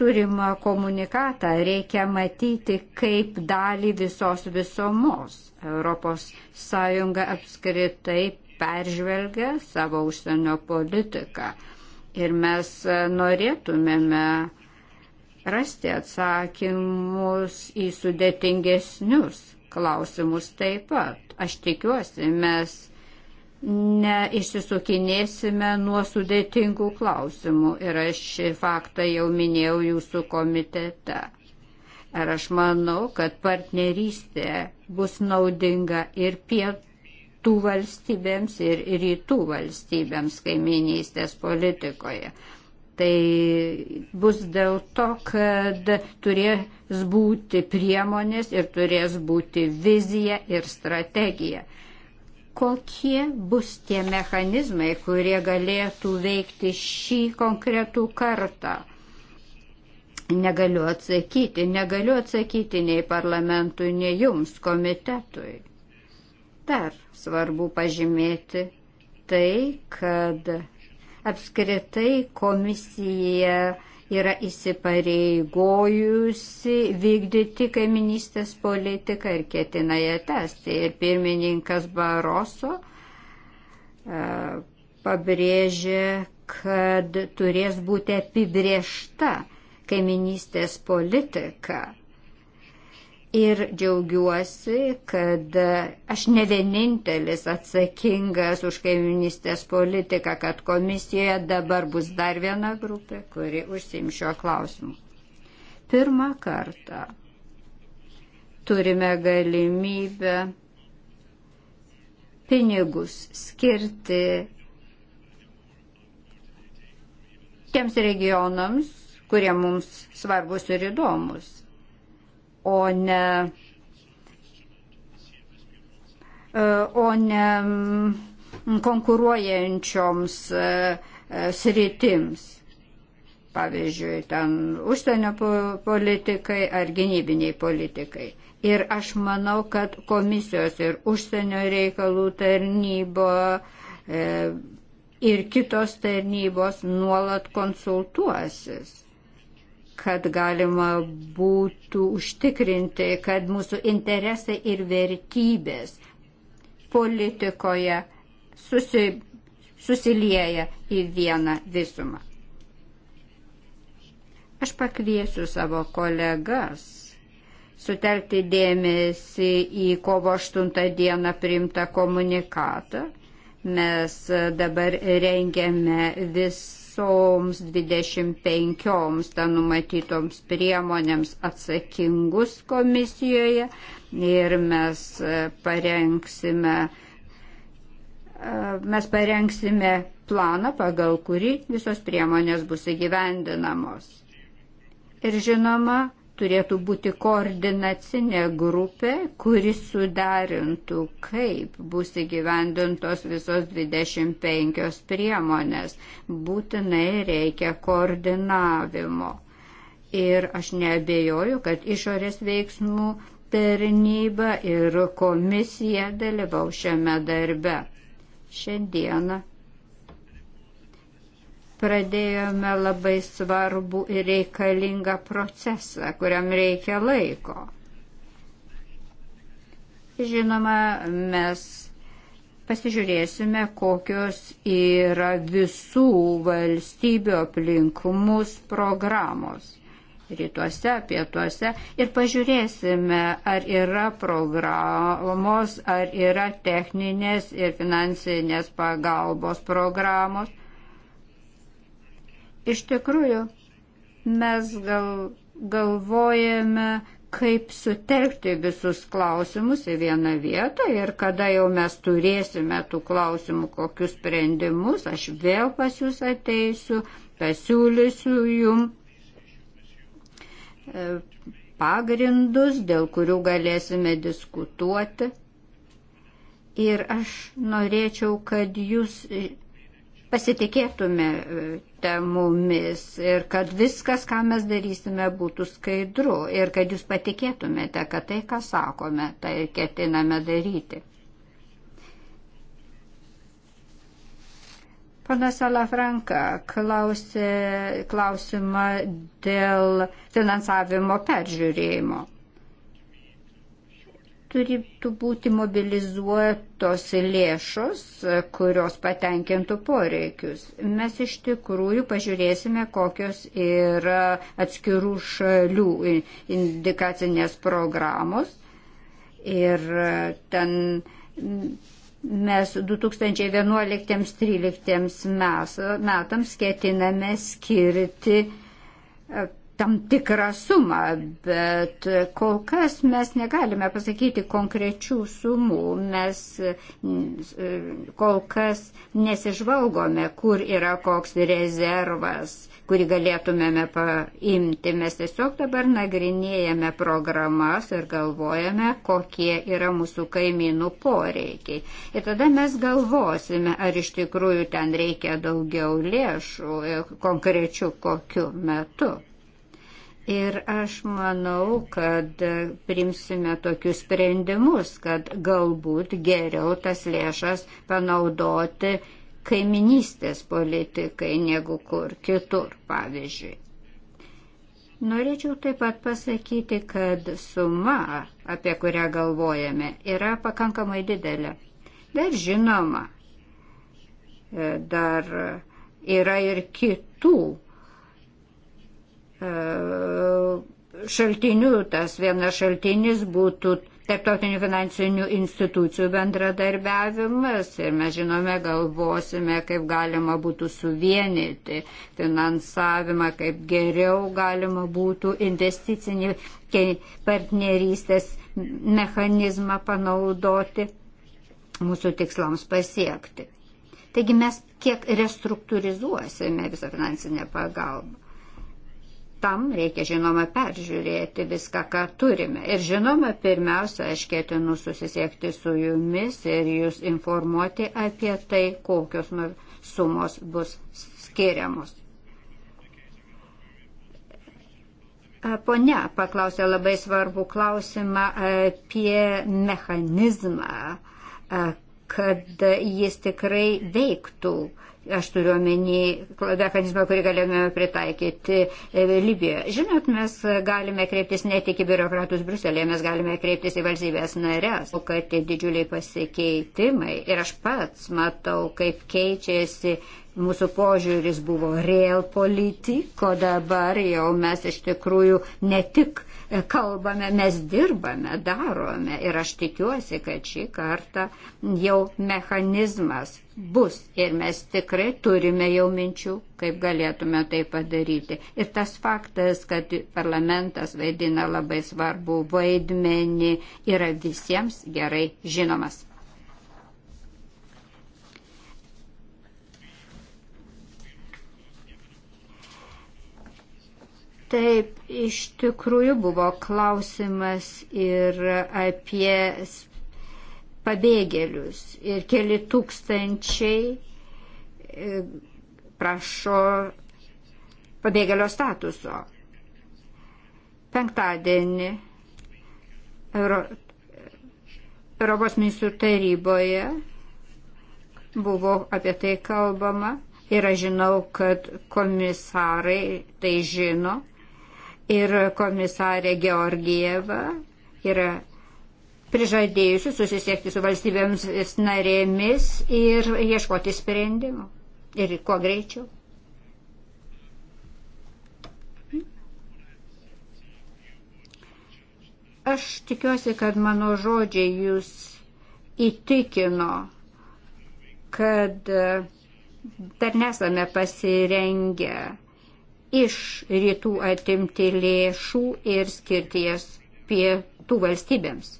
Speaker 4: turimą komunikatą reikia matyti kaip dalį visos visomos. ES apskritai peržvelgia savo užsienio politiką. Ir mes norėtumėme rasti atsakymus į sudėtingesnius klausimus taip pat. Aš tikiuosi, mes neišsisukinėsime nuo sudėtingų klausimų. Ir aš šį faktą jau minėjau jūsų komitete. Ir aš manau, kad partnerystė bus naudinga ir pietų valstybėms, ir rytų valstybėms kaiminystės politikoje. Tai bus dėl to, kad turės būti priemonės ir turės būti vizija ir strategija kokie bus tie mechanizmai, kurie galėtų veikti šį konkretų kartą. Negaliu atsakyti, negaliu atsakyti nei parlamentui, nei jums komitetui. Dar svarbu pažymėti tai, kad apskritai komisija yra įsipareigojusi vykdyti kaiminystės politiką ir ketina ją tęsti. Ir pirmininkas Baroso e, pabrėžė, kad turės būti apibriešta kaiminystės politika Ir džiaugiuosi, kad aš ne vienintelis atsakingas už kaiminystės politiką, kad komisijoje dabar bus dar viena grupė, kuri užsim šio klausimu. Pirmą kartą turime galimybę pinigus skirti tiems regionams, kurie mums svarbus ir įdomus o ne, e, o ne mm, konkuruojančioms e, e, sritims. Pavyzdžiui, ten užsienio politikai ar gynybiniai politikai. Ir aš manau, kad komisijos ir užsienio reikalų tarnybo ir kitos tarnybos nuolat konsultuosis kad galima būtų užtikrinti, kad mūsų interesai ir vertybės politikoje susi, susilieja į vieną visumą. Aš pakviesiu savo kolegas sutelkti dėmesį į kovo 8 dieną priimtą komunikatą. Mes dabar rengiame vis visoms 25 ten numatytoms priemonėms atsakingus komisijoje ir mes e, parengsime, e, mes parengsime planą, pagal kurį visos priemonės bus įgyvendinamos. Ir žinoma, turėtų būti koordinacinė grupė, kuris sudarintų, kaip bus įgyvendintos visos 25 priemonės. Būtinai reikia koordinavimo. Ir aš neabejoju, kad išorės veiksmų tarnyba ir komisija dalyvau šiame darbe. Šiandieną pradėjome labai svarbų ir reikalingą procesą, kuriam reikia laiko. Žinoma, mes pasižiūrėsime, kokios yra visų valstybių aplink mus programos. Rytuose, pietuose ir pažiūrėsime, ar yra programos, ar yra techninės ir finansinės pagalbos programos Iš tikrųjų, mes gal, galvojame, kaip sutelkti visus klausimus į vieną vietą ir kada jau mes turėsime tų klausimų, kokius sprendimus, aš vėl pas jūs ateisiu, pasiūlysiu jum e, pagrindus, dėl kurių galėsime diskutuoti. Ir aš norėčiau, kad jūs pasitikėtume e, pasirūpintumėte mumis ir kad viskas, ką mes darysime, būtų skaidru ir kad jūs patikėtumėte, kad tai, ką sakome, tai ketiname daryti. Panas Alafranka klausė klausimą dėl finansavimo peržiūrėjimo turėtų būti mobilizuotos lėšos, kurios patenkintų poreikius. Mes iš tikrųjų pažiūrėsime, kokios yra atskirų šalių indikacinės programos. Ir ten mes 2011-2013 metams ketiname skirti tam tikrą sumą, bet kol kas mes negalime pasakyti konkrečių sumų. Mes mm, kol kas nesižvalgome, kur yra koks rezervas, kurį galėtumėme paimti. Mes tiesiog dabar nagrinėjame programas ir galvojame, kokie yra mūsų kaimynų poreikiai. Ir tada mes galvosime, ar iš tikrųjų ten reikia daugiau lėšų, konkrečių kokiu metu. Ir aš manau, kad primsime tokius sprendimus, kad galbūt geriau tas lėšas panaudoti kaiminystės politikai negu kur kitur, pavyzdžiui. Norėčiau taip pat pasakyti, kad suma, apie kurią galvojame, yra pakankamai didelė. Dar žinoma, e, dar yra ir kitų E, šaltinių. Tas vienas šaltinis būtų tarptautinių finansinių institucijų bendradarbiavimas ir mes žinome, galvosime, kaip galima būtų suvienyti finansavimą, kaip geriau galima būtų investicinį partnerystės mechanizmą panaudoti mūsų tikslams pasiekti. Taigi mes kiek restruktūrizuosime visą finansinę pagalbą. Tam reikia, žinoma, peržiūrėti viską, ką turime. Ir, žinoma, pirmiausia, aš ketinu susisiekti su jumis ir jūs informuoti apie tai, kokios nu sumos bus skiriamos. Pone paklausė labai svarbų klausimą apie mechanizmą, kad jis tikrai veiktų aš turiu omeny mechanizmą, kurį galėjome pritaikyti e, Libijoje. Žinot, mes galime kreiptis ne tik į biurokratus Bruselėje, mes galime kreiptis į valstybės narės, o kad tie didžiuliai pasikeitimai ir aš pats matau, kaip keičiasi mūsų požiūris buvo real politik, o dabar jau mes iš tikrųjų ne tik e, kalbame, mes dirbame, darome. Ir aš tikiuosi, kad šį kartą jau mechanizmas bus ir mes tikrai turime jau minčių, kaip galėtume tai padaryti. Ir tas faktas, kad parlamentas vaidina labai svarbu vaidmenį, yra visiems gerai žinomas. Taip, iš tikrųjų buvo klausimas ir apie pabėgėlius. Ir keli tūkstančiai e, prašo pabėgėlio statuso. Penktadienį Euro, Europos ministrų taryboje buvo apie tai kalbama. Ir aš žinau, kad komisarai tai žino ir komisarė Georgieva yra prižadėjusi susisiekti su valstybėms narėmis ir ieškoti sprendimų. Ir kuo greičiau. Aš tikiuosi, kad mano žodžiai jūs įtikino, kad dar nesame pasirengę iš rytų atimti lėšų ir skirti jas pietų valstybėms.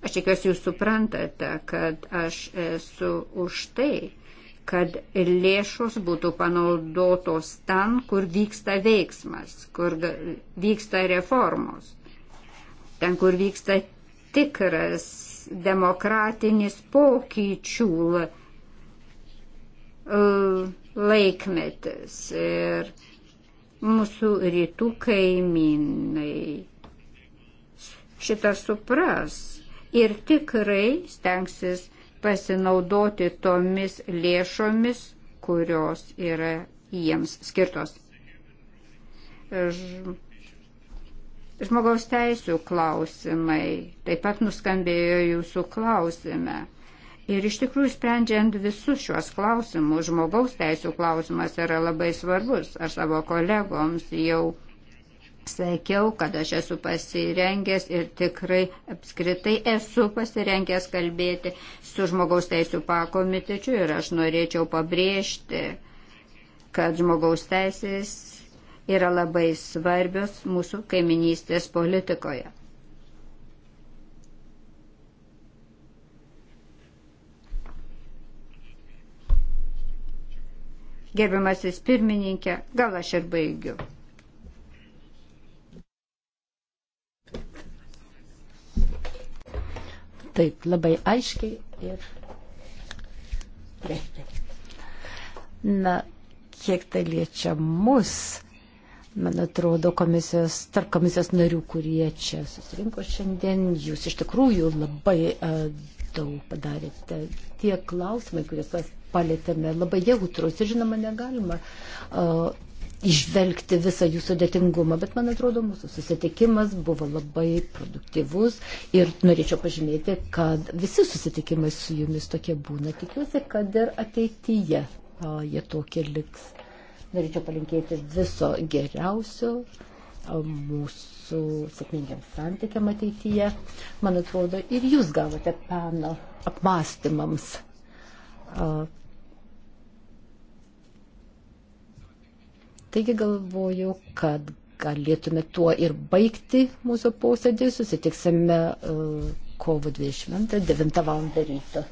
Speaker 4: Aš tikiuosi, jūs suprantate, kad aš esu už tai, kad lėšos būtų panaudotos ten, kur vyksta veiksmas, kur vyksta reformos, ten, kur vyksta tikras demokratinis pokyčių laikmetis. Ir Mūsų rytų kaimynai šitą supras ir tikrai stengsis pasinaudoti tomis lėšomis, kurios yra jiems skirtos. Žmogaus teisų klausimai taip pat nuskambėjo jūsų klausime. Ir iš tikrųjų, sprendžiant visus šiuos klausimus, žmogaus teisų klausimas yra labai svarbus. Aš savo kolegoms jau sakiau, kad aš esu pasirengęs ir tikrai apskritai esu pasirengęs kalbėti su žmogaus teisų pakomitečiu ir aš norėčiau pabrėžti, kad žmogaus teisės yra labai svarbios mūsų kaiminystės politikoje. Gerbiamasis pirmininkė, gal aš ir baigiu.
Speaker 3: Taip, labai aiškiai ir. Na, kiek tai liečia mus, man atrodo, komisijos, tarp komisijos narių, kurie čia susirinko šiandien, jūs iš tikrųjų labai uh, daug padarėte. Tie klausimai, kuriuos palėtėme, labai jautrus ir žinoma negalima uh, išvelgti visą jų sudėtingumą, bet man atrodo, mūsų susitikimas buvo labai produktyvus ir norėčiau pažymėti, kad visi susitikimai su jumis tokie būna. Tikiuosi, kad ir ateityje o, jie tokie liks. Norėčiau palinkėti viso geriausio o, mūsų sėkmingiam santykiam ateityje. Man atrodo, ir jūs gavote peno apmąstymams. O, Taigi galvoju, kad galėtume tuo ir baigti mūsų posėdį. Susitiksime e, kovo 29 val. ryto.